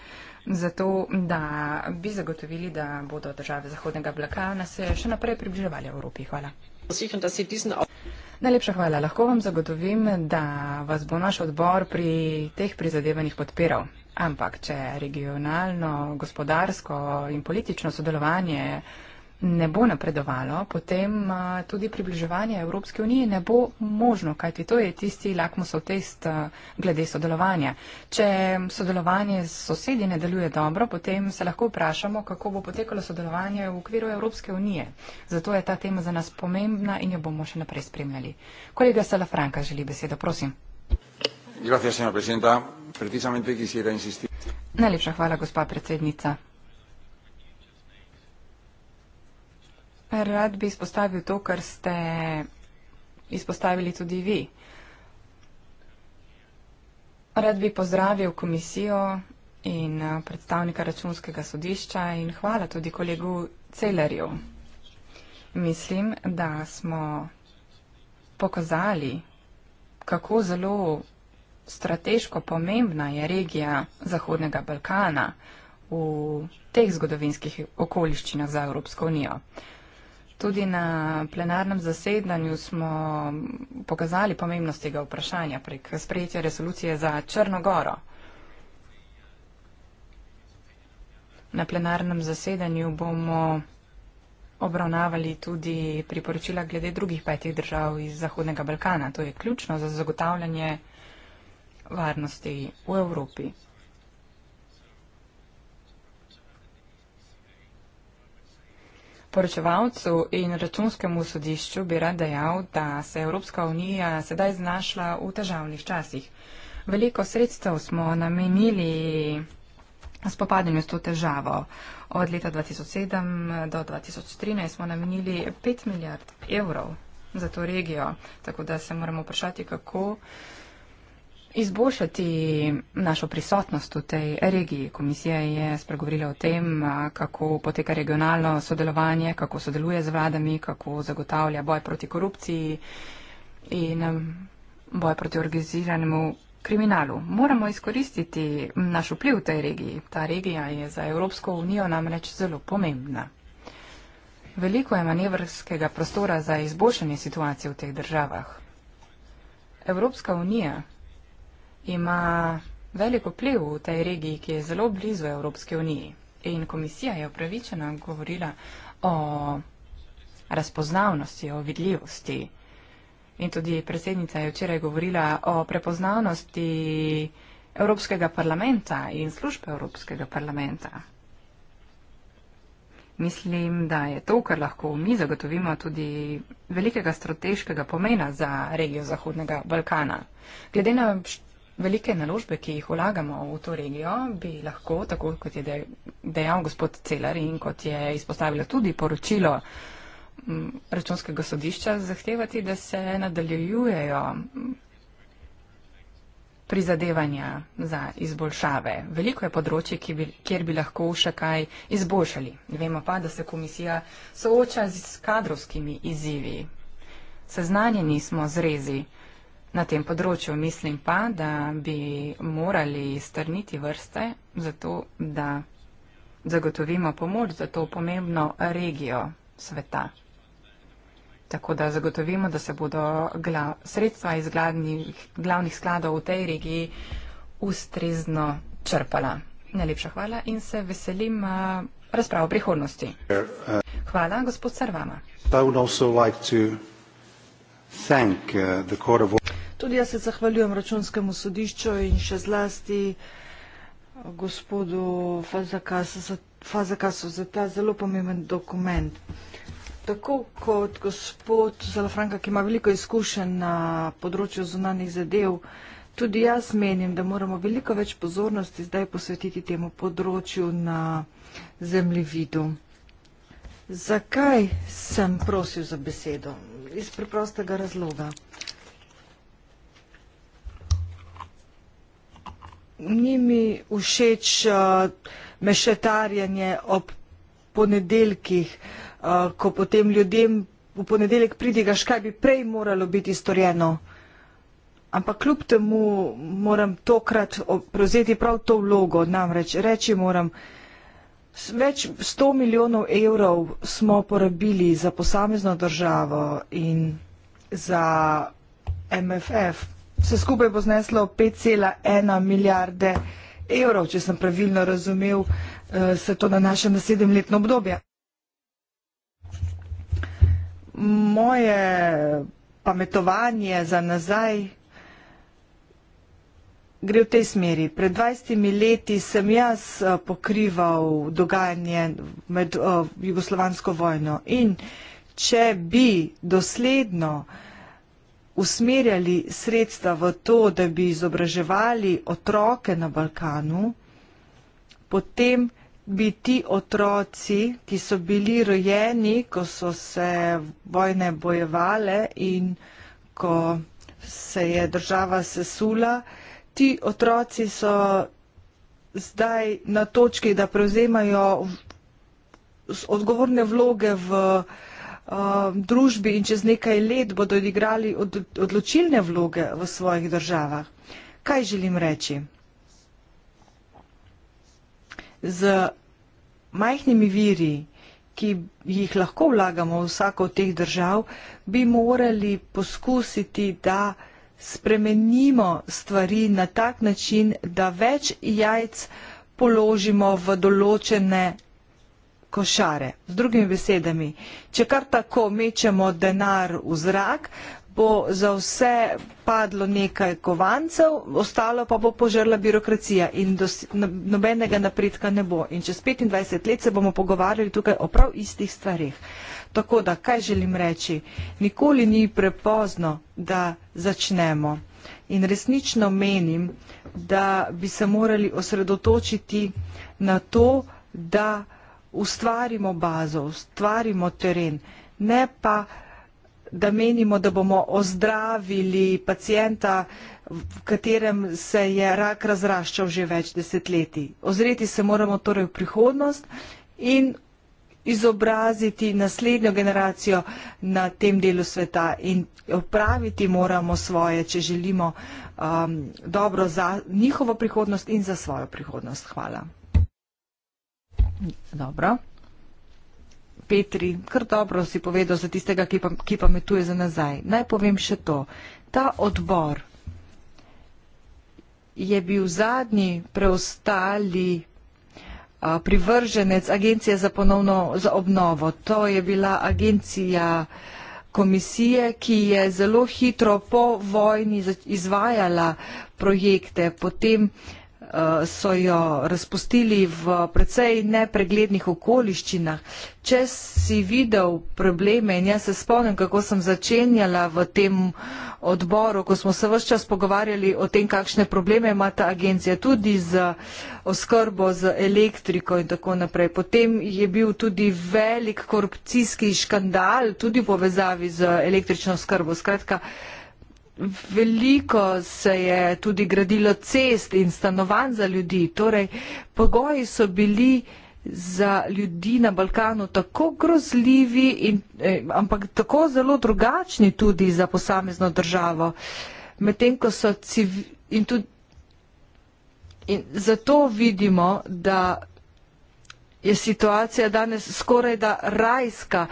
zato da bi zagotovili, da bodo države Zahodnega Balkana se še naprej približevali Evropi. Hvala. Najlepša hvala. Lahko vam zagotovim, da vas bo naš odbor pri teh prizadevanjih podpiral. Ampak, če regionalno, gospodarsko in politično sodelovanje ne bo napredovalo, potem uh, tudi približevanje Evropske unije ne bo možno, kajti to je tisti lakmusov test uh, glede sodelovanja. Če um, sodelovanje s sosedi ne deluje dobro, potem se lahko vprašamo, kako bo potekalo sodelovanje v okviru Evropske unije. Zato je ta tema za nas pomembna in jo bomo še naprej spremljali. Kolega Salafranka želi besedo, prosim. Gracias, Najlepša hvala, gospa predsednica. Rad bi izpostavil to, kar ste izpostavili tudi vi. Rad bi pozdravil komisijo in eh, predstavnika računskega sodišča in hvala tudi kolegu Celerju. Mislim, da smo pokazali, kako zelo strateško pomembna je regija Zahodnega Balkana v teh zgodovinskih okoliščinah za Evropsko unijo. Tudi na plenarnem zasedanju smo pokazali pomembnost tega vprašanja prek sprejetja resolucije za Črnogoro. Na plenarnem zasedanju bomo obravnavali tudi priporočila glede drugih petih držav iz Zahodnega Balkana. To je ključno za zagotavljanje varnosti v Evropi. poročevalcu in računskemu sodišču bi rad dejal, da se Evropska unija sedaj znašla v težavnih časih. Veliko sredstev smo namenili spopadanju s to težavo. Od leta 2007 do 2013 smo namenili 5 milijard evrov za to regijo, tako da se moramo vprašati, kako izboljšati našo prisotnost v tej regiji. Komisija je spregovorila o tem, kako poteka regionalno sodelovanje, kako sodeluje z vladami, kako zagotavlja boj proti korupciji in um, boj proti organiziranemu kriminalu. Moramo izkoristiti naš vpliv v tej regiji. Ta regija je za Evropsko unijo namreč zelo pomembna. Veliko je manevrskega prostora za izboljšanje situacije v teh državah. Evropska unija ima veliko pliv v tej regiji, ki je zelo blizu Evropske unije. In komisija je upravičena govorila o razpoznavnosti, o vidljivosti. In tudi predsednica je včeraj govorila o prepoznavnosti Evropskega parlamenta in službe Evropskega parlamenta. Mislim, da je to, kar lahko mi zagotovimo, tudi velikega strateškega pomena za regijo Zahodnega Balkana. Glede na Velike naložbe, ki jih vlagamo v to regijo, bi lahko, tako kot je dejal gospod Celar in kot je izpostavilo tudi poročilo računskega sodišča, zahtevati, da se nadaljujejo prizadevanja za izboljšave. Veliko je področje, kjer bi lahko še kaj izboljšali. Vemo pa, da se komisija sooča z kadrovskimi izzivi. Seznanjeni smo z rezi na tem področju. Mislim pa, da bi morali strniti vrste, zato da zagotovimo pomoč za to pomembno regijo sveta. Tako da zagotovimo, da se bodo glav, sredstva iz glavnih, glavnih skladov v tej regiji ustrezno črpala. Najlepša hvala in se veselim razprav o prihodnosti. Hvala, gospod Sarvama. Tudi jaz se zahvaljujem računskemu sodišču in še zlasti eh, gospodu Fazakasu za ta zelo pomemben dokument. Tako kot gospod Zalafranka, ki ima veliko izkušen na področju zunanih zadev, tudi jaz menim, da moramo veliko več pozornosti zdaj posvetiti temu področju na zemljevidu. Zakaj sem prosil za besedo? Iz preprostega razloga. ni mi všeč uh, eh, mešetarjanje ob ponedeljkih, uh, ko potem ljudem v ponedeljek pridigaš, kaj bi prej moralo biti storjeno. Ampak kljub temu moram tokrat prevzeti prav to vlogo, namreč reči moram, več 100 milijonov evrov smo porabili za posamezno državo in za MFF vse skupaj bo zneslo 5,1 milijarde evrov, če sem pravilno razumel, eh, se to nanaša na sedemletno obdobje. Moje pametovanje za nazaj gre v tej smeri. Pred 20 leti sem jaz eh, pokrival dogajanje med uh, jugoslovansko vojno in če bi dosledno uh, usmerjali sredstva v to, da bi izobraževali otroke na Balkanu, potem bi ti otroci, ki so bili rojeni, ko so se vojne bojevale in ko se je država sesula, ti otroci so zdaj na točki, da prevzemajo odgovorne vloge v Um, družbi in čez nekaj let bodo odigrali od, odločilne vloge v svojih državah. Kaj želim reči? Z majhnimi viri, ki jih lahko vlagamo v vsako od teh držav, bi morali poskusiti, da spremenimo stvari na tak način, da več jajc položimo v določene košare. Z drugimi besedami, če kar tako mečemo denar v zrak, bo za vse padlo nekaj kovancev, ostalo pa bo požrla birokracija in dos, no, nobenega napredka ne bo. In čez 25 let se bomo pogovarjali tukaj o prav istih stvarih. Tako da, kaj želim reči, nikoli ni prepozno, da začnemo. In resnično menim, da bi se morali osredotočiti na to, da ustvarimo bazo, ustvarimo teren, ne pa, da menimo, da bomo ozdravili pacijenta, v katerem se je rak razraščal že več desetletij. Ozreti se moramo torej v prihodnost in izobraziti naslednjo generacijo na tem delu sveta in opraviti moramo svoje, če želimo um, dobro za njihovo prihodnost in za svojo prihodnost. Hvala. Dobro. Petri, kar dobro si povedal za tistega, ki pa, ki pa metuje za nazaj. Naj povem še to. Ta odbor je bil zadnji preostali a, privrženec Agencije za ponovno za obnovo. To je bila agencija komisije, ki je zelo hitro po vojni izvajala projekte, potem Eh, so jo razpustili v precej nepreglednih okoliščinah. Če si videl probleme in jaz se spomnim, kako sem začenjala v tem odboru, ko smo se vse čas pogovarjali o tem, kakšne probleme ima ta agencija tudi z oskrbo, z elektriko in tako naprej. Potem je bil tudi velik korupcijski škandal, tudi v povezavi z električno oskrbo. Skratka, veliko se je tudi gradilo cest in stanovanj za ljudi. Torej, pogoji so bili za ljudi na Balkanu tako grozljivi, in, eh, ampak tako zelo drugačni tudi za posamezno državo. Medtem, ko so civi... in tudi... in zato vidimo, da je situacija danes skoraj da rajska.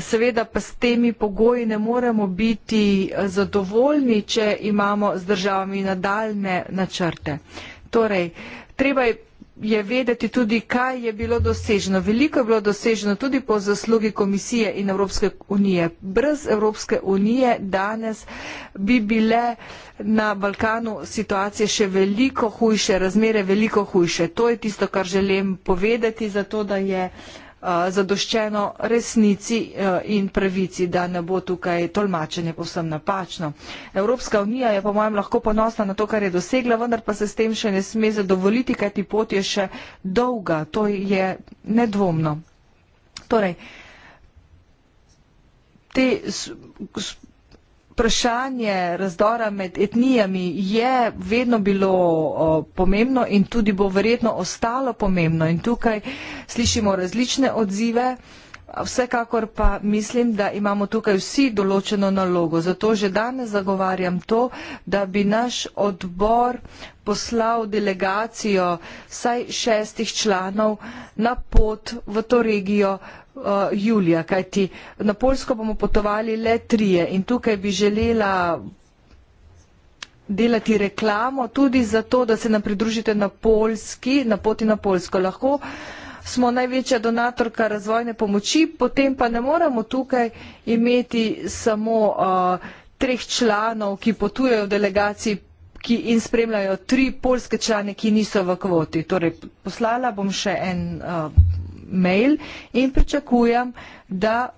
Seveda pa s temi pogoji ne moremo biti zadovoljni, če imamo z državami nadaljne načrte. Torej, treba je je vedeti tudi, kaj je bilo doseženo. Veliko je bilo doseženo tudi po zaslugi komisije in Evropske unije. Brez Evropske unije danes bi bile na Balkanu situacije še veliko hujše, razmere veliko hujše. To je tisto, kar želim povedati, zato da je uh, Eh, zadoščeno resnici eh, in pravici, da ne bo tukaj tolmačenje povsem napačno. Evropska unija je po mojem lahko ponosna na to, kar je dosegla, vendar pa se s tem še ne sme zadovoljiti, kaj ti pot je še dolga. To je nedvomno. Torej, te vprašanje razdora med etnijami je vedno bilo pomembno in tudi bo verjetno ostalo pomembno. In tukaj slišimo različne odzive. Vsekakor pa mislim, da imamo tukaj vsi določeno nalogo. Zato že danes zagovarjam to, da bi naš odbor poslal delegacijo saj šestih članov na pot v to regijo uh, julija. Kajti na Polsko bomo potovali le trije in tukaj bi želela delati reklamo tudi zato, da se nam pridružite na polski, na poti na polsko. Lahko uh, smo največja donatorka razvojne pomoči, potem pa ne moremo tukaj imeti samo uh, treh članov, ki potujejo v delegaciji ki in spremljajo tri polske člane, ki niso v kvoti. Torej, poslala bom še en uh, mail in pričakujem, da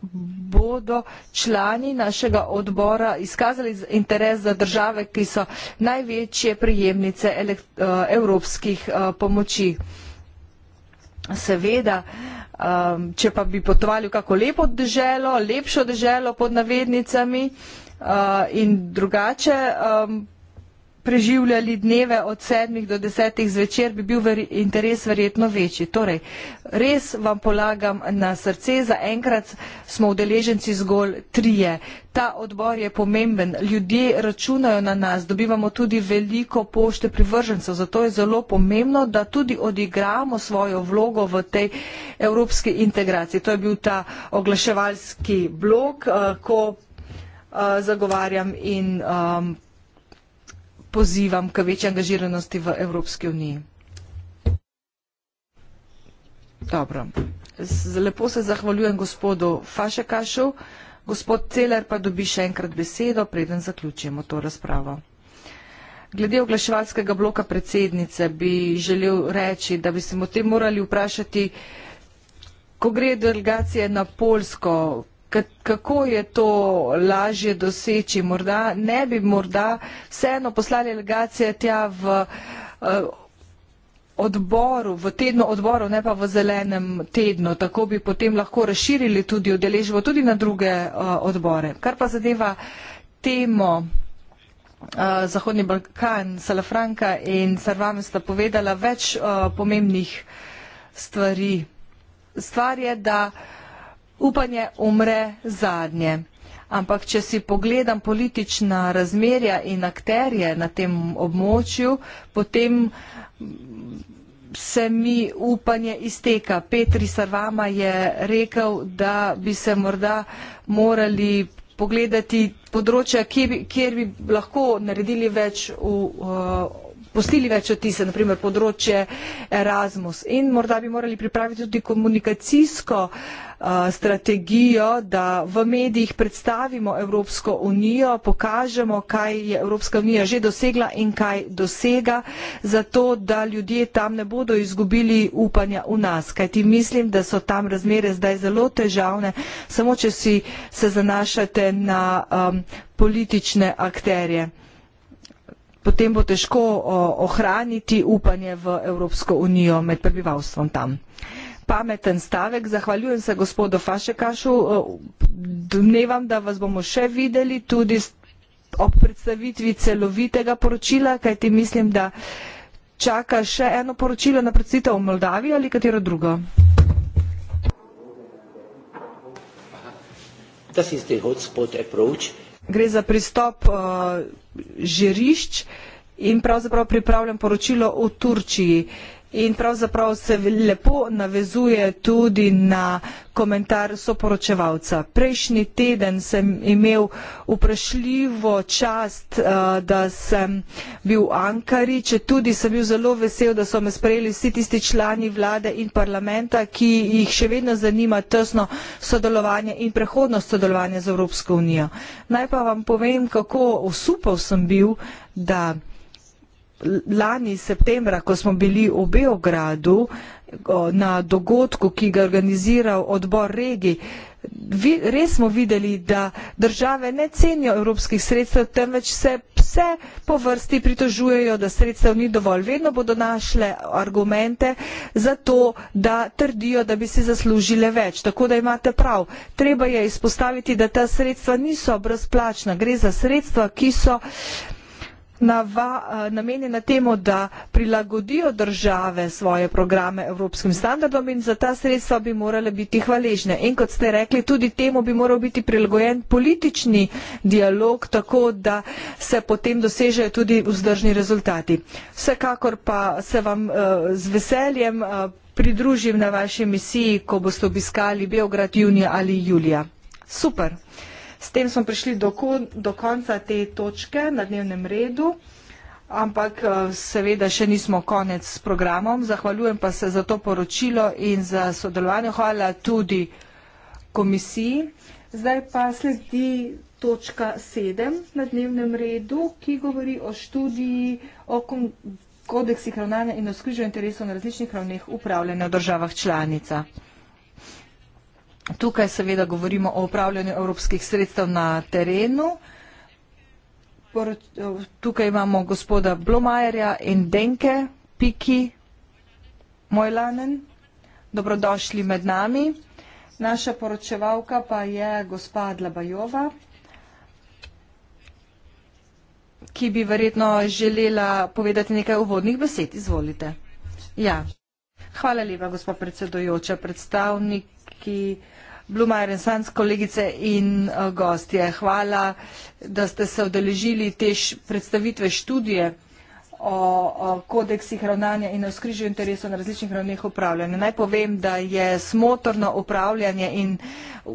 bodo člani našega odbora izkazali interes za države, ki so največje prijemnice elekt, uh, evropskih uh, pomoči seveda, um, če pa bi potovali v kako lepo deželo, lepšo deželo pod navednicami uh, in drugače. Um, preživljali dneve od sedmih do desetih zvečer, bi bil veri, interes verjetno večji. Torej, res vam polagam na srce, za enkrat smo udeleženci zgolj trije. Ta odbor je pomemben, ljudje računajo na nas, dobivamo tudi veliko pošte privržencev, zato je zelo pomembno, da tudi odigramo svojo vlogo v tej evropski integraciji. To je bil ta oglaševalski blok, eh, ko eh, zagovarjam in ehm, pozivam k večji angažiranosti v Evropski uniji. Dobro. Lepo se zahvaljujem gospodu Fašekašu. Gospod Celer pa dobi še enkrat besedo, preden zaključimo to razpravo. Glede oglaševalskega bloka predsednice bi želel reči, da bi se o tem morali vprašati, ko gre delegacije na Polsko, kako je to lažje doseči. Morda ne bi morda vseeno poslali delegacije tja v eh, odboru, v tednu odboru, ne pa v zelenem tednu. Tako bi potem lahko razširili tudi odeležbo tudi na druge eh, odbore. Kar pa zadeva temo. Eh, Zahodni Balkan, Salafranka in Sarvam sta povedala več uh, pomembnih stvari. Stvar je, da uh, upanje umre zadnje. Ampak, če si pogledam politična razmerja in akterje na tem območju, potem se mi upanje izteka. Petri Sarvama je rekel, da bi se morda morali pogledati področja, kjer bi, kjer bi lahko naredili več v, eh, postili več odtisa, naprimer področje Erasmus. In morda bi morali pripraviti tudi komunikacijsko eh, strategijo, da v medijih predstavimo Evropsko unijo, pokažemo, kaj je Evropska unija že dosegla in kaj dosega, zato da ljudje tam ne bodo izgubili upanja v nas. Kaj ti mislim, da so tam razmere zdaj zelo težavne, samo če si se zanašate na um, politične akterje potem bo težko ohraniti upanje v evropsko unijo med prebivalstvom tam. pameten stavek zahvaljujem se gospodu fašekašu domnevam da vas bomo še videli tudi ob predstavitvi celovitega poročila kajti mislim da čaka še eno poročilo na predstavitev v moldaviji ali katero drugo Das ist der Hotspot-Approach, gre za pristop uh, žirišč in pravzaprav pripravljam poročilo o Turčiji. Uh, in pravzaprav se lepo navezuje tudi na komentar soporočevalca. Prejšnji teden sem imel vprašljivo čast, eh, da sem bil v Ankari, če tudi sem bil zelo vesel, da so me sprejeli vsi tisti člani vlade in parlamenta, ki jih še vedno zanima tesno sodelovanje in prehodnost sodelovanja z Evropsko unijo. Naj pa vam povem, kako osupal sem bil, da lani septembra, ko smo bili v Beogradu na dogodku, ki ga organizira odbor regi, res smo videli, da države ne cenijo evropskih sredstev, temveč se vse po vrsti pritožujejo, da sredstev ni dovolj. Vedno bodo našle argumente za to, da trdijo, da bi si zaslužile več. Tako da imate prav. Treba je izpostaviti, da ta sredstva niso brezplačna. Gre za sredstva, ki so nava, eh, namenjena temu, da prilagodijo države svoje programe evropskim standardom in za ta sredstva bi morale biti hvaležne. In kot ste rekli, tudi temu bi moral biti prilagojen politični dialog, tako da se potem dosežejo tudi vzdržni rezultati. Vsekakor pa se vam uh, z veseljem uh, pridružim na vaši misiji, ko boste obiskali Beograd junija ali julija. Super. S tem smo prišli do, kon, do konca te točke na dnevnem redu, ampak eh, seveda še nismo konec s programom. Zahvaljujem pa se za to poročilo in za sodelovanje. Hvala tudi komisiji. Zdaj pa sledi točka 7 na dnevnem redu, ki govori o študiji, o kodeksih ravnanja in o skrižju interesov na različnih ravneh upravljanja v državah članica. Tukaj seveda govorimo o upravljanju evropskih sredstev na terenu. Tukaj imamo gospoda Blomajerja in Denke, Piki, Mojlanen. Dobrodošli med nami. Naša poročevalka pa je gospa Dlabajova, ki bi verjetno želela povedati nekaj uvodnih besed. Izvolite. Ja. Hvala lepa, gospod predsedojoča. Predstavniki blumer in sans kolegice in eh, gostje hvala da ste se udeležili te predstavitve študije o, o kodeksih ravnanja in o skrižju interesov na različnih ravneh upravljanja. Naj povem, da je smotorno upravljanje in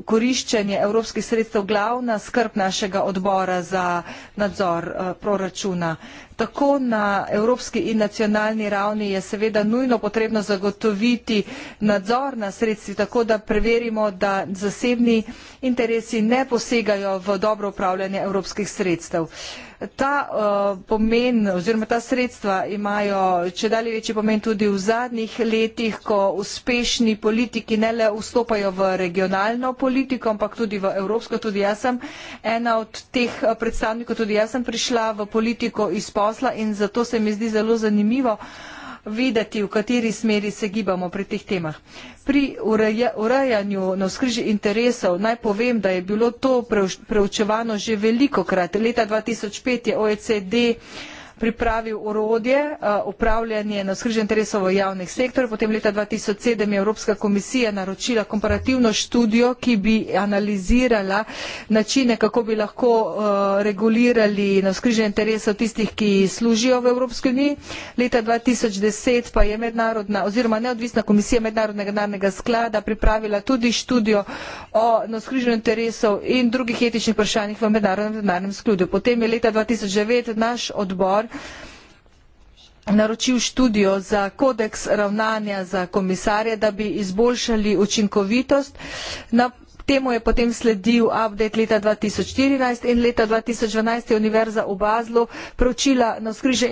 koriščenje evropskih sredstev glavna skrb našega odbora za nadzor uh, proračuna. Tako na evropski in nacionalni ravni je seveda nujno potrebno zagotoviti nadzor na sredstvi, tako da preverimo, da zasebni interesi ne posegajo v dobro upravljanje evropskih sredstev. Uh, ta eh, pomen oziroma ta sredstva imajo če dalje večji pomen tudi v zadnjih letih, ko uspešni politiki ne le vstopajo v regionalno politiko, ampak tudi v evropsko. Tudi jaz sem ena od teh eh, predstavnikov, tudi jaz sem prišla v politiko iz posla in zato se mi zdi zelo zanimivo, uh, vedeti, v kateri smeri se gibamo pri teh temah. Pri urajanju na skriži interesov naj povem, da je bilo to preučevano že veliko krat. Leta 2005 je OECD pripravil urodje eh, upravljanje navzkrižja interesov v javnih sektorjih. Potem leta 2007 je Evropska komisija naročila komparativno študijo, ki bi analizirala načine, kako bi lahko uh, regulirali navzkrižja interesov tistih, ki služijo v Evropski uniji. Leta 2010 pa je mednarodna oziroma neodvisna komisija Mednarodnega denarnega sklada pripravila tudi študijo o navzkrižju interesov in drugih etičnih vprašanjih v mednarodnem denarnem skladu. Potem je leta 2009 naš odbor naročil študijo za kodeks ravnanja za komisarje, da bi izboljšali učinkovitost. Na temu je potem sledil update leta 2014 in leta 2012 je Univerza v Bazlu pročila na skriže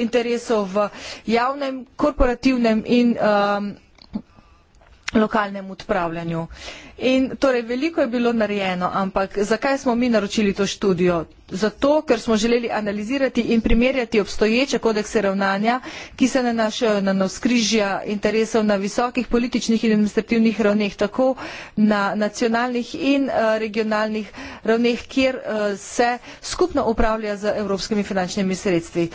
interesov v javnem, korporativnem in um, lokalnem upravljanju. In torej veliko je bilo narejeno, ampak zakaj smo mi naročili to študijo? Zato, ker smo želeli analizirati in primerjati obstoječe kodekse ravnanja, ki se nanašajo na navskrižja interesov na visokih političnih in administrativnih ravneh, tako na nacionalnih in eh, regionalnih ravneh, kjer eh, se skupno upravlja z evropskimi finančnimi sredstvi.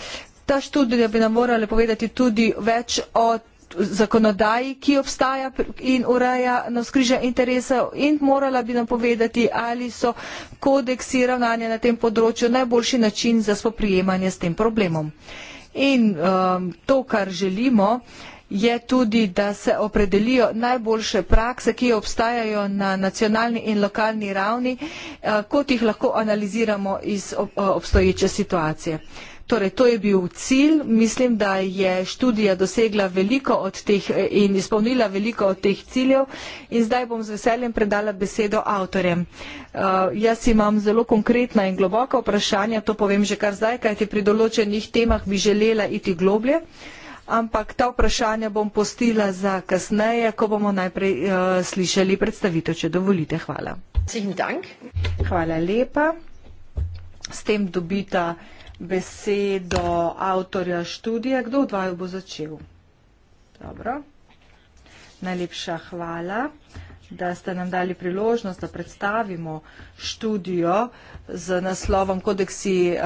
Ta študija bi nam morala povedati tudi več o zakonodaji, ki obstaja in ureja navskrižja interesov in morala bi nam povedati, ali so kodeksi ravnanja na tem področju najboljši način za spoprijemanje s tem problemom. In um, to, kar želimo, je tudi, da se opredelijo najboljše prakse, ki obstajajo na nacionalni in lokalni ravni, uh, kot jih lahko analiziramo iz ob, uh, obstoječe situacije. Uh, Torej, to je bil cilj. Mislim, da je študija dosegla veliko od teh eh, in izpolnila veliko od teh ciljev. In zdaj bom z veseljem predala besedo avtorjem. Uh, jaz imam zelo konkretna in globoka vprašanja, to povem že kar zdaj, kajti pri določenih temah bi želela iti globlje. Ampak ta vprašanja bom postila za kasneje, ko bomo najprej uh, slišali predstavitev, če dovolite. Hvala. Hvala lepa. S tem dobita besedo avtorja študije. Kdo od vaju bo začel? Dobro. Najlepša hvala, da ste nam dali priložnost, da predstavimo študijo z naslovom kodeksi eh,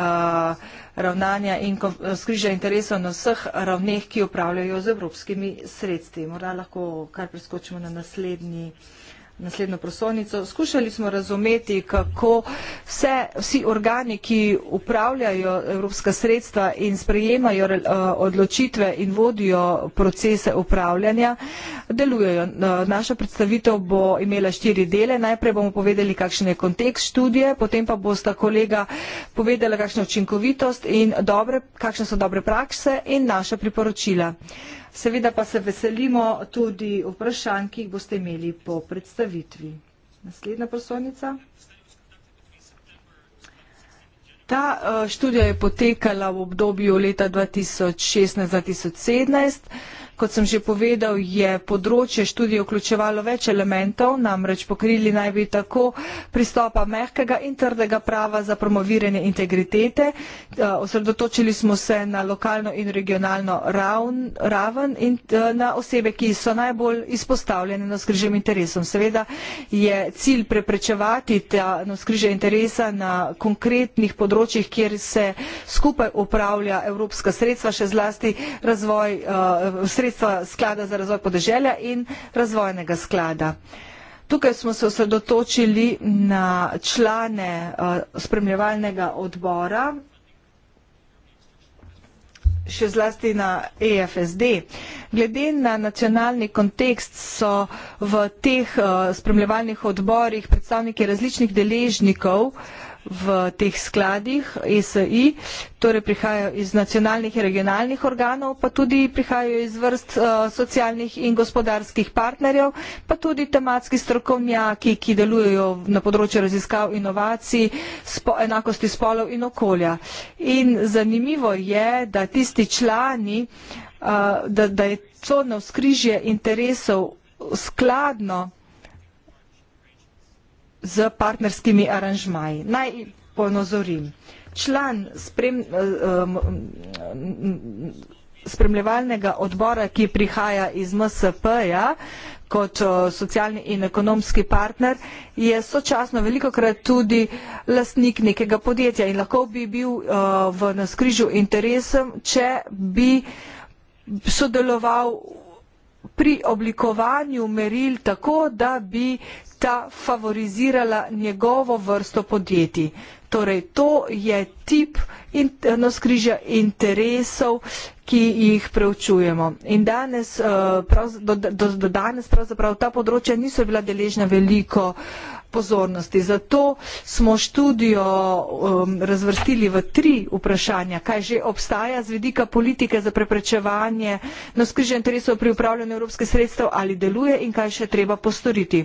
ravnanja in skriža interesov na vseh ravneh, ki upravljajo z evropskimi sredstvi. Morda lahko kar preskočimo na naslednji študijo naslednjo prosojnico. Skušali smo razumeti, kako vse, vsi organi, ki upravljajo evropska sredstva in sprejemajo eh, odločitve in vodijo procese upravljanja, delujejo. Eh, naša predstavitev bo imela štiri dele. Najprej bomo povedali, kakšen je kontekst študije, potem pa bosta kolega povedala, kakšna je učinkovitost in dobre, kakšne so dobre prakse in naša priporočila. Seveda pa se veselimo tudi vprašanj, ki jih boste imeli po predstavitvi. Naslednja prosovnica. Ta eh, študija je potekala v obdobju leta 2016-2017. Kot sem že povedal, je področje študije vključevalo več elementov, namreč pokrili naj bi tako pristopa mehkega in trdega prava za promoviranje integritete. Eh, osredotočili smo se na lokalno in regionalno raven, raven in eh, na osebe, ki so najbolj izpostavljene na skrižem interesom. Seveda je cilj preprečevati ta na skriže interesa na konkretnih področjih, kjer se skupaj upravlja evropska sredstva, še zlasti razvoj uh, sredstva sredstva sklada za razvoj podeželja in razvojnega sklada. Tukaj smo se osredotočili na člane eh, spremljevalnega odbora, še zlasti na EFSD. Glede na nacionalni kontekst so v teh eh, spremljevalnih odborih predstavniki različnih deležnikov, v teh skladih ESI, torej prihajajo iz nacionalnih in regionalnih organov, pa tudi prihajajo iz vrst uh, socialnih in gospodarskih partnerjev, pa tudi tematski strokovnjaki, ki delujejo na področju raziskav inovacij, spo, enakosti spolov in okolja. In zanimivo je, da tisti člani, uh, da, da je codno skrižje interesov skladno z partnerskimi aranžmaji. Naj ponozorim. Član sprem, eh, spremljevalnega odbora, ki prihaja iz MSP-ja kot eh, socialni in ekonomski partner, je sočasno velikokrat tudi lastnik nekega podjetja in lahko bi bil eh, v naskrižju interesem, če bi sodeloval pri oblikovanju meril tako, da bi ta favorizirala njegovo vrsto podjetij. Torej, to je tip in, skrižja interesov, ki jih preučujemo. In danes, eh, prav, do, do, do danes pravzaprav ta področja niso bila deležna veliko uh, pozornosti. Zato smo študijo um, razvrstili v tri vprašanja, kaj že obstaja z vidika politike za preprečevanje navskrižen interesov pri upravljanju evropskih sredstev ali deluje in kaj še treba postoriti.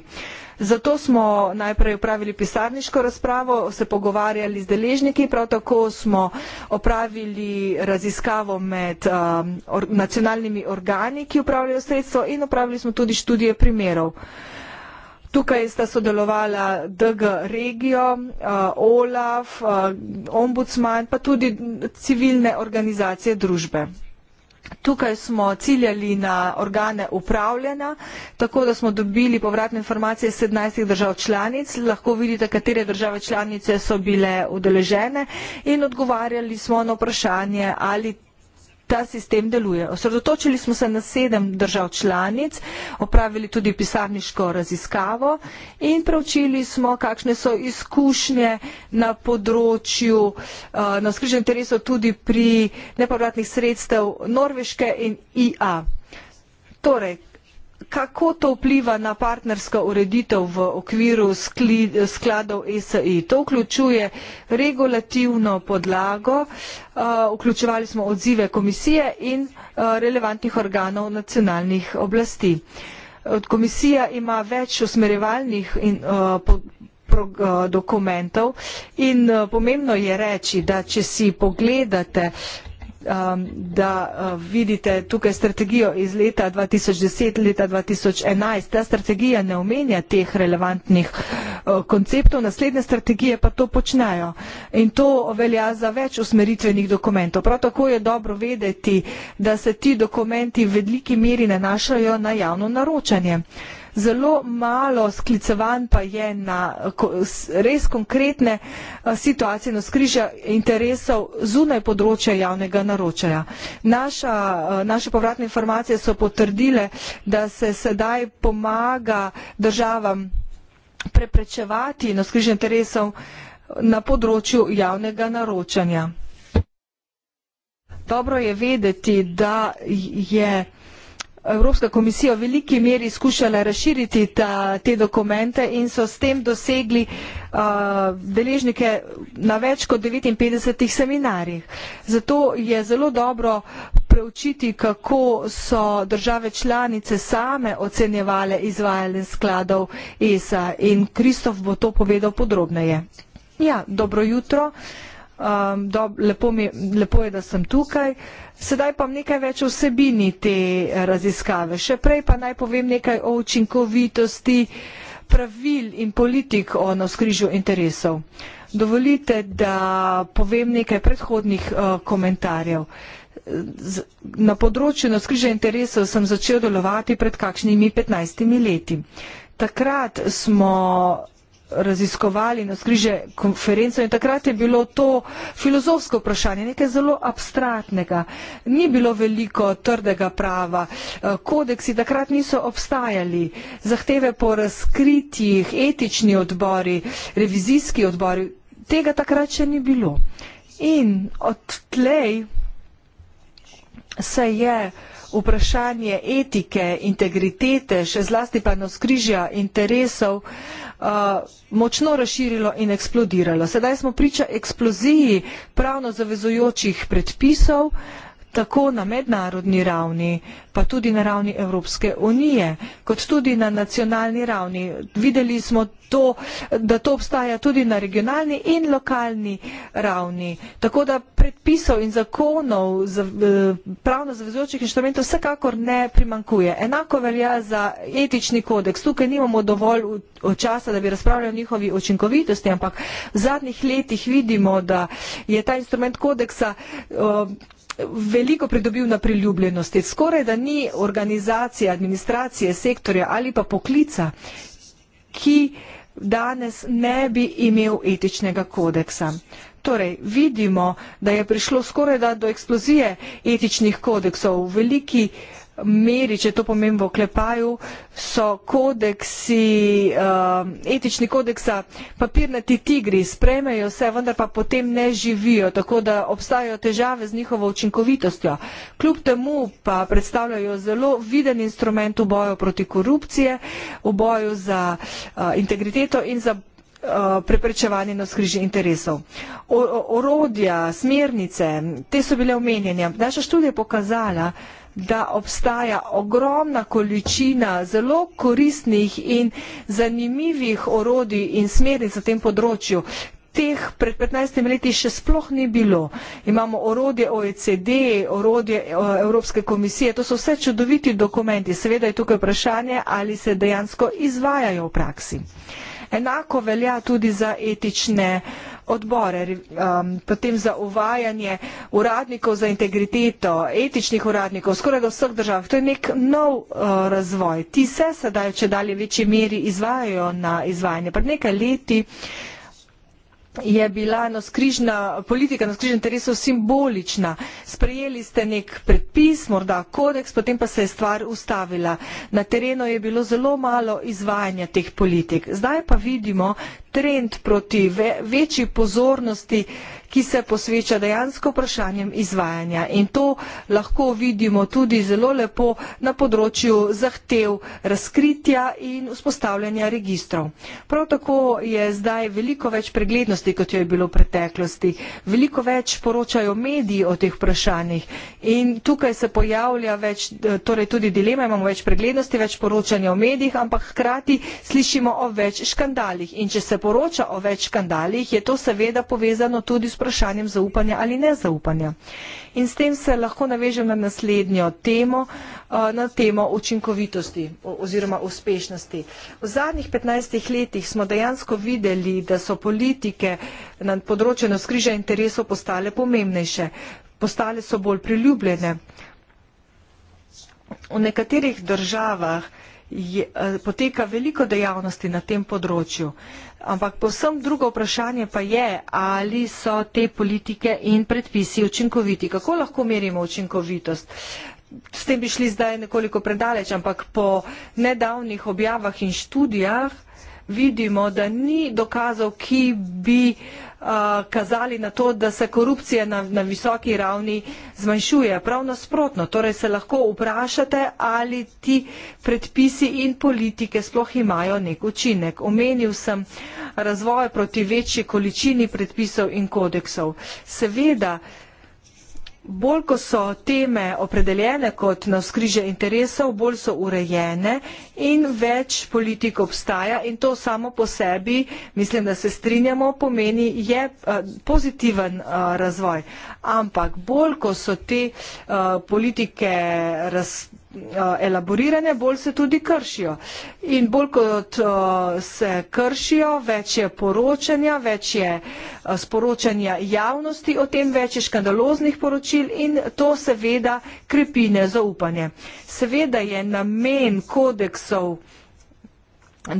Zato smo najprej upravili pisarniško razpravo, se pogovarjali z deležniki, prav tako smo opravili raziskavo med um, or, nacionalnimi organi, ki upravljajo sredstvo in opravili smo tudi študije primerov. Uh, Tukaj sta sodelovala DG regijo, eh, OLAF, eh, ombudsman, pa tudi civilne organizacije družbe. Tukaj smo ciljali na organe upravljena, tako da smo dobili povratne informacije 17 držav članic. Lahko vidite, katere države članice so bile udeležene in odgovarjali smo na vprašanje, ali ta sistem deluje. Osredotočili smo se na sedem držav članic, opravili tudi pisarniško raziskavo in preučili smo, kakšne so izkušnje na področju, eh, na skrižnem teresu tudi pri nepovratnih sredstev Norveške in IA. Torej, kako to vpliva na partnersko ureditev v okviru skladov ESI. To vključuje regulativno podlago, uh, vključevali smo odzive komisije in uh, relevantnih organov nacionalnih oblasti. Komisija ima več usmerjevalnih uh, dokumentov in pomembno je reči, da če si pogledate Um, da uh, vidite tukaj strategijo iz leta 2010, leta 2011. Ta strategija ne omenja teh relevantnih uh, konceptov, naslednje strategije pa to počnejo. In to velja za več usmeritvenih dokumentov. Prav tako je dobro vedeti, da se ti dokumenti v veliki meri nanašajo na javno naročanje zelo malo sklicevan pa je na res konkretne situacije na skrižja interesov zunaj področja javnega naročaja. Naša, naše povratne informacije so potrdile, da se sedaj pomaga državam preprečevati na skrižja interesov na področju javnega naročanja. Dobro je vedeti, da je Evropska komisija v veliki meri skušala razširiti ta, te dokumente in so s tem dosegli uh, deležnike na več kot 59 seminarjih. Zato je zelo dobro preučiti, kako so države članice same ocenjevale izvajanje skladov ESA in Kristof bo to povedal podrobneje. Ja, dobro jutro. Uh, Um, do, lepo, mi, lepo je, da sem tukaj. Sedaj pa nekaj več o vsebini te raziskave. Še prej pa naj povem nekaj o učinkovitosti pravil in politik o navskrižju interesov. Dovolite, da povem nekaj predhodnih uh, komentarjev. Z, na področju navskrižja interesov sem začel delovati pred kakšnimi 15 leti. Takrat smo raziskovali na skriže konferenco in takrat je bilo to filozofsko vprašanje, nekaj zelo abstraktnega. Ni bilo veliko trdega prava, eh, kodeksi takrat niso obstajali, zahteve po razkritjih, etični odbori, revizijski odbori, tega takrat še ni bilo. In od tlej se je uh, vprašanje etike integritete še zlasti pa navskrižja interesov uh, močno razširilo in eksplodiralo. sedaj smo priča eksploziji pravno zavezujočih predpisov tako na mednarodni ravni, pa tudi na ravni Evropske unije, kot tudi na nacionalni ravni. Videli smo to, da to obstaja tudi na regionalni in lokalni ravni. Tako da predpisov in zakonov eh, pravno zavezujočih inštrumentov vsekakor ne primankuje. Enako velja za etični kodeks. Tukaj nimamo dovolj časa, da bi razpravljali o njihovi očinkovitosti, ampak v zadnjih letih vidimo, da je ta instrument kodeksa eh, veliko pridobil na priljubljenosti. Skoraj da ni organizacije, administracije, sektorja ali pa poklica, ki danes ne bi imel etičnega kodeksa. Torej, vidimo, da je prišlo skoraj da do eksplozije etičnih kodeksov v veliki meri, če je to pomembno, klepaju, so kodeksi, uh, etični kodeksa, papirnati tigri, sprejmejo vse, vendar pa potem ne živijo, tako da obstajajo težave z njihovo učinkovitostjo. Kljub temu pa predstavljajo zelo viden instrument v boju proti korupcije, v boju za uh, integriteto in za uh, preprečevanje na skriži interesov. Orodja, smernice, te so bile omenjene. Naša študija je pokazala, da obstaja ogromna količina zelo koristnih in zanimivih orodij in smernic na tem področju. Teh pred 15 leti še sploh ni bilo. Imamo orodje OECD, orodje Evropske komisije, to so vse čudoviti dokumenti. Seveda je tukaj vprašanje, ali se dejansko izvajajo v praksi. Uh, Enako velja tudi za etične odbore, um, potem za uvajanje uradnikov za integriteto, etičnih uradnikov, skoraj do vseh držav. To je nek nov uh, razvoj. Ti se sedaj, če dalje večji meri, izvajajo na izvajanje. Pred nekaj leti je bila navskrižna, politika na skrižnem interesu simbolična. Sprejeli ste nek predpis, morda kodeks, potem pa se je stvar ustavila. Na terenu je bilo zelo malo izvajanja teh politik. Zdaj pa vidimo trend proti ve večji pozornosti ki se posveča dejansko vprašanjem izvajanja in to lahko vidimo tudi zelo lepo na področju zahtev razkritja in vzpostavljanja registrov. Prav tako je zdaj veliko več preglednosti, kot jo je bilo v preteklosti. Veliko več poročajo mediji o teh vprašanjih in tukaj se pojavlja več, eh, torej tudi dilema, imamo več preglednosti, več poročanja o medijih, ampak hkrati slišimo o več škandalih. In če se poroča o več škandalih, je to seveda povezano tudi s vprašanjem zaupanja ali nezaupanja. In s tem se lahko navežem na naslednjo temo, eh, na temo učinkovitosti oziroma uspešnosti. V zadnjih 15 letih smo dejansko videli, da so politike na področju skriža interesov postale pomembnejše, postale so bolj priljubljene. V nekaterih državah je, eh, poteka veliko dejavnosti na tem področju. Ampak povsem drugo vprašanje pa je, ali so te politike in predpisi učinkoviti. Kako lahko merimo učinkovitost? S tem bi šli zdaj nekoliko predaleč, ampak po nedavnih objavah in študijah vidimo, da ni dokazov, ki bi uh, kazali na to, da se korupcija na, na visoki ravni zmanjšuje. Prav nasprotno, torej se lahko vprašate, ali ti predpisi in politike sploh imajo nek učinek. Omenil sem razvoj proti večji količini predpisov in kodeksov. Seveda, bolj ko so teme opredeljene kot navskrižje interesov, bolj so urejene in več politik obstaja in to samo po sebi, mislim, da se strinjamo, pomeni je eh, pozitiven eh, razvoj. Ampak bolj ko so te eh, politike razpravljene, elaborirane, bolj se tudi kršijo. In bolj kot se kršijo, več je poročanja, več je sporočanja javnosti o tem, več je škandaloznih poročil in to seveda krepi nezaupanje. Seveda je namen kodeksov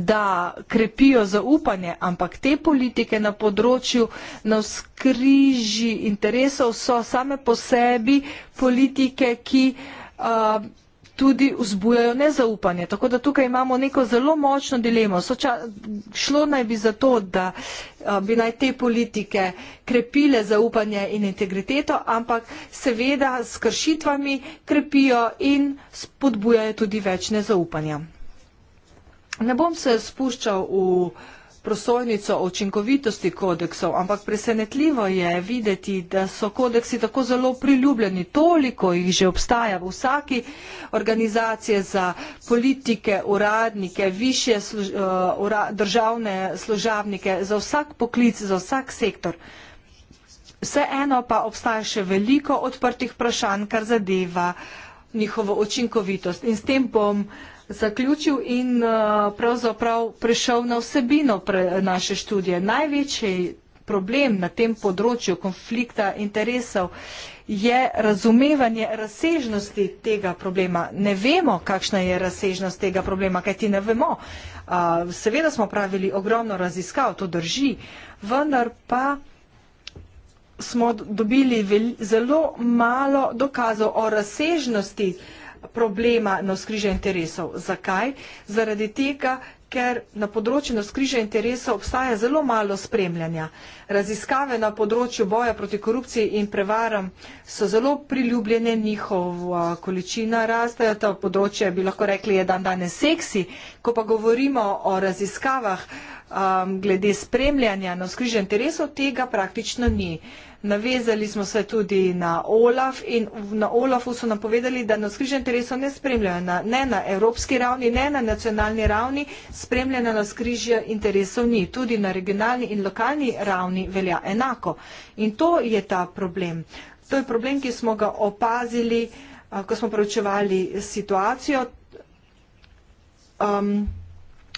da krepijo zaupanje, ampak te politike na področju na skriži interesov so same po sebi politike, ki uh, tudi vzbujajo nezaupanje. Tako da tukaj imamo neko zelo močno dilemo. Soča, šlo naj bi za to, da a, bi naj te politike krepile zaupanje in integriteto, ampak seveda s kršitvami krepijo in spodbujajo tudi več nezaupanja. Ne bom se spuščal v prosojnico o učinkovitosti kodeksov, ampak presenetljivo je videti, da so kodeksi tako zelo priljubljeni, toliko jih že obstaja v vsaki organizaciji za politike, uradnike, više služ, uh, ura, državne služavnike, za vsak poklic, za vsak sektor. Vseeno pa obstaja še veliko odprtih vprašanj, kar zadeva njihovo učinkovitost. In s tem bom uh, zaključil in uh, pravzaprav prešel na vsebino naše študije. Največji problem na tem področju konflikta interesov je razumevanje razsežnosti tega problema. Ne vemo, kakšna je razsežnost tega problema, kajti ne vemo. Seveda smo pravili ogromno raziskav, to drži, vendar pa smo dobili zelo malo dokazov o razsežnosti problema navskrižja interesov. Zakaj? Zaradi tega, ker na področju navskrižja interesov obstaja zelo malo spremljanja. Raziskave na področju boja proti korupciji in prevaram so zelo priljubljene, njihova količina raste, ta področje bi lahko rekli je dan danes seksi, ko pa govorimo o raziskavah, um, glede spremljanja na skrižen teresov, tega praktično ni. Navezali smo se tudi na OLAF in na OLAFu so nam povedali, da na skrižen teresov ne spremljajo na, ne na evropski ravni, ne na nacionalni ravni, spremljanja na skrižje interesov ni. Tudi na regionalni in lokalni ravni velja enako. In to je ta problem. To je problem, ki smo ga opazili, uh, ko smo preučevali situacijo. Um,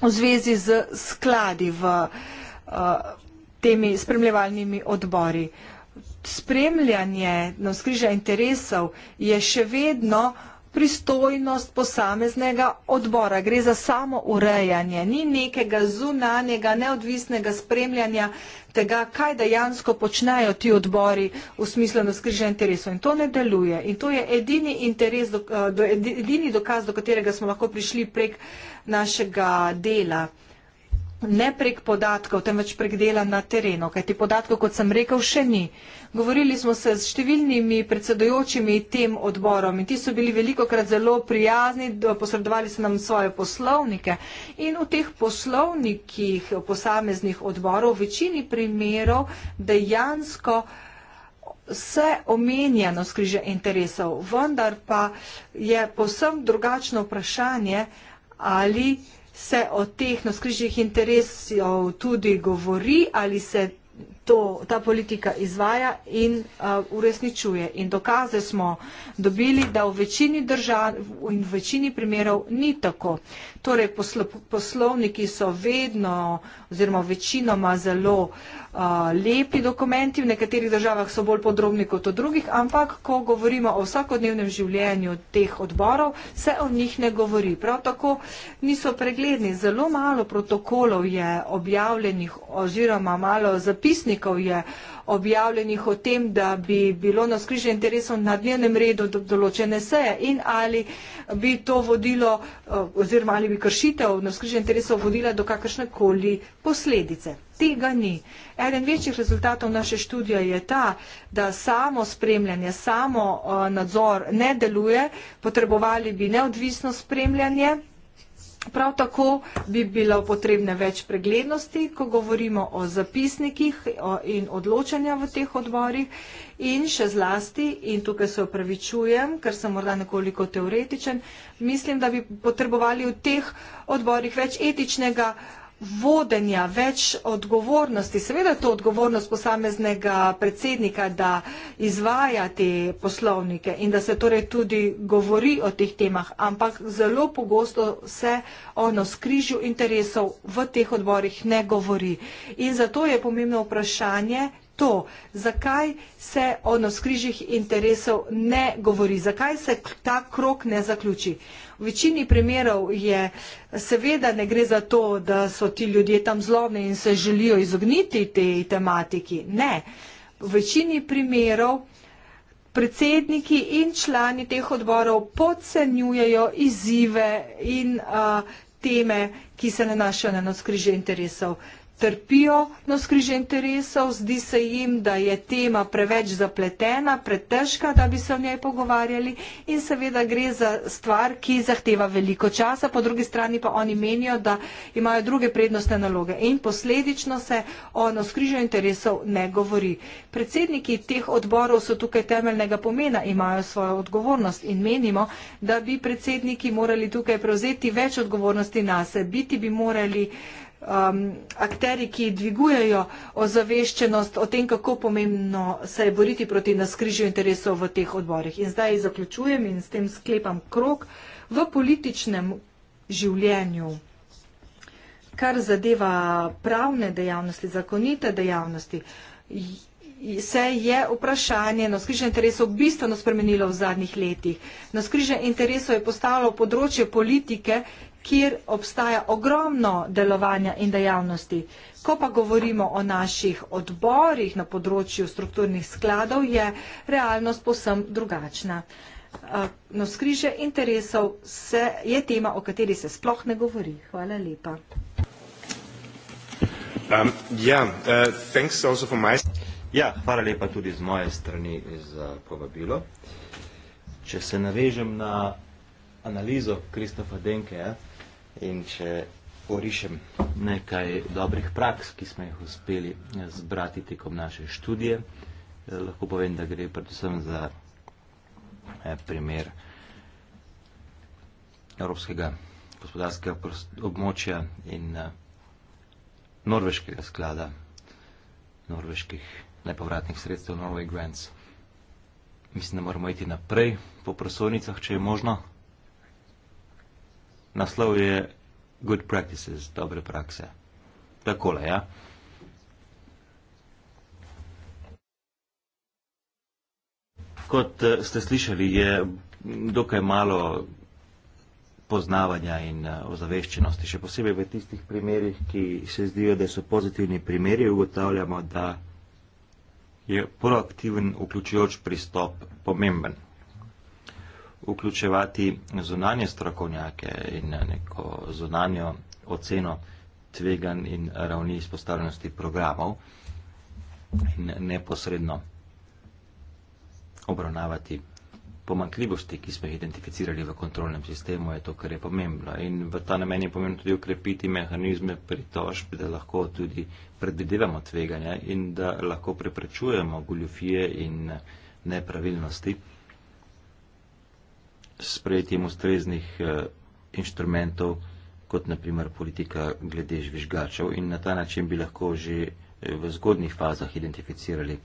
v zvezi z skladi v uh, temi spremljevalnimi odbori. Spremljanje na skriža interesov je še vedno vsega, pristojnost posameznega odbora. Gre za samo urejanje. Ni nekega zunanjega, neodvisnega spremljanja tega, kaj dejansko počnejo ti odbori v smislu naskriženja interesov. In to ne deluje. In to je edini, interes, do, eh, edini dokaz, do katerega smo lahko prišli prek našega dela ne prek podatkov, temveč prek dela na terenu, kajti podatkov, kot sem rekel, še ni. Govorili smo se z številnimi predsedojočimi tem odborom in ti so bili veliko krat zelo prijazni, posredovali so nam svoje poslovnike in v teh poslovnikih posameznih odborov v večini primerov dejansko se omenja na skriže interesov, vendar pa je posem drugačno vprašanje ali se o teh navskrižjih interesov tudi govori ali se to, ta politika izvaja in uh, uresničuje. In dokaze smo dobili, da v večini držav in v večini primerov ni tako. Torej, poslo, poslovniki so vedno oziroma večinoma zelo uh, lepi dokumenti, v nekaterih državah so bolj podrobni kot v drugih, ampak ko govorimo o vsakodnevnem življenju teh odborov, se o njih ne govori. Prav tako niso pregledni, zelo malo protokolov je objavljenih oziroma malo zapisnih časnikov je objavljenih o tem, da bi bilo na skrižje interesov na dnevnem redu določene seje in ali bi to vodilo eh, oziroma ali bi kršitev na skrižje interesov vodila do kakršnekoli posledice. Tega ni. Eden večjih rezultatov naše študije je ta, da samo spremljanje, samo eh, nadzor ne deluje, potrebovali bi neodvisno spremljanje Prav tako bi bilo potrebne več preglednosti, ko govorimo o zapisnikih in odločanja v teh odborih in še zlasti, in tukaj se opravičujem, ker sem morda nekoliko teoretičen, mislim, da bi potrebovali v teh odborih več etičnega odbora vodenja, več odgovornosti. Seveda je to odgovornost posameznega predsednika, da izvaja te poslovnike in da se torej tudi govori o teh temah, ampak zelo pogosto se ono skrižju interesov v teh odborih ne govori. In zato je pomembno vprašanje to, zakaj se ono skrižjih interesov ne govori, zakaj se ta krok ne zaključi. V večini primerov je seveda ne gre za to, da so ti ljudje tam zlobni in se želijo izogniti tej tematiki. Ne. V večini primerov predsedniki in člani teh odborov podcenjujejo izzive in uh, teme, ki se nanašajo na skrižje interesov trpijo na skrižen interesov, zdi se jim, da je tema preveč zapletena, pretežka, da bi se o njej pogovarjali in seveda gre za stvar, ki zahteva veliko časa, po drugi strani pa oni menijo, da imajo druge prednostne naloge in posledično se o na skrižen interesov ne govori. Predsedniki teh odborov so tukaj temeljnega pomena, imajo svojo odgovornost in menimo, da bi predsedniki morali tukaj prevzeti več odgovornosti na se, biti bi morali uh, um, akteri, ki dvigujejo ozaveščenost o tem, kako pomembno se je boriti proti naskrižju interesov v teh odborih. In zdaj zaključujem in s tem sklepam krok v političnem življenju, kar zadeva pravne dejavnosti, zakonite dejavnosti se je vprašanje naskrižja interesov bistveno spremenilo v zadnjih letih. Naskrižje interesov je postalo področje politike, kjer obstaja ogromno delovanja in dejavnosti. Ko pa govorimo o naših odborih na področju strukturnih skladov, je realnost posem drugačna. No, skriže interesov se, je tema, o kateri se sploh ne govori. Hvala lepa. Um, yeah, ja, uh, also for my... ja, hvala lepa tudi z moje strani za povabilo. Če se navežem na analizo Kristofa Denkeja, in če orišem nekaj dobrih praks, ki smo jih uspeli eh, zbrati tekom naše študije, eh, lahko povem, da gre predvsem za eh, primer Evropskega gospodarskega območja in norveškega sklada norveških nepovratnih sredstev, Norway Grants. Mislim, da moramo iti naprej po prosovnicah, če je možno naslov je Good Practices, dobre prakse. Takole, ja. Kot eh, ste slišali, je dokaj malo poznavanja in eh, ozaveščenosti, še posebej v tistih primerih, ki se zdijo, da so pozitivni primeri, ugotavljamo, da je proaktiven, vključujoč pristop pomemben vključevati zunanje strokovnjake in neko zunanjo oceno tvegan in ravni izpostavljenosti programov in neposredno obravnavati pomankljivosti, ki smo jih identificirali v kontrolnem sistemu, je to, kar je pomembno. In v ta namen je pomembno tudi ukrepiti mehanizme pritožb, da lahko tudi predvidevamo tveganja in da lahko preprečujemo goljufije in nepravilnosti sprejetjem ustreznih eh, inštrumentov, kot naprimer politika glede žvižgačev in na ta način bi lahko že eh, v zgodnih fazah identificirali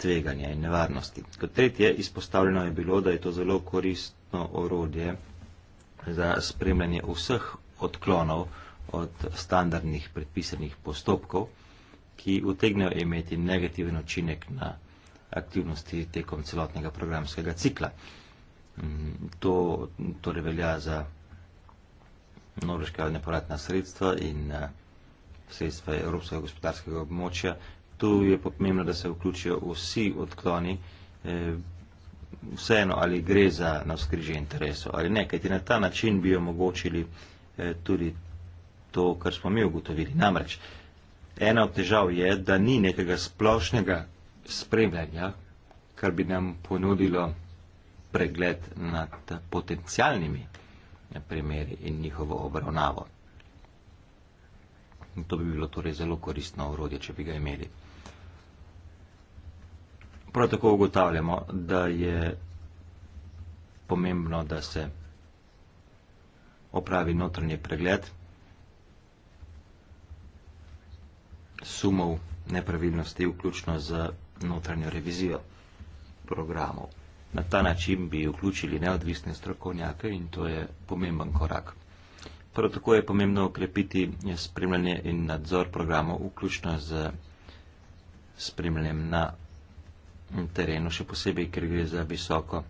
tveganja in nevarnosti. Kot tretje, izpostavljeno je bilo, da je to zelo koristno orodje za spremljanje vseh odklonov od standardnih predpisanih postopkov, ki utegnejo imeti negativen učinek na aktivnosti tekom celotnega programskega cikla. To torej velja za norveška nepovratna sredstva in eh, sredstva Evropskega gospodarskega območja. Tu je pomembno, da se vključijo vsi odkloni, eh, vseeno ali gre za navskrižje interesov ali ne, kajti na ta način bi omogočili eh, tudi to, kar smo mi ugotovili. Namreč, ena od težav je, da ni nekega splošnega spremljanja, kar bi nam ponudilo pregled nad potencialnimi primeri in njihovo obravnavo. In to bi bilo torej zelo koristno urodje, če bi ga imeli. Prav tako ugotavljamo, da je pomembno, da se opravi notranji pregled sumov nepravilnosti, vključno z notranjo revizijo programov. Na ta način bi vključili neodvisne strokovnjake in to je pomemben korak. Prav tako je pomembno ukrepiti spremljanje in nadzor programov, vključno z spremljanjem na terenu, še posebej, ker gre za visoko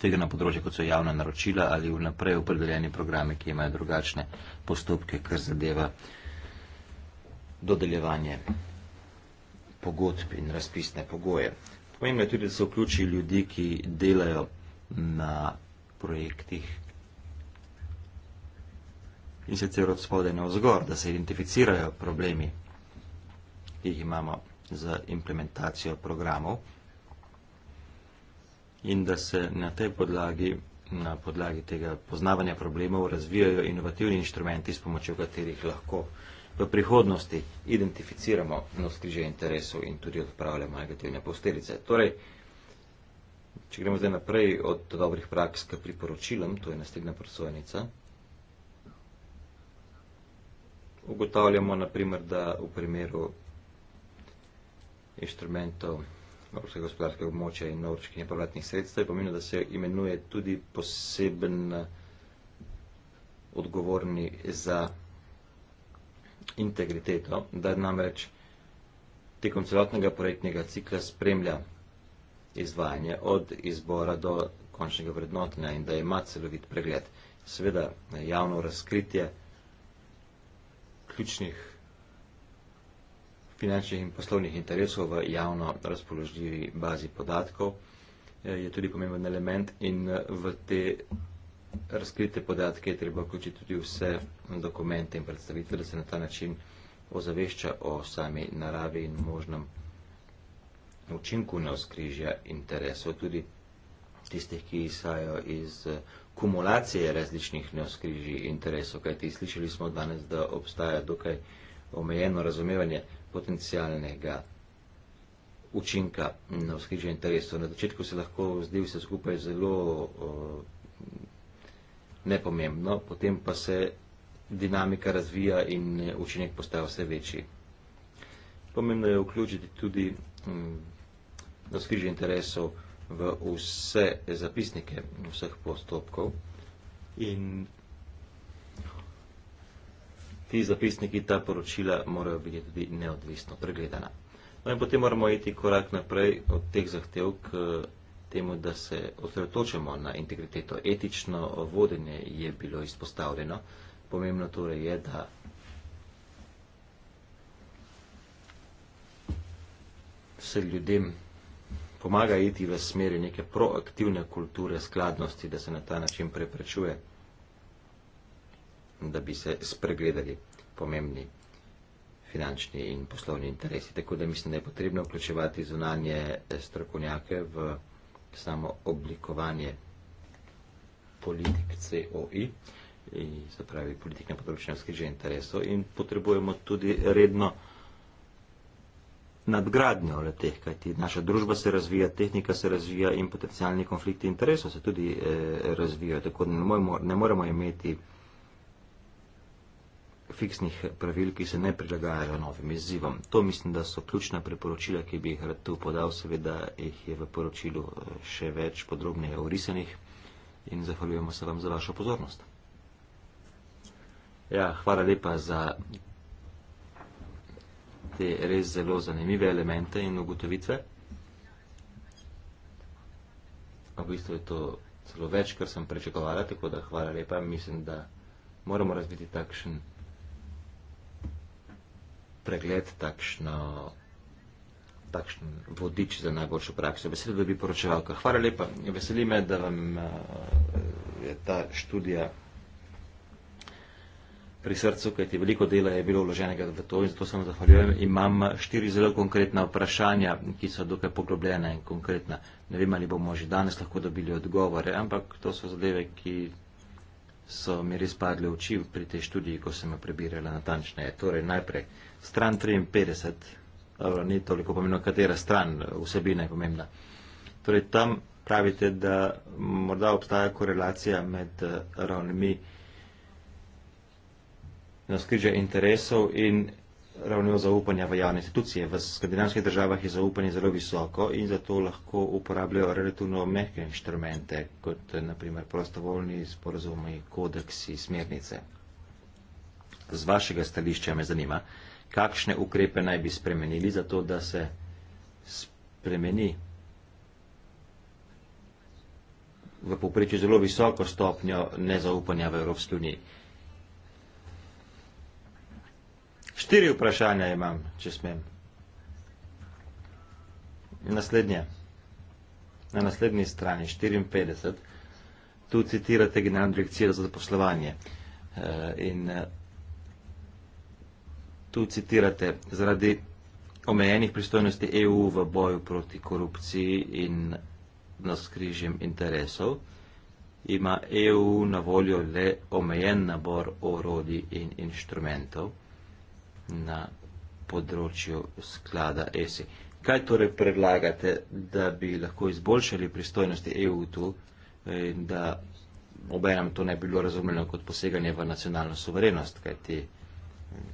tvegana področja, kot so javna naročila ali vnaprej opredeljeni programe, ki imajo drugačne postopke, kar zadeva dodeljevanje pogodb in razpisne pogoje. Pomembno je tudi, da se vključi ljudi, ki delajo na projektih in sicer od spodaj na vzgor, da se identificirajo problemi, ki jih imamo za implementacijo programov in da se na tej podlagi, na podlagi tega poznavanja problemov razvijajo inovativni inštrumenti, s pomočjo katerih lahko vzgojajo v prihodnosti identificiramo navzkrižje interesov in tudi odpravljamo negativne posledice. Torej, če gremo zdaj naprej od dobrih praks k priporočilom, to je naslednja prosojnica, ugotavljamo naprimer, da v primeru inštrumentov Evropskega gospodarskega območja in evropskih nepovratnih sredstev je pomembno, da se imenuje tudi poseben odgovorni za integriteto, da namreč tekom celotnega projektnega cikla spremlja izvajanje od izbora do končnega vrednotenja in da ima celovit pregled. Seveda javno razkritje ključnih finančnih in poslovnih interesov v javno razpoložljivi bazi podatkov eh, je tudi pomemben element in eh, v te razkrite podatke, je treba vključiti tudi vse dokumente in predstavitve, da se na ta način ozavešča o sami naravi in možnem učinku na oskrižja interesov, tudi tistih, ki izhajajo iz eh, kumulacije različnih neoskrižij interesov, kajti slišali smo danes, da obstaja dokaj omejeno razumevanje potencialnega učinka neoskrižja interesov. Na začetku se lahko zdi vse skupaj zelo uh, nepomembno, potem pa se dinamika razvija in eh, učinek postaja vse večji. Pomembno je vključiti tudi razkrižje mm, interesov v vse zapisnike vseh postopkov in ti zapisniki, ta poročila morajo biti tudi neodvisno pregledana. No in potem moramo iti korak naprej od teh zahtev k eh, temu, da se osredotočamo na integriteto. Etično vodenje je bilo izpostavljeno. Pomembno torej je, da se ljudem pomaga iti v smeri neke proaktivne kulture skladnosti, da se na ta način preprečuje, da bi se spregledali pomembni finančni in poslovni interesi. Tako da mislim, da je potrebno vključevati zunanje eh, strokovnjake v samo oblikovanje politik COI, in se pravi politik na področju skriže interesov in potrebujemo tudi redno nadgradnjo le teh, kajti naša družba se razvija, tehnika se razvija in potencialni konflikti interesov se tudi eh, razvijajo, tako da ne moremo, ne moremo imeti fiksnih pravil, ki se ne prilagajajo novim izzivom. To mislim, da so ključna priporočila, ki bi jih rad tu podal, seveda jih je v poročilu eh, še več podrobneje orisanih in zahvaljujemo se vam za vašo pozornost. Ja, hvala lepa za te res zelo zanimive elemente in ugotovitve. V bistvu je to celo več, kar sem prečakovala, tako da hvala lepa. Mislim, da moramo razviti takšen pregled takšno, takšen vodič za najboljšo prakso. Veselim, da bi poročeval. Hvala lepa. Veseli me, da vam eh, je ta študija pri srcu, kajti veliko dela je bilo vloženega v to in zato sem zahvaljujem. Imam štiri zelo konkretna vprašanja, ki so dokaj poglobljena in konkretna. Ne vem, ali bomo že danes lahko dobili odgovore, ampak to so zadeve, ki so mi res padle v oči pri tej študiji, ko sem jo prebirala natančneje. Torej, najprej stran 53, dobro, ni toliko pomembno, katera stran vsebina je pomembna. Torej, tam pravite, da morda obstaja korelacija med eh, ravnmi naskrižja interesov in ravnjo zaupanja v javne institucije. V skandinavskih državah je zaupanje zelo visoko in zato lahko uporabljajo relativno mehke inštrumente, kot eh, naprimer prostovoljni sporozumi, kodeksi, smernice. Z vašega stališča me zanima, kakšne ukrepe naj bi spremenili, zato da se spremeni v poprečju zelo visoko stopnjo nezaupanja v Evropski uniji. Štiri vprašanja imam, če smem. Naslednje. Na naslednji strani, 54, tu citirate generalno direkcijo za zaposlovanje. Eh, in eh, tu citirate, zaradi omejenih pristojnosti EU v boju proti korupciji in naskrižjem interesov, ima EU na voljo le omejen nabor orodij in inštrumentov na področju sklada ESI. Kaj torej predlagate, da bi lahko izboljšali pristojnosti EU tu eh, in da obenem to ne bi bilo razumljeno kot poseganje v nacionalno suverenost, kajti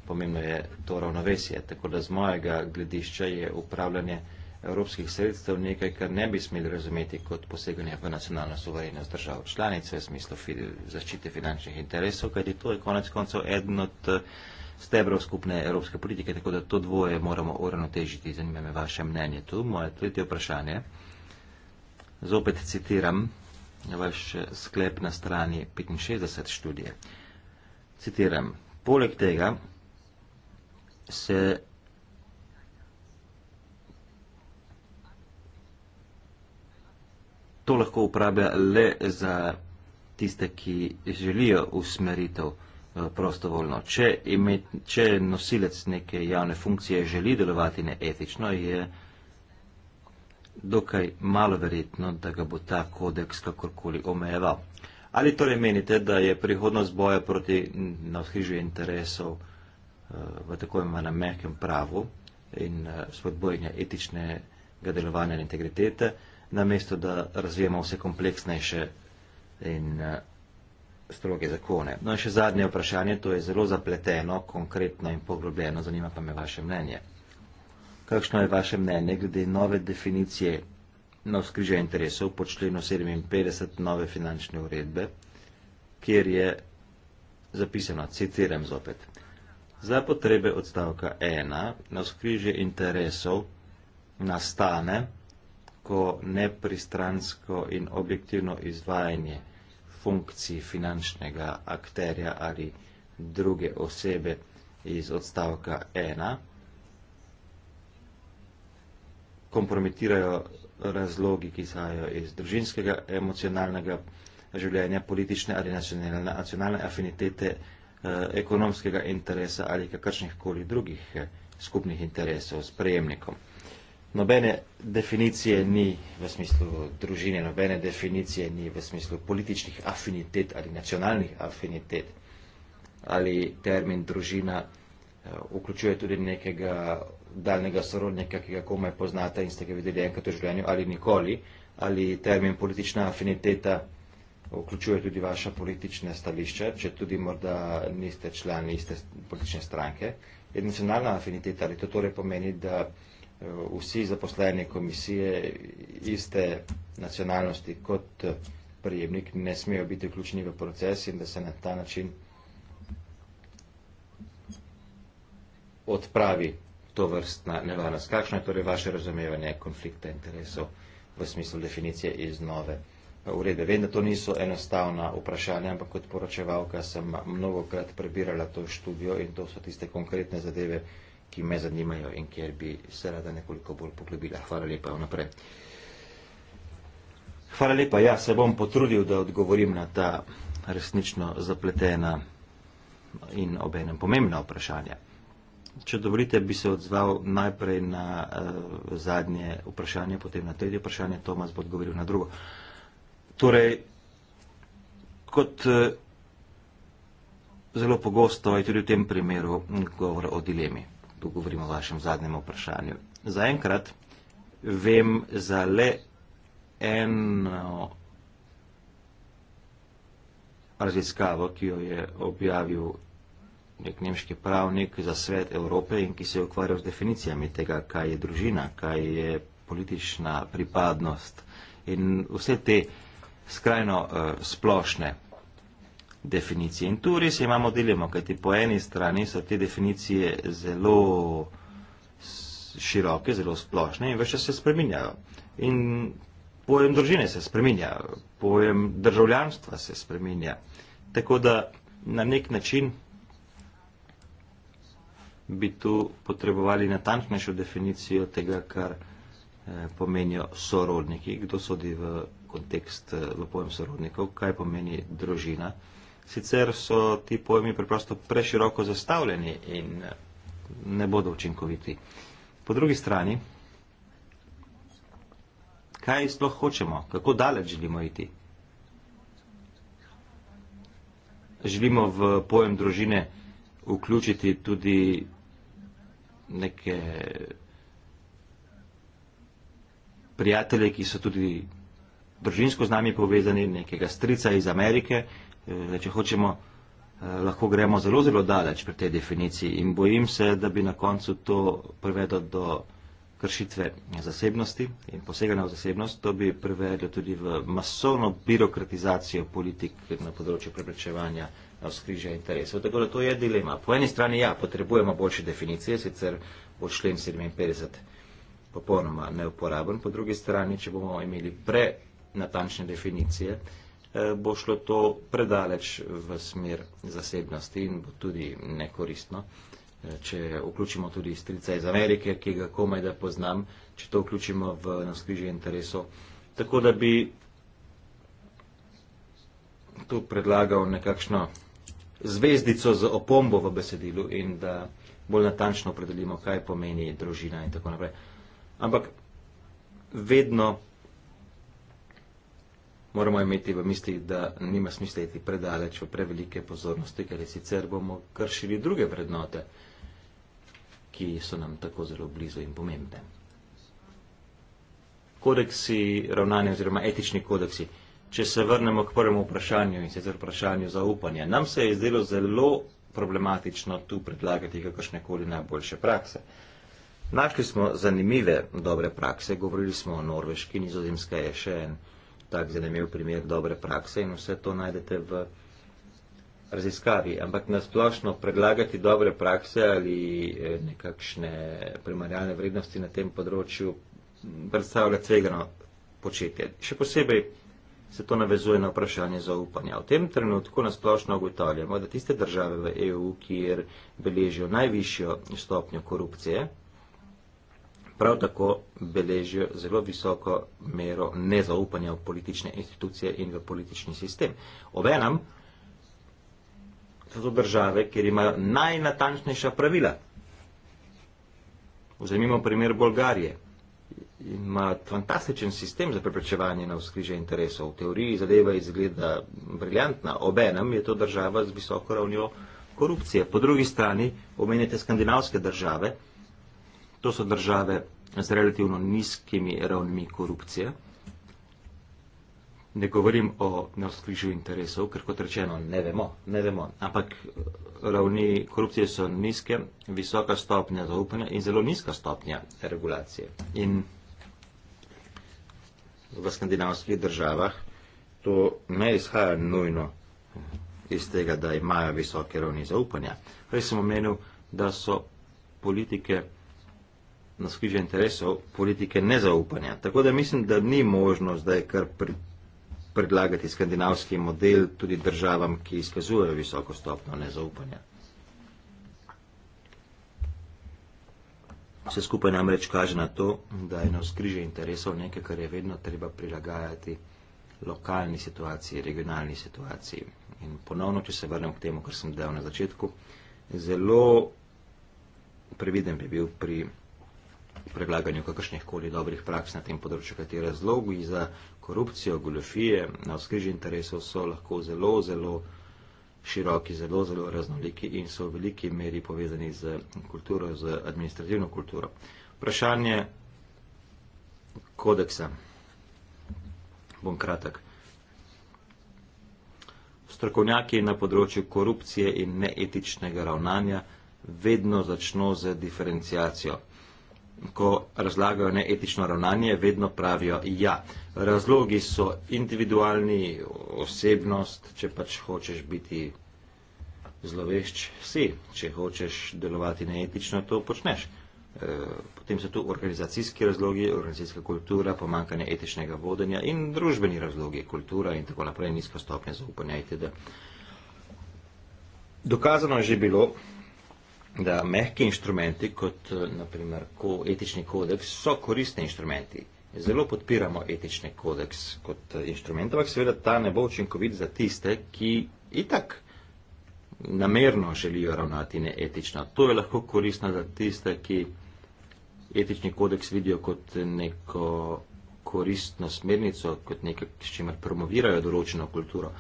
Pomembno je to ravnovesje. Tako da z mojega gledišča je upravljanje evropskih sredstev nekaj, kar ne bi smeli razumeti kot poseganje v nacionalno suverenost držav članice v smislu zaščite finančnih interesov, kajti to je konec koncev eden od eh, stebrov skupne evropske politike, tako da to dvoje moramo uravnotežiti. Zanima me vaše mnenje tu. Moje tretje vprašanje. Zopet citiram vaš sklep na strani 65 študije. Citiram. Poleg tega se to lahko uporablja le za tiste, ki želijo usmeritev eh, prostovoljno. Če, imet, če nosilec neke javne funkcije želi delovati neetično, je dokaj malo verjetno, da ga bo ta kodeks kakorkoli omejeval. Ali torej menite, da je prihodnost boja proti navzhižju interesov eh, v tako imenem mehkem pravu in eh, spodbojanja etičnega delovanja in integritete, namesto da razvijemo vse kompleksnejše in eh, stroge zakone? No in še zadnje vprašanje, to je zelo zapleteno, konkretno in poglobljeno, zanima pa me vaše mnenje. Kakšno je vaše mnenje glede nove definicije navzkrižja interesov po členu 57 nove finančne uredbe, kjer je zapisano, citiram zopet, za potrebe odstavka 1 navzkrižje interesov nastane, ko nepristransko in objektivno izvajanje funkciji finančnega akterja ali druge osebe iz odstavka 1 kompromitirajo razlogi, ki izhajajo iz družinskega, emocionalnega življenja, politične ali nacionalne, nacionalne afinitete, eh, ekonomskega interesa ali kakršnih koli drugih eh, skupnih interesov s prejemnikom. Nobene definicije ni v smislu družine, nobene definicije ni v smislu političnih afinitet ali nacionalnih afinitet ali termin družina eh, vključuje tudi nekega daljnega sorodnika, ki ga komaj poznate in ste ga videli enkrat v življenju ali nikoli, ali termin politična afiniteta vključuje tudi vaša politična stališča, če tudi morda niste člani iste politične stranke. Je nacionalna afiniteta, ali to torej pomeni, da eh, vsi zaposleni komisije iste nacionalnosti kot eh, prijemnik ne smejo biti vključeni v proces in da se na ta način odpravi to vrstna nevarnost. Kakšno je torej vaše razumevanje konflikta interesov v smislu definicije iz nove eh, urede? Vem, da to niso enostavna vprašanja, ampak kot poročevalka sem mnogokrat prebirala to študijo in to so tiste konkretne zadeve, ki me zanimajo in kjer bi se rada nekoliko bolj poglobila. Hvala lepa vnaprej. Hvala lepa. Ja, se bom potrudil, da odgovorim na ta resnično zapletena in obenem pomembna vprašanja če dovolite, bi se odzval najprej na uh, zadnje vprašanje, potem na tretje vprašanje, Tomas bo odgovoril na drugo. Torej, kot uh, zelo pogosto je tudi v tem primeru govor o dilemi, tu govorimo o vašem zadnjem vprašanju. Zaenkrat vem za le eno raziskavo, ki jo je objavil nek nemški pravnik za svet Evrope in ki se je ukvarjal z definicijami tega, kaj je družina, kaj je politična pripadnost in vse te skrajno uh, splošne definicije. In tu res imamo dilemo, kajti po eni strani so te definicije zelo široke, zelo splošne in večer se spreminjajo. In pojem družine se spreminja, pojem državljanstva se spreminja. Tako da na nek način bi tu potrebovali natančnejšo definicijo tega, kar eh, pomenijo sorodniki, kdo sodi v kontekst, eh, v pojem sorodnikov, kaj pomeni družina. Sicer so ti pojmi preprosto preširoko zastavljeni in eh, ne bodo učinkoviti. Po drugi strani, kaj sploh hočemo, kako daleč želimo iti? Želimo v pojem družine vključiti tudi neke prijatelje, ki so tudi družinsko z nami povezani, nekega strica iz Amerike, eh, da če hočemo, eh, lahko gremo zelo, zelo daleč pri tej definiciji in bojim se, da bi na koncu to privedlo do kršitve zasebnosti in poseganja v zasebnost, to bi privedlo tudi v masovno birokratizacijo politik na področju preprečevanja skrižja interesov. Tako da to je dilema. Po eni strani ja, potrebujemo boljše definicije, sicer bo člen 57 popolnoma neuporaben, po drugi strani, če bomo imeli prenatančne definicije, eh, bo šlo to predaleč v smer zasebnosti in bo tudi nekoristno. Eh, če vključimo tudi strica iz Amerike, ki ga komaj da poznam, če to vključimo v naskrižje interesov, tako da bi tu predlagal nekakšno zvezdico z opombo v besedilu in da bolj natančno opredelimo, kaj pomeni družina in tako naprej. Ampak vedno moramo imeti v misli, da nima smisla iti predaleč v prevelike pozornosti, ker sicer bomo kršili druge vrednote, ki so nam tako zelo blizu in pomembne. Kodeksi ravnanja oziroma etični kodeksi. Če se vrnemo k prvemu vprašanju in sicer vprašanju zaupanja, nam se je zdelo zelo problematično tu predlagati kakršne koli najboljše prakse. Našli smo zanimive dobre prakse, govorili smo o Norveški, Nizozemska je še en tak zanimiv primer dobre prakse in vse to najdete v raziskavi. Ampak nasplošno predlagati dobre prakse ali eh, nekakšne primarjalne vrednosti na tem področju predstavlja tvegano početje. Še posebej se to navezuje na vprašanje zaupanja. V tem trenutku nasplošno ugotavljamo, da tiste države v EU, kjer beležijo najvišjo stopnjo korupcije, prav tako beležijo zelo visoko mero nezaupanja v politične institucije in v politični sistem. Obenem so to države, kjer imajo najnatančnejša pravila. Vzemimo primer Bolgarije ima fantastičen sistem za preprečevanje na vzkrižje interesov. V teoriji zadeva izgleda briljantna, obenem je to država z visoko ravnjo korupcije. Po drugi strani omenjate skandinavske države, to so države z relativno nizkimi ravnmi korupcije. Ne govorim o neoskrižju interesov, ker kot rečeno ne vemo, ne vemo, ampak eh, ravni korupcije so nizke, visoka stopnja zaupanja in zelo nizka stopnja regulacije. In v skandinavskih državah, to ne izhaja nujno iz tega, da imajo visoke ravni zaupanja. Prej sem omenil, da so politike na skriže interesov politike nezaupanja. Tako da mislim, da ni možno zdaj kar pri, predlagati skandinavski model tudi državam, ki izkazujejo visoko stopno nezaupanja. Vse skupaj namreč kaže na to, da je na skriže interesov nekaj, kar je vedno treba prilagajati lokalni situaciji, regionalni situaciji. In ponovno, če se vrnem k temu, kar sem dejal na začetku, zelo previden bi bil pri predlaganju kakršnih koli dobrih praks na tem področju, kateri razlogi za korupcijo, goljofije, na skriže interesov so lahko zelo, zelo široki, zelo, zelo raznoliki in so v veliki meri povezani z kulturo, z administrativno kulturo. Vprašanje kodeksa. Bom kratek. Strokovnjaki na področju korupcije in neetičnega ravnanja vedno začno z diferencijacijo ko razlagajo neetično ravnanje, vedno pravijo ja. Razlogi so individualni, osebnost, če pač hočeš biti zlovešč, si. Če hočeš delovati neetično, to počneš. E, potem so tu organizacijski razlogi, organizacijska kultura, pomankanje etičnega vodenja in družbeni razlogi, kultura in tako naprej, nizka stopnja zaupanja itd. Dokazano je že bilo, da mehki inštrumenti, kot eh, naprimer ko etični kodeks, so koristni inštrumenti. Zelo podpiramo etični kodeks kot eh, inštrument, ampak seveda ta ne bo učinkovit za tiste, ki itak namerno želijo ravnati neetično. To je lahko koristno za tiste, ki etični kodeks vidijo kot neko koristno smernico, kot nekaj, s čimer promovirajo določeno kulturo.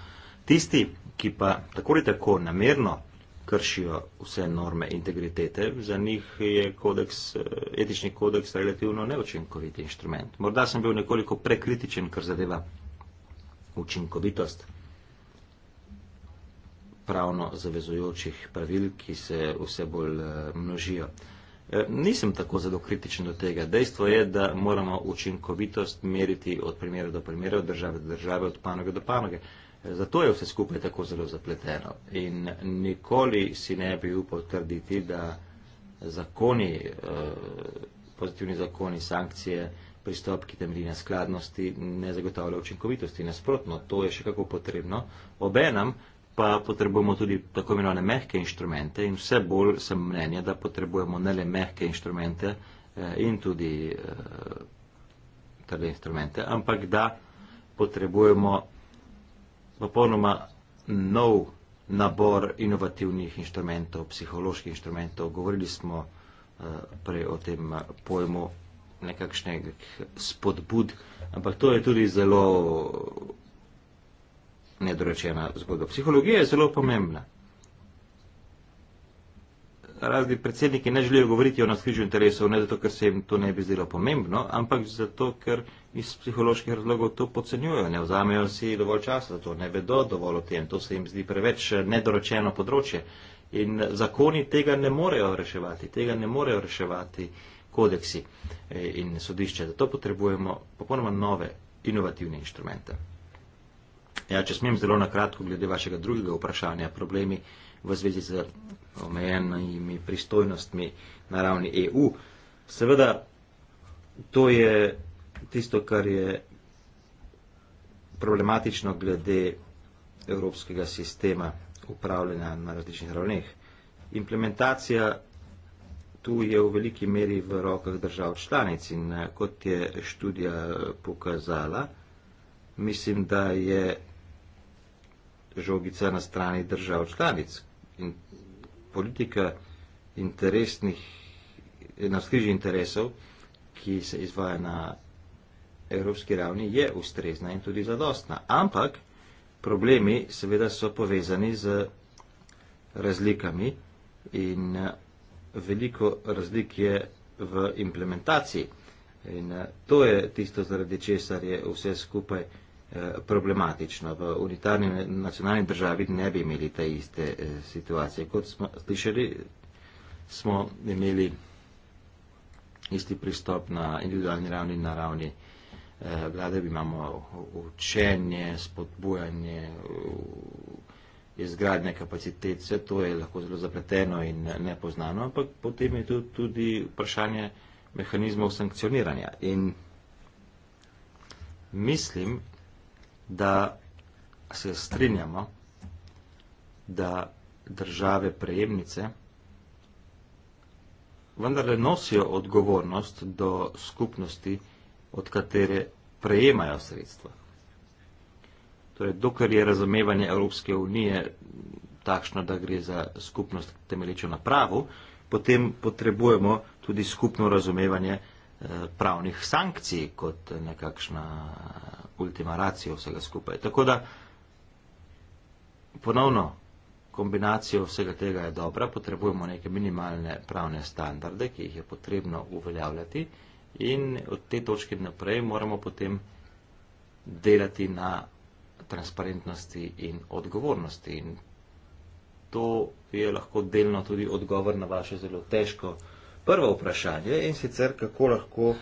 Tisti, ki pa tako ali tako namerno kršijo vse norme integritete. Za njih je kodeks, eh, etični kodeks relativno neučinkovit inštrument. Morda sem bil nekoliko prekritičen, kar zadeva učinkovitost pravno zavezujočih pravil, ki se vse bolj eh, množijo. Eh, nisem tako zelo kritičen do tega. Dejstvo je, da moramo učinkovitost meriti od primera do primera, od države do države, od panoge do panoge. Zato je vse skupaj tako zelo zapleteno. In nikoli si ne bi upal trditi, da zakoni, eh, pozitivni zakoni, sankcije, pristop, ki temelji na skladnosti, ne zagotavlja učinkovitosti. Nasprotno, to je še kako potrebno. Obenem pa potrebujemo tudi tako imenovane mehke inštrumente in vse bolj sem mnenja, da potrebujemo ne le mehke inštrumente eh, in tudi eh, trde inštrumente, ampak da potrebujemo popolnoma nov nabor inovativnih inštrumentov, psiholoških inštrumentov. Govorili smo uh, prej o tem eh, pojmu nekakšnega spodbud, ampak to je tudi zelo nedorečena zgodba. Psihologija je zelo pomembna razni predsedniki ne želijo govoriti o naskrižju interesov, ne zato, ker se jim to ne bi zdelo pomembno, ampak zato, ker iz psiholoških razlogov to podcenjujejo, ne vzamejo si dovolj časa za to, ne vedo dovolj o tem, to se jim zdi preveč eh, nedoročeno področje. In zakoni tega ne morejo reševati, tega ne morejo reševati kodeksi eh, in sodišče. Zato potrebujemo popolnoma nove inovativne inštrumente. Ja, če smem zelo na kratko glede vašega drugega vprašanja, problemi v zvezi z omejenimi pristojnostmi na ravni EU. Seveda, to je tisto, kar je problematično glede evropskega sistema upravljanja na različnih ravneh. Implementacija tu je v veliki meri v rokah držav članic in eh, kot je študija eh, pokazala, mislim, da je žogica na strani držav članic in politika interesnih, na skriži interesov, ki se izvaja na evropski ravni, je ustrezna in tudi zadostna. Ampak problemi seveda so povezani z razlikami in veliko razlik je v implementaciji. In eh, to je tisto, zaradi česar je vse skupaj. Eh, problematično. V unitarni nacionalni državi ne bi imeli te iste eh, situacije. Kot smo slišali, smo imeli isti pristop na individualni ravni in na ravni eh, vlade. Imamo učenje, spodbujanje, izgradnje kapacitet, vse to je lahko zelo zapleteno in nepoznano, ampak potem je tu tudi vprašanje mehanizmov sankcioniranja. In mislim, da se strinjamo, da države prejemnice vendarle nosijo odgovornost do skupnosti, od katere prejemajo sredstva. Torej, dokler je razumevanje Evropske unije takšno, da gre za skupnost temelječo na pravu, potem potrebujemo tudi skupno razumevanje Eh, pravnih sankcij kot nekakšna ultima racija vsega skupaj. Tako da ponovno kombinacijo vsega tega je dobra, potrebujemo neke minimalne pravne standarde, ki jih je potrebno uveljavljati in od te točke naprej moramo potem delati na transparentnosti in odgovornosti. In to je lahko delno tudi odgovor na vaše zelo težko vprašanje prvo vprašanje in sicer, kako lahko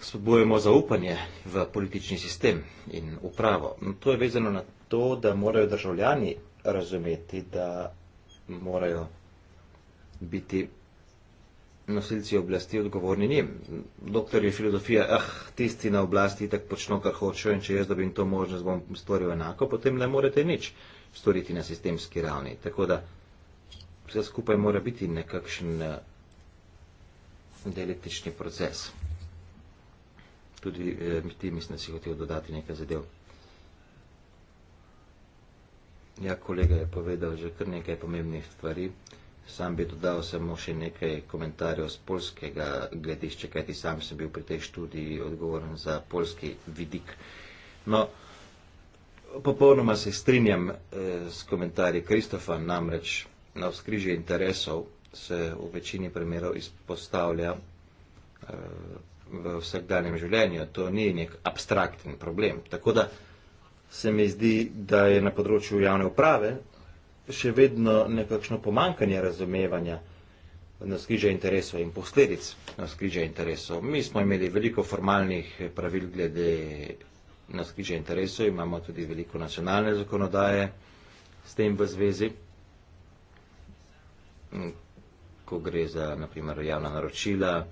spodbujemo zaupanje v politični sistem in upravo. No, to je vezano na to, da morajo državljani razumeti, da morajo biti nosilci oblasti odgovorni njim. Doktor je filozofija, ah, tisti na oblasti tak počno, kar hočejo in če jaz dobim to možnost, bom storil enako, potem ne morete nič storiti na sistemski ravni. Tako da vse skupaj mora biti nekakšen eh, dialektični proces. Tudi eh, ti mislim, da si hotel dodati nekaj zadev. Ja, kolega je povedal že kar nekaj pomembnih stvari. Sam bi dodal samo še nekaj komentarjev z polskega gledišča, kajti sam sem bil pri tej študiji odgovoren za polski vidik. No, popolnoma se strinjam eh, s komentarji Kristofa, namreč na vzkrižje interesov se v večini primerov izpostavlja eh, v vsakdanjem življenju. To ni nek abstrakten problem. Tako da se mi zdi, da je na področju javne uprave še vedno nekakšno pomankanje razumevanja na skriže interesov in posledic na skriže interesov. Mi smo imeli veliko formalnih pravil glede nas kliče interesov, imamo tudi veliko nacionalne zakonodaje s tem v zvezi. Ko gre za naprimer javna naročila,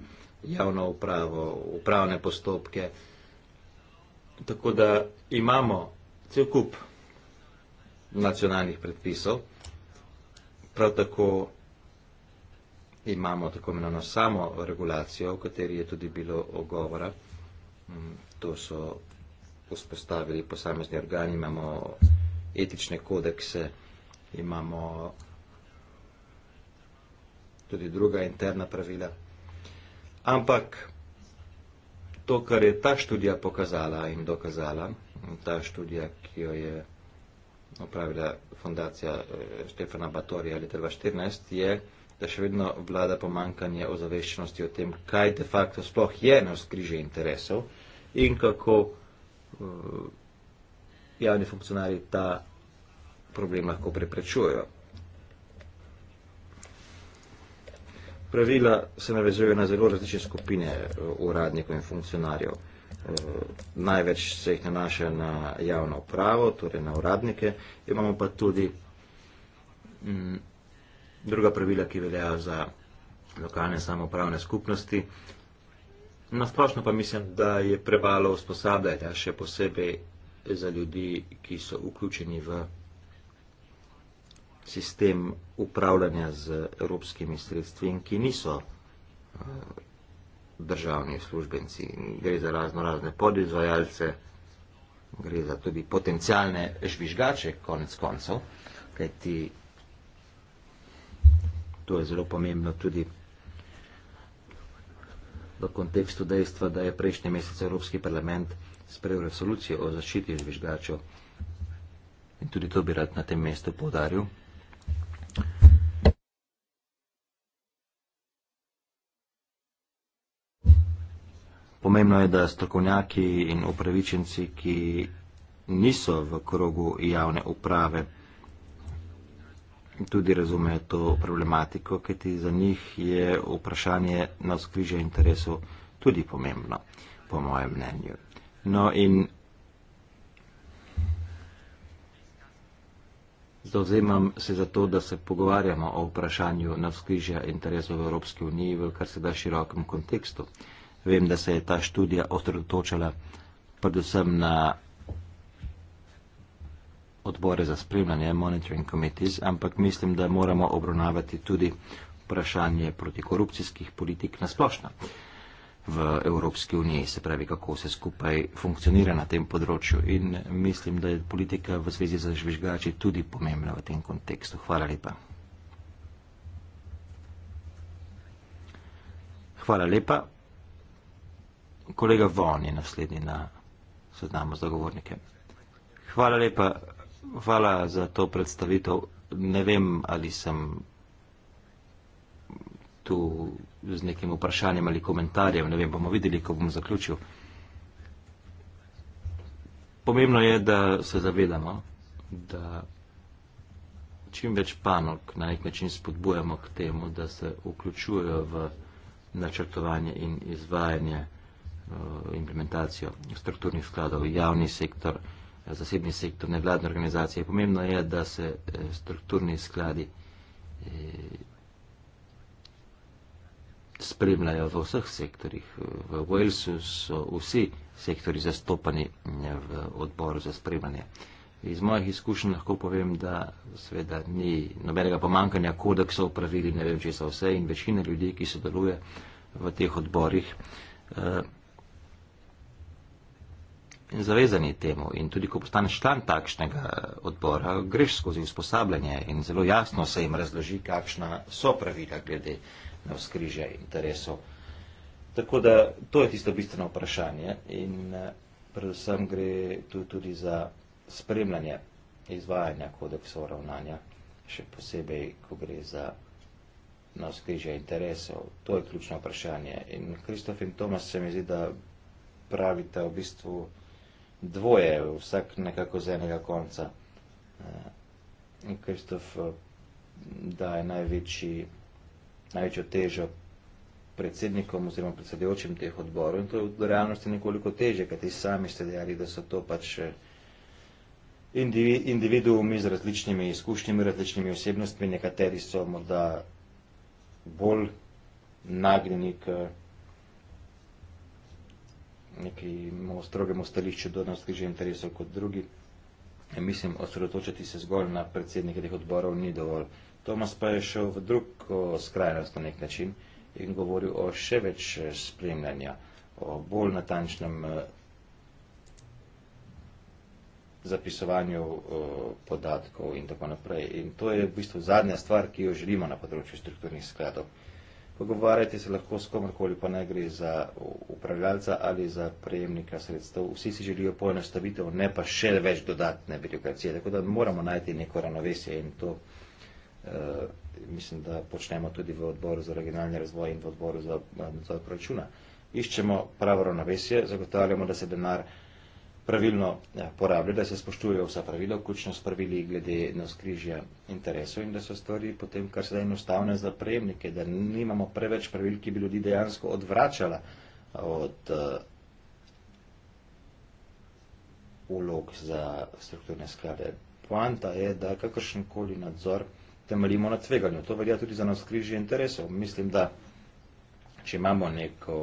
javno upravo, upravne postopke. Tako da imamo cel kup nacionalnih predpisov, prav tako imamo tako imenovano samo regulacijo, o kateri je tudi bilo ogovora. Mm, to so vzpostavili posamezni organi, imamo etične kodekse, imamo tudi druga interna pravila. Ampak to, kar je ta študija pokazala in dokazala, ta študija, ki jo je opravila fundacija Štefana eh, Batorija leta 2014, je, da še vedno vlada pomankanje ozaveščenosti o tem, kaj de facto sploh je na skriže interesov in kako Eh, javni funkcionari ta problem lahko preprečujejo. Pravila se navezujejo na zelo različne skupine eh, uradnikov in funkcionarjev. Eh, največ se jih nanaša na javno upravo, torej na uradnike. Imamo pa tudi mm, druga pravila, ki veljajo za lokalne samopravne skupnosti, Na splošno pa mislim, da je prebalo usposabljanje, še posebej za ljudi, ki so vključeni v sistem upravljanja z evropskimi sredstvi in ki niso eh, državni službenci. Gre za razno razne podizvajalce, gre za tudi potencijalne žvižgače, konec koncev, kajti to je zelo pomembno tudi v kontekstu dejstva, da je prejšnji mesec Evropski parlament sprejel resolucijo o zaščiti žvižgačev. In tudi to bi rad na tem mestu povdaril. Pomembno je, da strokovnjaki in upravičenci, ki niso v krogu javne uprave tudi razumejo to problematiko, kajti za njih je vprašanje na skrižje interesov tudi pomembno, po mojem mnenju. No in zauzemam se za to, da se pogovarjamo o vprašanju na skrižje interesov v Evropski uniji v kar se da širokem kontekstu. Vem, da se je ta študija osredotočala predvsem na odbore za spremljanje, monitoring committees, ampak mislim, da moramo obravnavati tudi vprašanje protikorupcijskih politik na splošno v Evropski uniji, se pravi, kako se skupaj funkcionira na tem področju. In mislim, da je politika v zvezi z žvižgači tudi pomembna v tem kontekstu. Hvala lepa. Hvala lepa. Kolega Von je naslednji na seznamu zagovornike. Hvala lepa. Hvala za to predstavitev. Ne vem, ali sem tu z nekim vprašanjem ali komentarjem. Ne vem, bomo videli, ko bom zaključil. Pomembno je, da se zavedamo, da čim več panog na nek način spodbujamo k temu, da se vključujejo v načrtovanje in izvajanje, eh, implementacijo strukturnih skladov, javni sektor, zasebni sektor, nevladne organizacije. Pomembno je, da se eh, strukturni skladi eh, spremljajo v vseh sektorjih. V Walesu so vsi sektori zastopani eh, v odboru za spremljanje. Iz mojih izkušenj lahko povem, da sveda ni nobenega pomankanja kodeksov, pravili, ne vem, če so vse in večina ljudi, ki sodeluje v teh odborih, in zavezani temu. In tudi, ko postaneš član takšnega odbora, greš skozi usposabljanje in zelo jasno se jim razloži, kakšna so pravila glede na vzkrižje interesov. Tako da to je tisto bistveno vprašanje in eh, predvsem gre tu tudi za spremljanje izvajanja kodeksov ravnanja, še posebej, ko gre za na vzkrižje interesov. To je ključno vprašanje. In Kristof in Tomas se mi zdi, da pravita v bistvu dvoje, vsak nekako z enega konca. Eh, in Kristof eh, daje največji, največjo težo predsednikom oziroma predsedujočim teh odborov in to je v realnosti nekoliko teže, kaj ti sami ste dejali, da so to pač eh, individuumi z različnimi izkušnjami, različnimi osebnostmi, nekateri so morda bolj nagnjeni k nekaj strogemu stališču do navskrižja interesov kot drugi. Mislim, osredotočiti se zgolj na predsednike teh odborov ni dovolj. Tomas pa je šel v drugo skrajnost na nek način in govoril o še več e, spremljanja, o bolj natančnem e, zapisovanju podatkov in tako naprej. In to je v bistvu zadnja stvar, ki jo želimo na področju strukturnih skladov. Pogovarjati se lahko s komorkoli, pa ne gre za upravljalca ali za prejemnika sredstev. Vsi si želijo poenostavitev, ne pa še več dodatne birokracije. Tako da moramo najti neko ravnovesje in to uh, mislim, da počnemo tudi v odboru za regionalni razvoj in v odboru za eh, nadzor proračuna. Iščemo pravo ravnovesje, zagotavljamo, da se denar. Uh, pravilno ja, porabljajo, da se spoštujejo vsa pravila, vključno s pravili glede na skrižje interesov in da so stvari potem kar se da enostavne za prejemnike, da nimamo preveč pravil, ki bi ljudi dejansko odvračala od uh, eh, ulog za strukturne sklade. Poanta je, da kakršenkoli nadzor temeljimo na tveganju. To velja tudi za nas skrižje interesov. Mislim, da če imamo neko,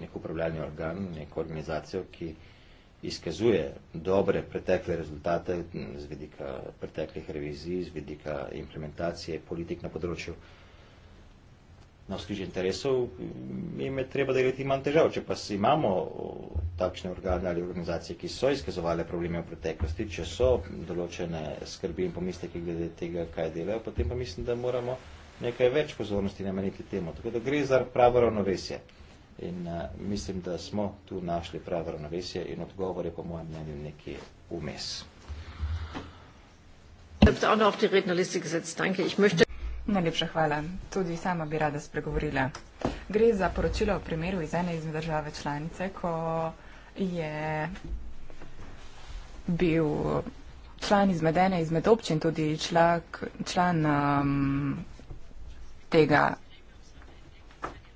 neko upravljalni organ, neko organizacijo, ki izkazuje dobre pretekle rezultate z vidika preteklih revizij, z vidika implementacije politik na področju navskrižnih interesov, jim je treba deliti manj težav. Če pa imamo takšne organe ali organizacije, ki so izkazovali probleme v preteklosti, če so določene skrbi in pomisleki glede tega, kaj delajo, potem pa mislim, da moramo nekaj več pozornosti nameniti temu. Tako da gre za pravo ravnovesje. In uh, mislim, da smo tu našli pravo ravnovesje in odgovor je po mojem mnenju neki umes. Najlepša hvala. Tudi sama bi rada spregovorila. Gre za poročilo o primeru iz ene izmed države članice, ko je bil član izmed ene izmed občin, tudi člak, član um, tega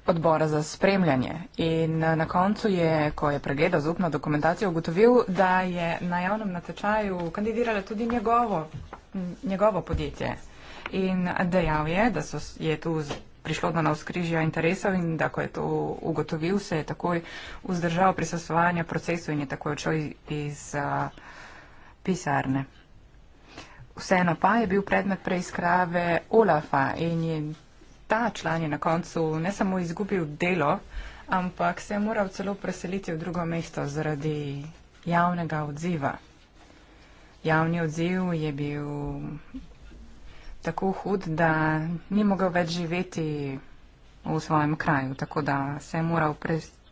odbora za spremljanje in eh, na koncu je, ko je pregledal zupno dokumentacijo, ugotovil, da je na javnem natečaju kandidirala tudi njegovo, njegovo podjetje in dejal je, da so, je tu prišlo do navskrižja interesov in da ko je to ugotovil, se je takoj vzdržal pri sasovanju procesu in je takoj odšel iz uh, pisarne. Vseeno pa je bil predmet preiskrave Olafa in je ta član je na koncu ne samo izgubil delo, ampak se je moral celo preseliti v drugo mesto zaradi javnega odziva. Javni odziv je bil tako hud, da ni mogel več živeti v svojem kraju, tako da se je moral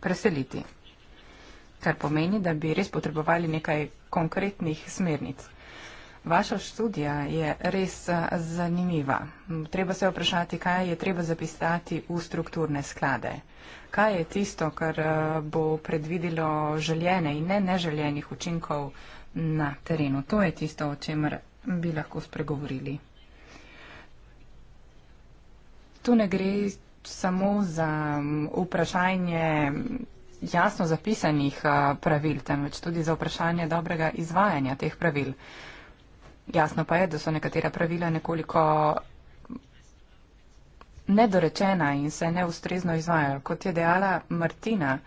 preseliti. Kar pomeni, da bi res potrebovali nekaj konkretnih smernic. Vaša študija je res eh, zanimiva. Treba se vprašati, kaj je treba zapisati v strukturne sklade. Kaj je tisto, kar eh, bo predvidilo željene in ne neželjenih učinkov na terenu? To je tisto, o čemer bi lahko spregovorili. Tu ne gre samo za mm, vprašanje jasno zapisanih eh, pravil, temveč tudi za vprašanje dobrega izvajanja teh pravil. Jasno pa je, da so nekatera pravila nekoliko nedorečena in se neustrezno izvajajo. Kot je dejala Martina,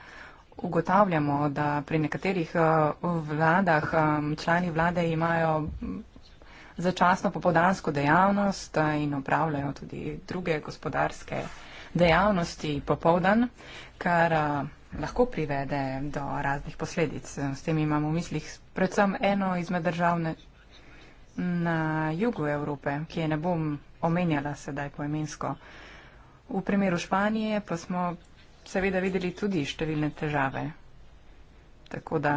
ugotavljamo, da pri nekaterih eh, vladah, eh, člani vlade imajo mm, začasno popodansko dejavnost eh, in opravljajo tudi druge gospodarske dejavnosti popovdan, kar lahko privede do raznih posledic. S tem imamo v mislih predvsem eno izmed državne, na jugu Evrope, ki je ne bom omenjala sedaj poemensko. V primeru Španije pa smo seveda videli tudi številne težave. Tako da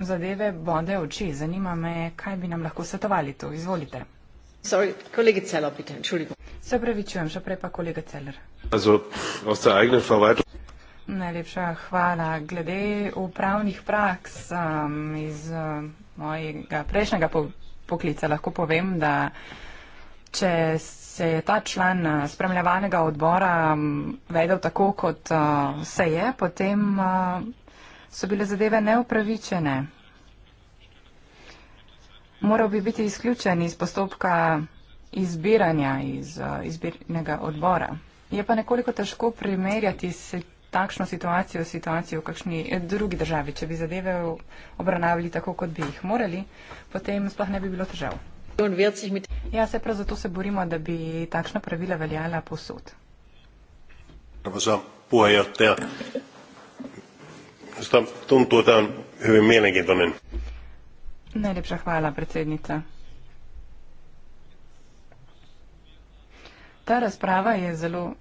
zadeve bode oči. Zanima me, kaj bi nam lahko svetovali tu. Izvolite. Sorry, kolegi celopite, čuliko. Se pravi, čujem, še prej pa kolega Celer. Najlepša hvala. Glede upravnih praks um, iz uh, mojega prejšnjega poklica. Lahko povem, da če se je ta član eh, spremljavanega odbora mm, vedel tako, kot eh, se je, potem eh, so bile zadeve neupravičene. Moral bi biti izključen iz postopka izbiranja iz izbirnega odbora. Je pa nekoliko težko primerjati se takšno situacijo, situacijo v kakšni drugi državi, če bi zadeve obravnavali tako, kot bi jih morali, potem sploh ne bi bilo težav. Ja, se prav zato se borimo, da bi takšna pravila veljala posod. Najlepša hvala, predsednica. Ta razprava je zelo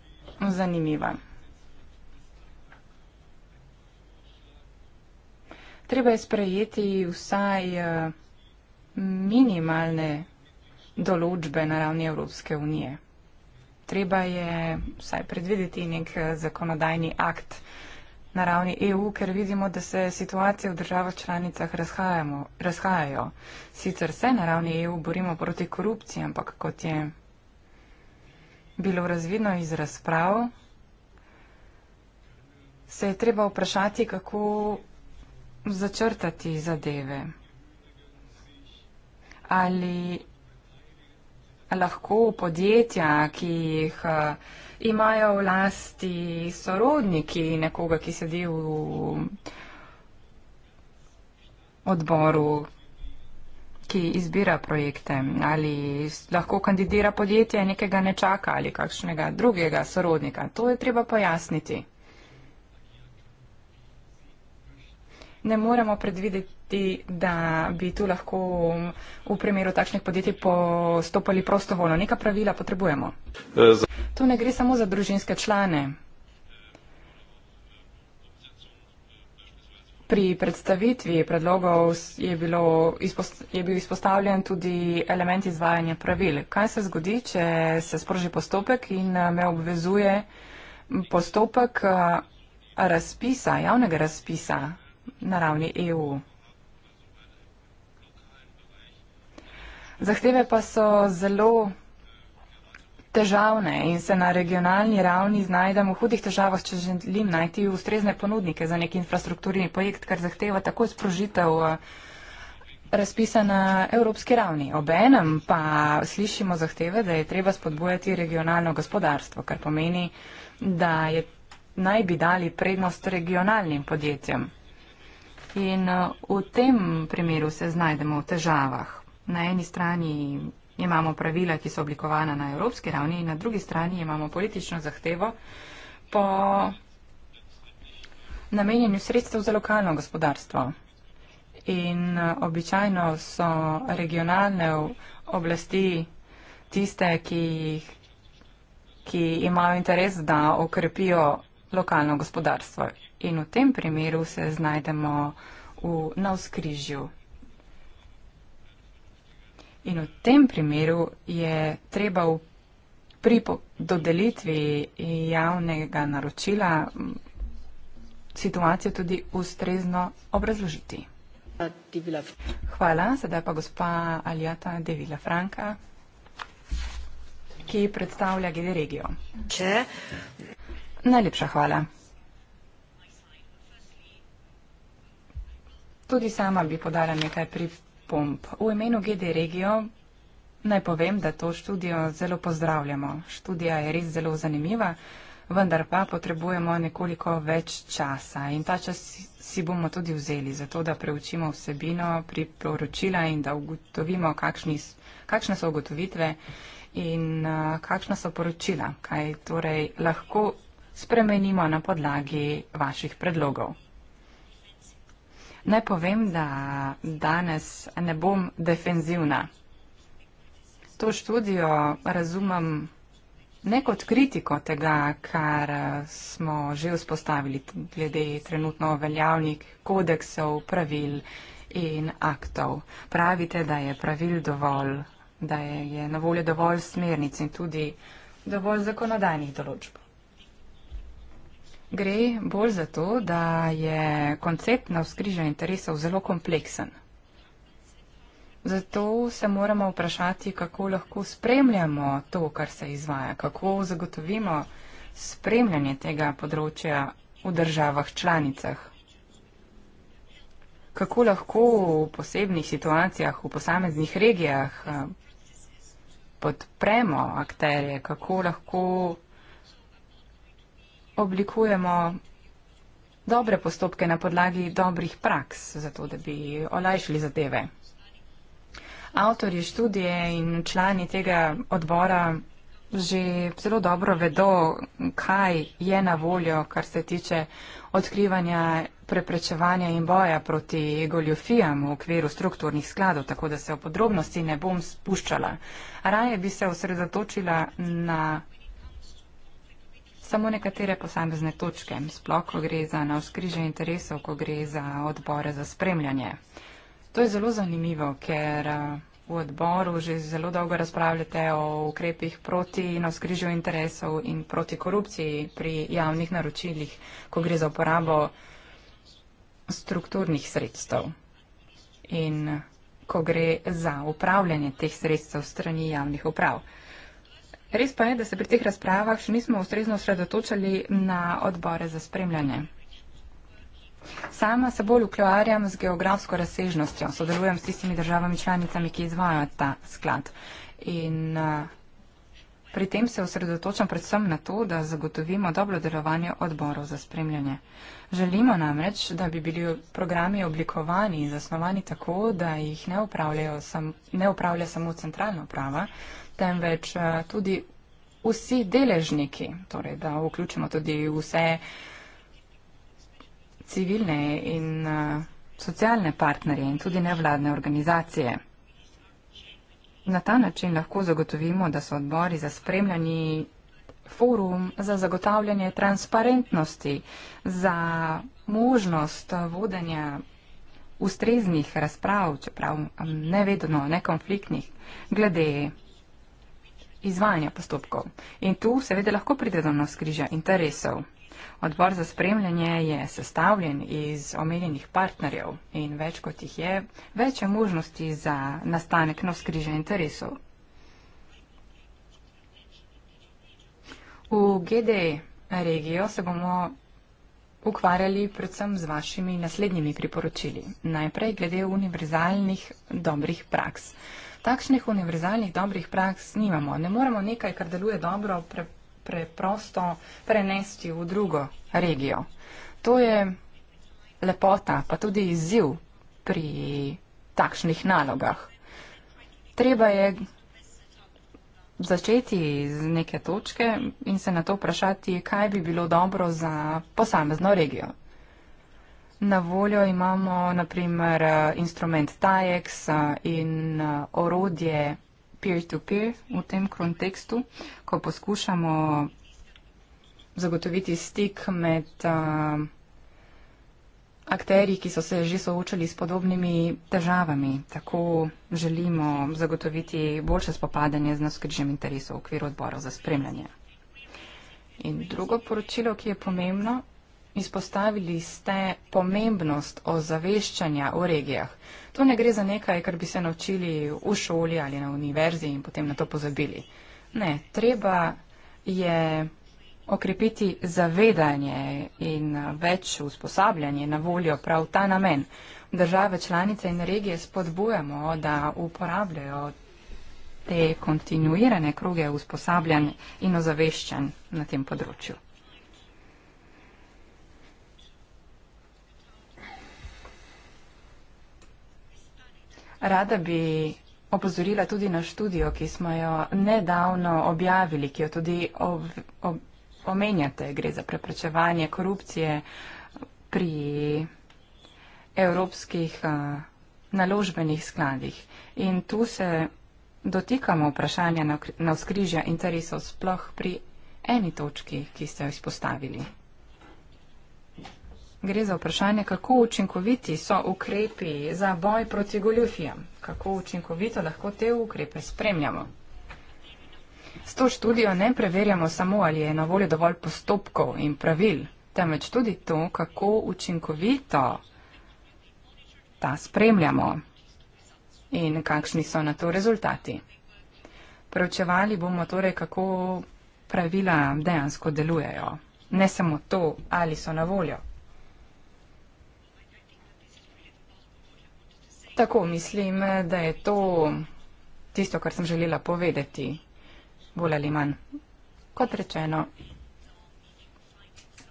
zanimiva. treba je sprejeti vsaj eh, minimalne določbe na ravni Evropske unije. Treba je vsaj predvideti nek eh, zakonodajni akt na ravni EU, ker vidimo, da se situacije v državah članicah razhajajo. Sicer se na ravni EU borimo proti korupciji, ampak kot je bilo razvidno iz razprav, se je treba vprašati, kako začrtati zadeve. Ali lahko podjetja, ki jih eh, imajo v lasti sorodniki nekoga, ki sedi v odboru, ki izbira projekte, ali lahko kandidira podjetje nekega nečaka ali kakšnega drugega sorodnika. To je treba pojasniti. ne moremo predvideti, da bi tu lahko v primeru takšnih podjetij postopali prostovoljno. Neka pravila potrebujemo. E, to ne gre samo za družinske člane. Pri predstavitvi predlogov je, bilo, je bil izpostavljen tudi element izvajanja pravil. Kaj se zgodi, če se sproži postopek in e, me obvezuje postopek e, razpisa, javnega razpisa na ravni EU. Zahteve pa so zelo težavne in se na regionalni ravni znajdemo v hudih težavah, če želim najti ustrezne ponudnike za nek infrastrukturni projekt, kar zahteva tako sprožitev eh, razpisa na evropski ravni. Obenem pa slišimo zahteve, da je treba spodbujati regionalno gospodarstvo, kar pomeni, da je, naj bi dali prednost regionalnim podjetjem. In eh, v tem primeru se znajdemo v težavah. Na eni strani imamo pravila, ki so oblikovana na evropski ravni, in na drugi strani imamo politično zahtevo po namenjenju sredstev za lokalno gospodarstvo. In eh, običajno so regionalne oblasti tiste, ki, ki imajo interes, da okrepijo lokalno gospodarstvo in v tem primeru se znajdemo v navskrižju. In v tem primeru je treba v, pri dodelitvi javnega naročila situacijo tudi ustrezno obrazložiti. Hvala, sedaj pa gospa Aljata Devila Franka, ki predstavlja GD Regijo. Najlepša hvala. Tudi sama bi podala nekaj pripomp. V imenu GD Regio naj povem, da to študijo zelo pozdravljamo. Študija je res zelo zanimiva, vendar pa potrebujemo nekoliko več časa in ta čas si bomo tudi vzeli za to, da preučimo vsebino priporočila in da ugotovimo, kakšni, kakšne so ugotovitve in uh, kakšna so poročila, kaj torej lahko spremenimo na podlagi vaših predlogov. Naj povem, da danes ne bom defenzivna. To študijo razumem ne kot kritiko tega, kar smo že vzpostavili glede trenutno veljavnih kodeksov, pravil in aktov. Pravite, da je pravil dovolj, da je na voljo dovolj smernic in tudi dovolj zakonodajnih določb gre bolj za to, da je koncept navskrižja interesov zelo kompleksen. Zato se moramo vprašati, kako lahko spremljamo to, kar se izvaja, kako zagotovimo spremljanje tega področja v državah članicah. Kako lahko v posebnih situacijah, v posameznih regijah eh, podpremo akterje, kako lahko oblikujemo dobre postopke na podlagi dobrih praks, zato da bi olajšali zadeve. Avtori študije in člani tega odbora že zelo dobro vedo, kaj je na voljo, kar se tiče odkrivanja, preprečevanja in boja proti goljofijam v okviru strukturnih skladov, tako da se v podrobnosti ne bom spuščala. Raje bi se osredotočila na samo nekatere posamezne točke, sploh ko gre za navskrižje interesov, ko gre za odbore za spremljanje. To je zelo zanimivo, ker v odboru že zelo dolgo razpravljate o ukrepih proti navskrižju interesov in proti korupciji pri javnih naročilih, ko gre za uporabo strukturnih sredstev in ko gre za upravljanje teh sredstev strani javnih uprav. Res pa je, da se pri teh razpravah še nismo ustrezno sredotočali na odbore za spremljanje. Sama se bolj ukvarjam z geografsko razsežnostjo, sodelujem s tistimi državami članicami, ki izvajo ta sklad. In pri tem se osredotočam predvsem na to, da zagotovimo dobro delovanje odborov za spremljanje. Želimo namreč, da bi bili programi oblikovani in zasnovani tako, da jih ne, sam, ne upravlja samo centralna uprava, temveč eh, tudi vsi deležniki, torej da vključimo tudi vse civilne in eh, socialne partnerje in tudi nevladne organizacije. Na ta način lahko zagotovimo, da so odbori za spremljanje forum za zagotavljanje transparentnosti, za možnost vodenja ustreznih razprav, čeprav mm, nevedno nekonfliktnih, glede izvajanja postopkov. In tu seveda lahko pride do navskrižja interesov. Odbor za spremljanje je sestavljen iz omenjenih partnerjev in več kot jih je, več je možnosti za nastanek navskrižja interesov. V GD regijo se bomo ukvarjali predvsem z vašimi naslednjimi priporočili. Najprej glede univerzalnih dobrih praks takšnih univerzalnih dobrih praks nimamo. Ne moremo nekaj, kar deluje dobro, pre, preprosto prenesti v drugo regijo. To je lepota, pa tudi izziv pri takšnih nalogah. Treba je začeti z neke točke in se na to vprašati, kaj bi bilo dobro za posamezno regijo. Na voljo imamo naprimer eh, instrument TAEX eh, in eh, orodje peer-to-peer -peer v tem kontekstu, ko poskušamo zagotoviti stik med akteri, ki so se že soočali s podobnimi težavami. Tako želimo zagotoviti boljše spopadanje z naskrižjem interesov v okviru odbora za spremljanje. In drugo poročilo, ki je pomembno, Izpostavili ste pomembnost ozaveščanja v regijah. To ne gre za nekaj, kar bi se naučili v šoli ali na univerzi in potem na to pozabili. Ne, treba je okrepiti zavedanje in več usposabljanje na voljo prav ta namen. Države članice in regije spodbujamo, da uporabljajo te kontinuirane kroge usposabljanj in ozaveščanj na tem področju. Rada bi opozorila tudi na študijo, ki smo jo nedavno objavili, ki jo tudi ob, ob, omenjate. Gre za preprečevanje korupcije pri evropskih uh, naložbenih skladih. In tu se dotikamo vprašanja na, na skrižja interesov sploh pri eni točki, ki ste jo izpostavili. Gre za vprašanje, kako učinkoviti so ukrepi za boj proti goljufijam. Kako učinkovito lahko te ukrepe spremljamo. S to študijo ne preverjamo samo, ali je na voljo dovolj postopkov in pravil, temveč tudi to, kako učinkovito ta spremljamo in kakšni so na to rezultati. Preučevali bomo torej, kako pravila dejansko delujejo, ne samo to, ali so na voljo, Tako mislim, da je to tisto, kar sem želela povedati, bolj ali manj. Kot rečeno,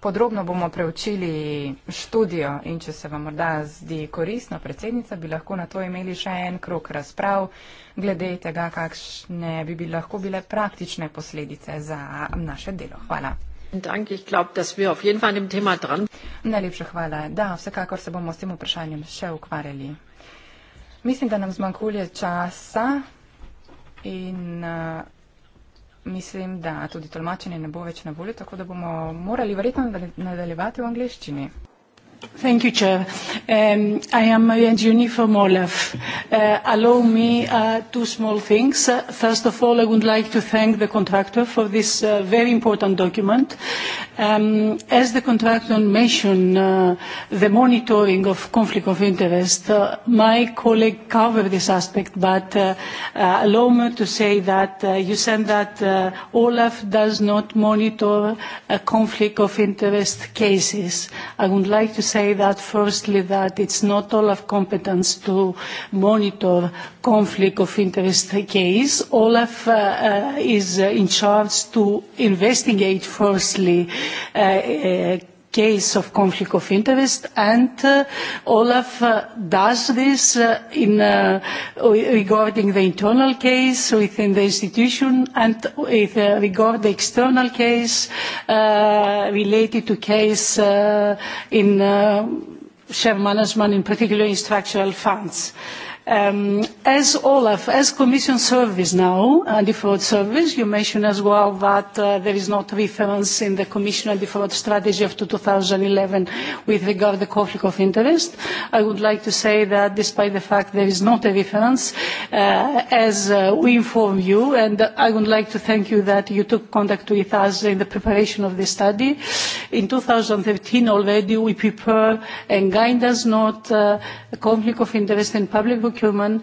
podrobno bomo preučili študijo in če se vam morda zdi korisno, predsednica, bi lahko na to imeli še en krok razprav glede tega, kakšne bi, bi lahko bile praktične posledice za naše delo. Hvala. Najlepša hvala. Da, vsekakor se bomo s tem vprašanjem še ukvarjali. Mislim, da nam zmanjkuje časa in uh, mislim, da tudi tolmačenje ne bo več na voljo, tako da bomo morali verjetno nadaljevati v angliščini. Thank you, Chair. Um, I am engineer from OLAF. Uh, allow me uh, two small things. Uh, first of all, I would like to thank the contractor for this uh, very important document. Um, as the contractor mentioned uh, the monitoring of conflict of interest, uh, my colleague covered this aspect, but uh, uh, allow me to say that uh, you said that uh, Olaf does not monitor a uh, conflict of interest cases. I would like to say that firstly that it's not Olaf competence to monitor conflict of interest case. Olaf uh, uh, is uh, in charge to investigate firstly uh, a, uh, a uh, case of conflict of interest and uh, Olaf uh, does this uh, in, uh, regarding the internal case within the institution and with, uh, regard the external case uh, related to case uh, in uh, share management, in particular in structural funds. Um, as olaf as commission service now anti uh, fraud service you mentioned as well that uh, there is not reference in the commission anti fraud strategy of 2011 with regard to the conflict of interest i would like to say that despite the fact there is not a reference uh, as uh, we inform you and i would like to thank you that you took contact with us in the preparation of this study in 2013 already we prepared a guidance note uh, a conflict of interest in public procurement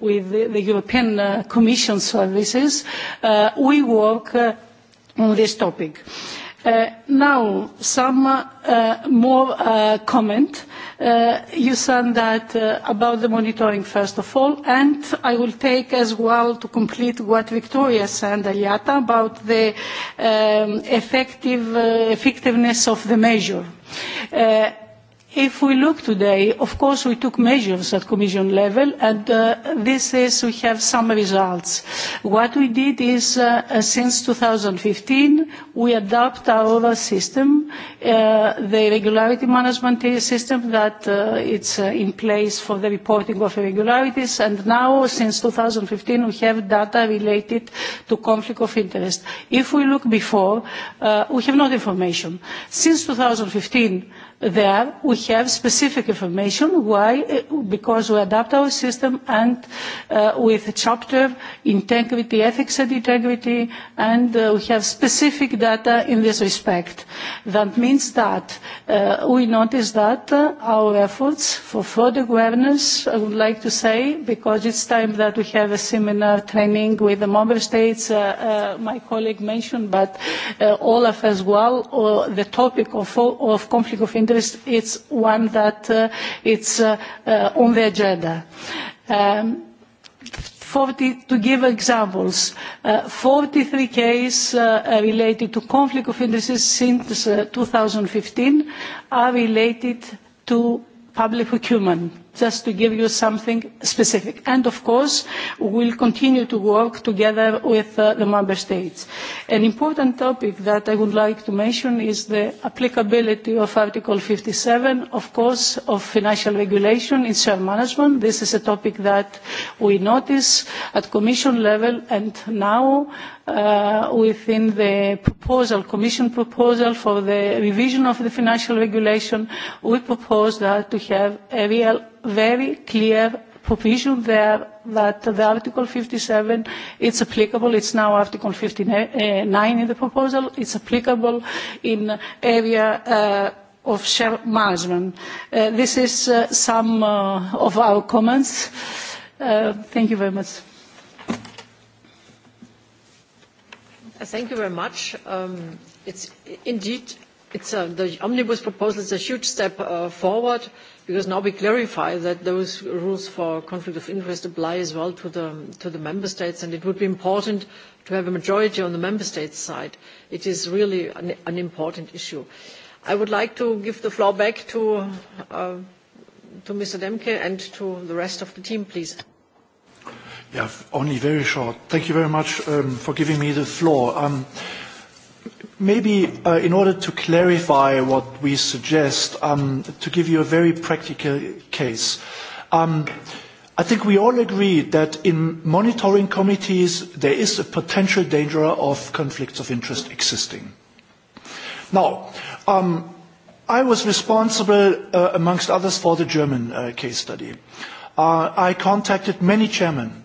with the, the European uh, Commission services, uh, we work uh, on this topic. Uh, now, some uh, more uh, comment. Uh, you said that uh, about the monitoring, first of all, and I will take as well to complete what Victoria said, Aliata, about the um, effective, uh, effectiveness of the measure. Uh, If we look today, of course, we took measures at Commission level, and uh, this is, we have some results. What we did is, uh, since 2015, we adopt our system, uh, the regularity management system that uh, it's uh, in place for the reporting of irregularities, and now, since 2015, we have data related to conflict of interest. If we look before, uh, we have not information. Since 2015, There, we have specific information. Why? Uh, because we adapt our system and uh, with chapter integrity, ethics and integrity, and uh, we have specific data in this respect. That means that we notice that our efforts for fraud awareness, I would like to say, because it's time that we have a seminar training with the member states, my colleague mentioned, but Olaf as well, or the topic of conflict of interest interest, it's one that uh, it's uh, uh, on the agenda. Um, 40, to give examples, uh, 43 cases uh, uh, related to conflict of interests since uh, 2015 are related to public procurement just to give you something specific. And of course, we'll continue to work together with uh, the member states. An important topic that I would like to mention is the applicability of Article 57, of course, of financial regulation in share management. This is a topic that we notice at Commission level and now uh, within the proposal, Commission proposal for the revision of the financial regulation, we propose that to have a real very clear provision there that the Article 57, it's applicable. It's now Article 59 in the proposal. It's applicable in area uh, of share management. Uh, this is uh, some uh, of our comments. Uh, thank you very much. Thank you very much. Um, it's indeed, it's a, the omnibus proposal is a huge step uh, forward. Because now we clarify that those rules for conflict of interest apply as well to the, to the member states, and it would be important to have a majority on the member states' side. It is really an, an important issue. I would like to give the floor back to, uh, to Mr. Demke and to the rest of the team, please. Yeah, only very short. Thank you very much um, for giving me the floor. Um, Maybe uh, in order to clarify what we suggest, um, to give you a very practical case. Um, I think we all agree that in monitoring committees, there is a potential danger of conflicts of interest existing. Now, um, I was responsible, uh, amongst others, for the German uh, case study. Uh, I contacted many chairmen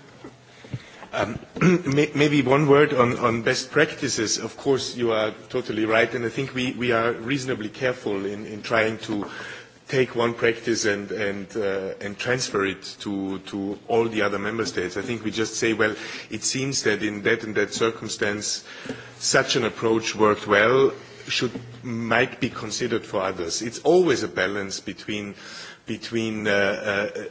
Um, maybe one word on best practices. Of course, you are totally right, and I think we, we are reasonably careful in, in trying to take one practice and, and, uh, and transfer it to, to all the other member states. I think we just say, well, it seems that in that and that circumstance, such an approach worked well, should, might be considered for others. It's always a balance between, between uh, uh,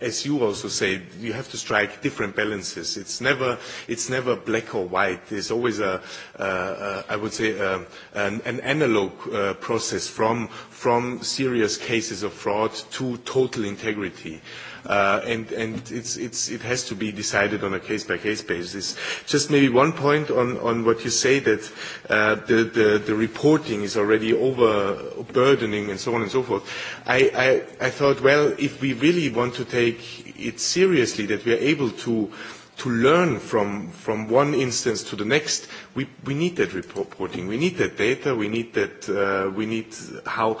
as you also say, you have to strike different balances. It's never, it's never black or white. There's always a, uh, a I would say, a, an, an analog uh, process from, from serious cases of fraud to total integrity. Uh, uh, and and it's it's it has to be decided on a case by case basis. Just maybe one point on on what you say that uh, the the the reporting is already overburdening and so on and so forth. I I I thought well if we really want to take it seriously that we are able to to learn from from one instance to the next, we we need that reporting. We need that data. We need that. Uh, we need how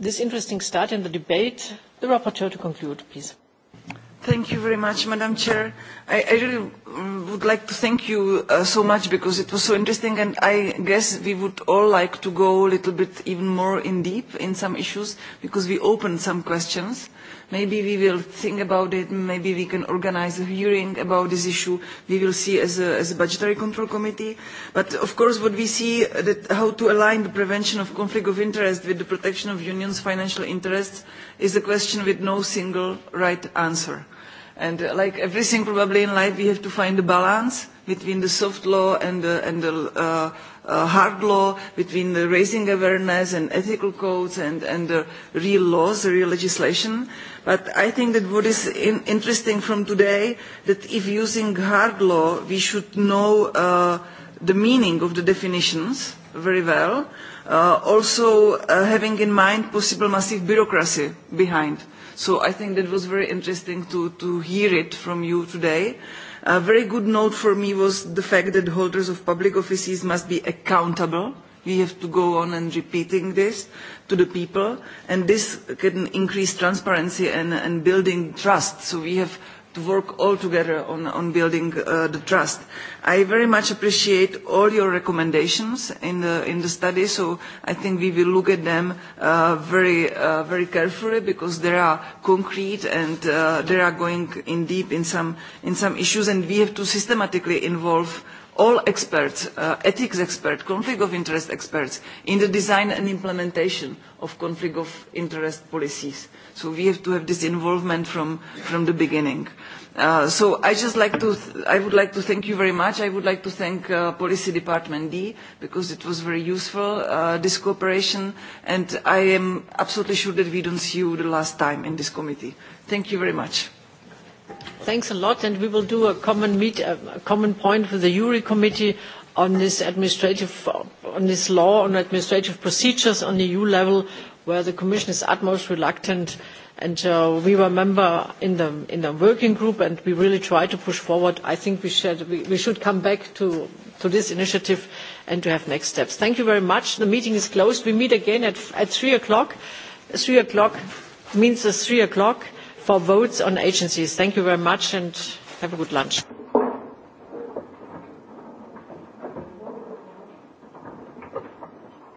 this interesting start in the debate the rapporteur to conclude please. thank you very much madam president would like to thank you uh, so much because it was so interesting and I guess we would all like to go a little bit even more in deep in some issues because we opened some questions. Maybe we will think about it, maybe we can organize a hearing about this issue we will see as a, as a budgetary control committee. But of course what we see uh, that how to align the prevention of conflict of interest with the protection of unions financial interests is a question with no single right answer. And uh, like everything probably in life, we have to find a balance between the soft law and the, and the uh, uh, hard law, between the raising awareness and ethical codes and, and the real laws, the real legislation. But I think that what is in, interesting from today, that if using hard law, we should know uh, the meaning of the definitions very well, uh, also uh, having in mind possible massive bureaucracy behind. So I think that was very interesting to, to hear it from you today. A very good note for me was the fact that holders of public offices must be accountable. We have to go on and repeating this to the people. And this can increase transparency and, and building trust. So we have to work all together on, on building uh, the trust. I very much appreciate all your recommendations in the, in the study, so I think we will look at them uh, very, uh, very carefully because they are concrete and uh, they are going in deep in some, in some issues and we have to systematically involve all experts, uh, ethics experts, conflict of interest experts, in the design and implementation of conflict of interest policies. So we have to have this involvement from, from the beginning. Uh, so I just like to, th I would like to thank you very much. I would like to thank uh, Policy Department D because it was very useful, uh, this cooperation, and I am absolutely sure that we don't see you the last time in this committee. Thank you very much. Thanks a lot, and we will do a common meet, a, a common point with the URI committee on this administrative, on this law on administrative procedures on the EU level where the Commission is utmost reluctant. And uh, we were a member in the, in the working group, and we really tried to push forward. I think we should, we, we should come back to, to this initiative and to have next steps. Thank you very much. The meeting is closed. We meet again at, at 3 o'clock. 3 o'clock means it's 3 o'clock for votes on agencies. Thank you very much, and have a good lunch.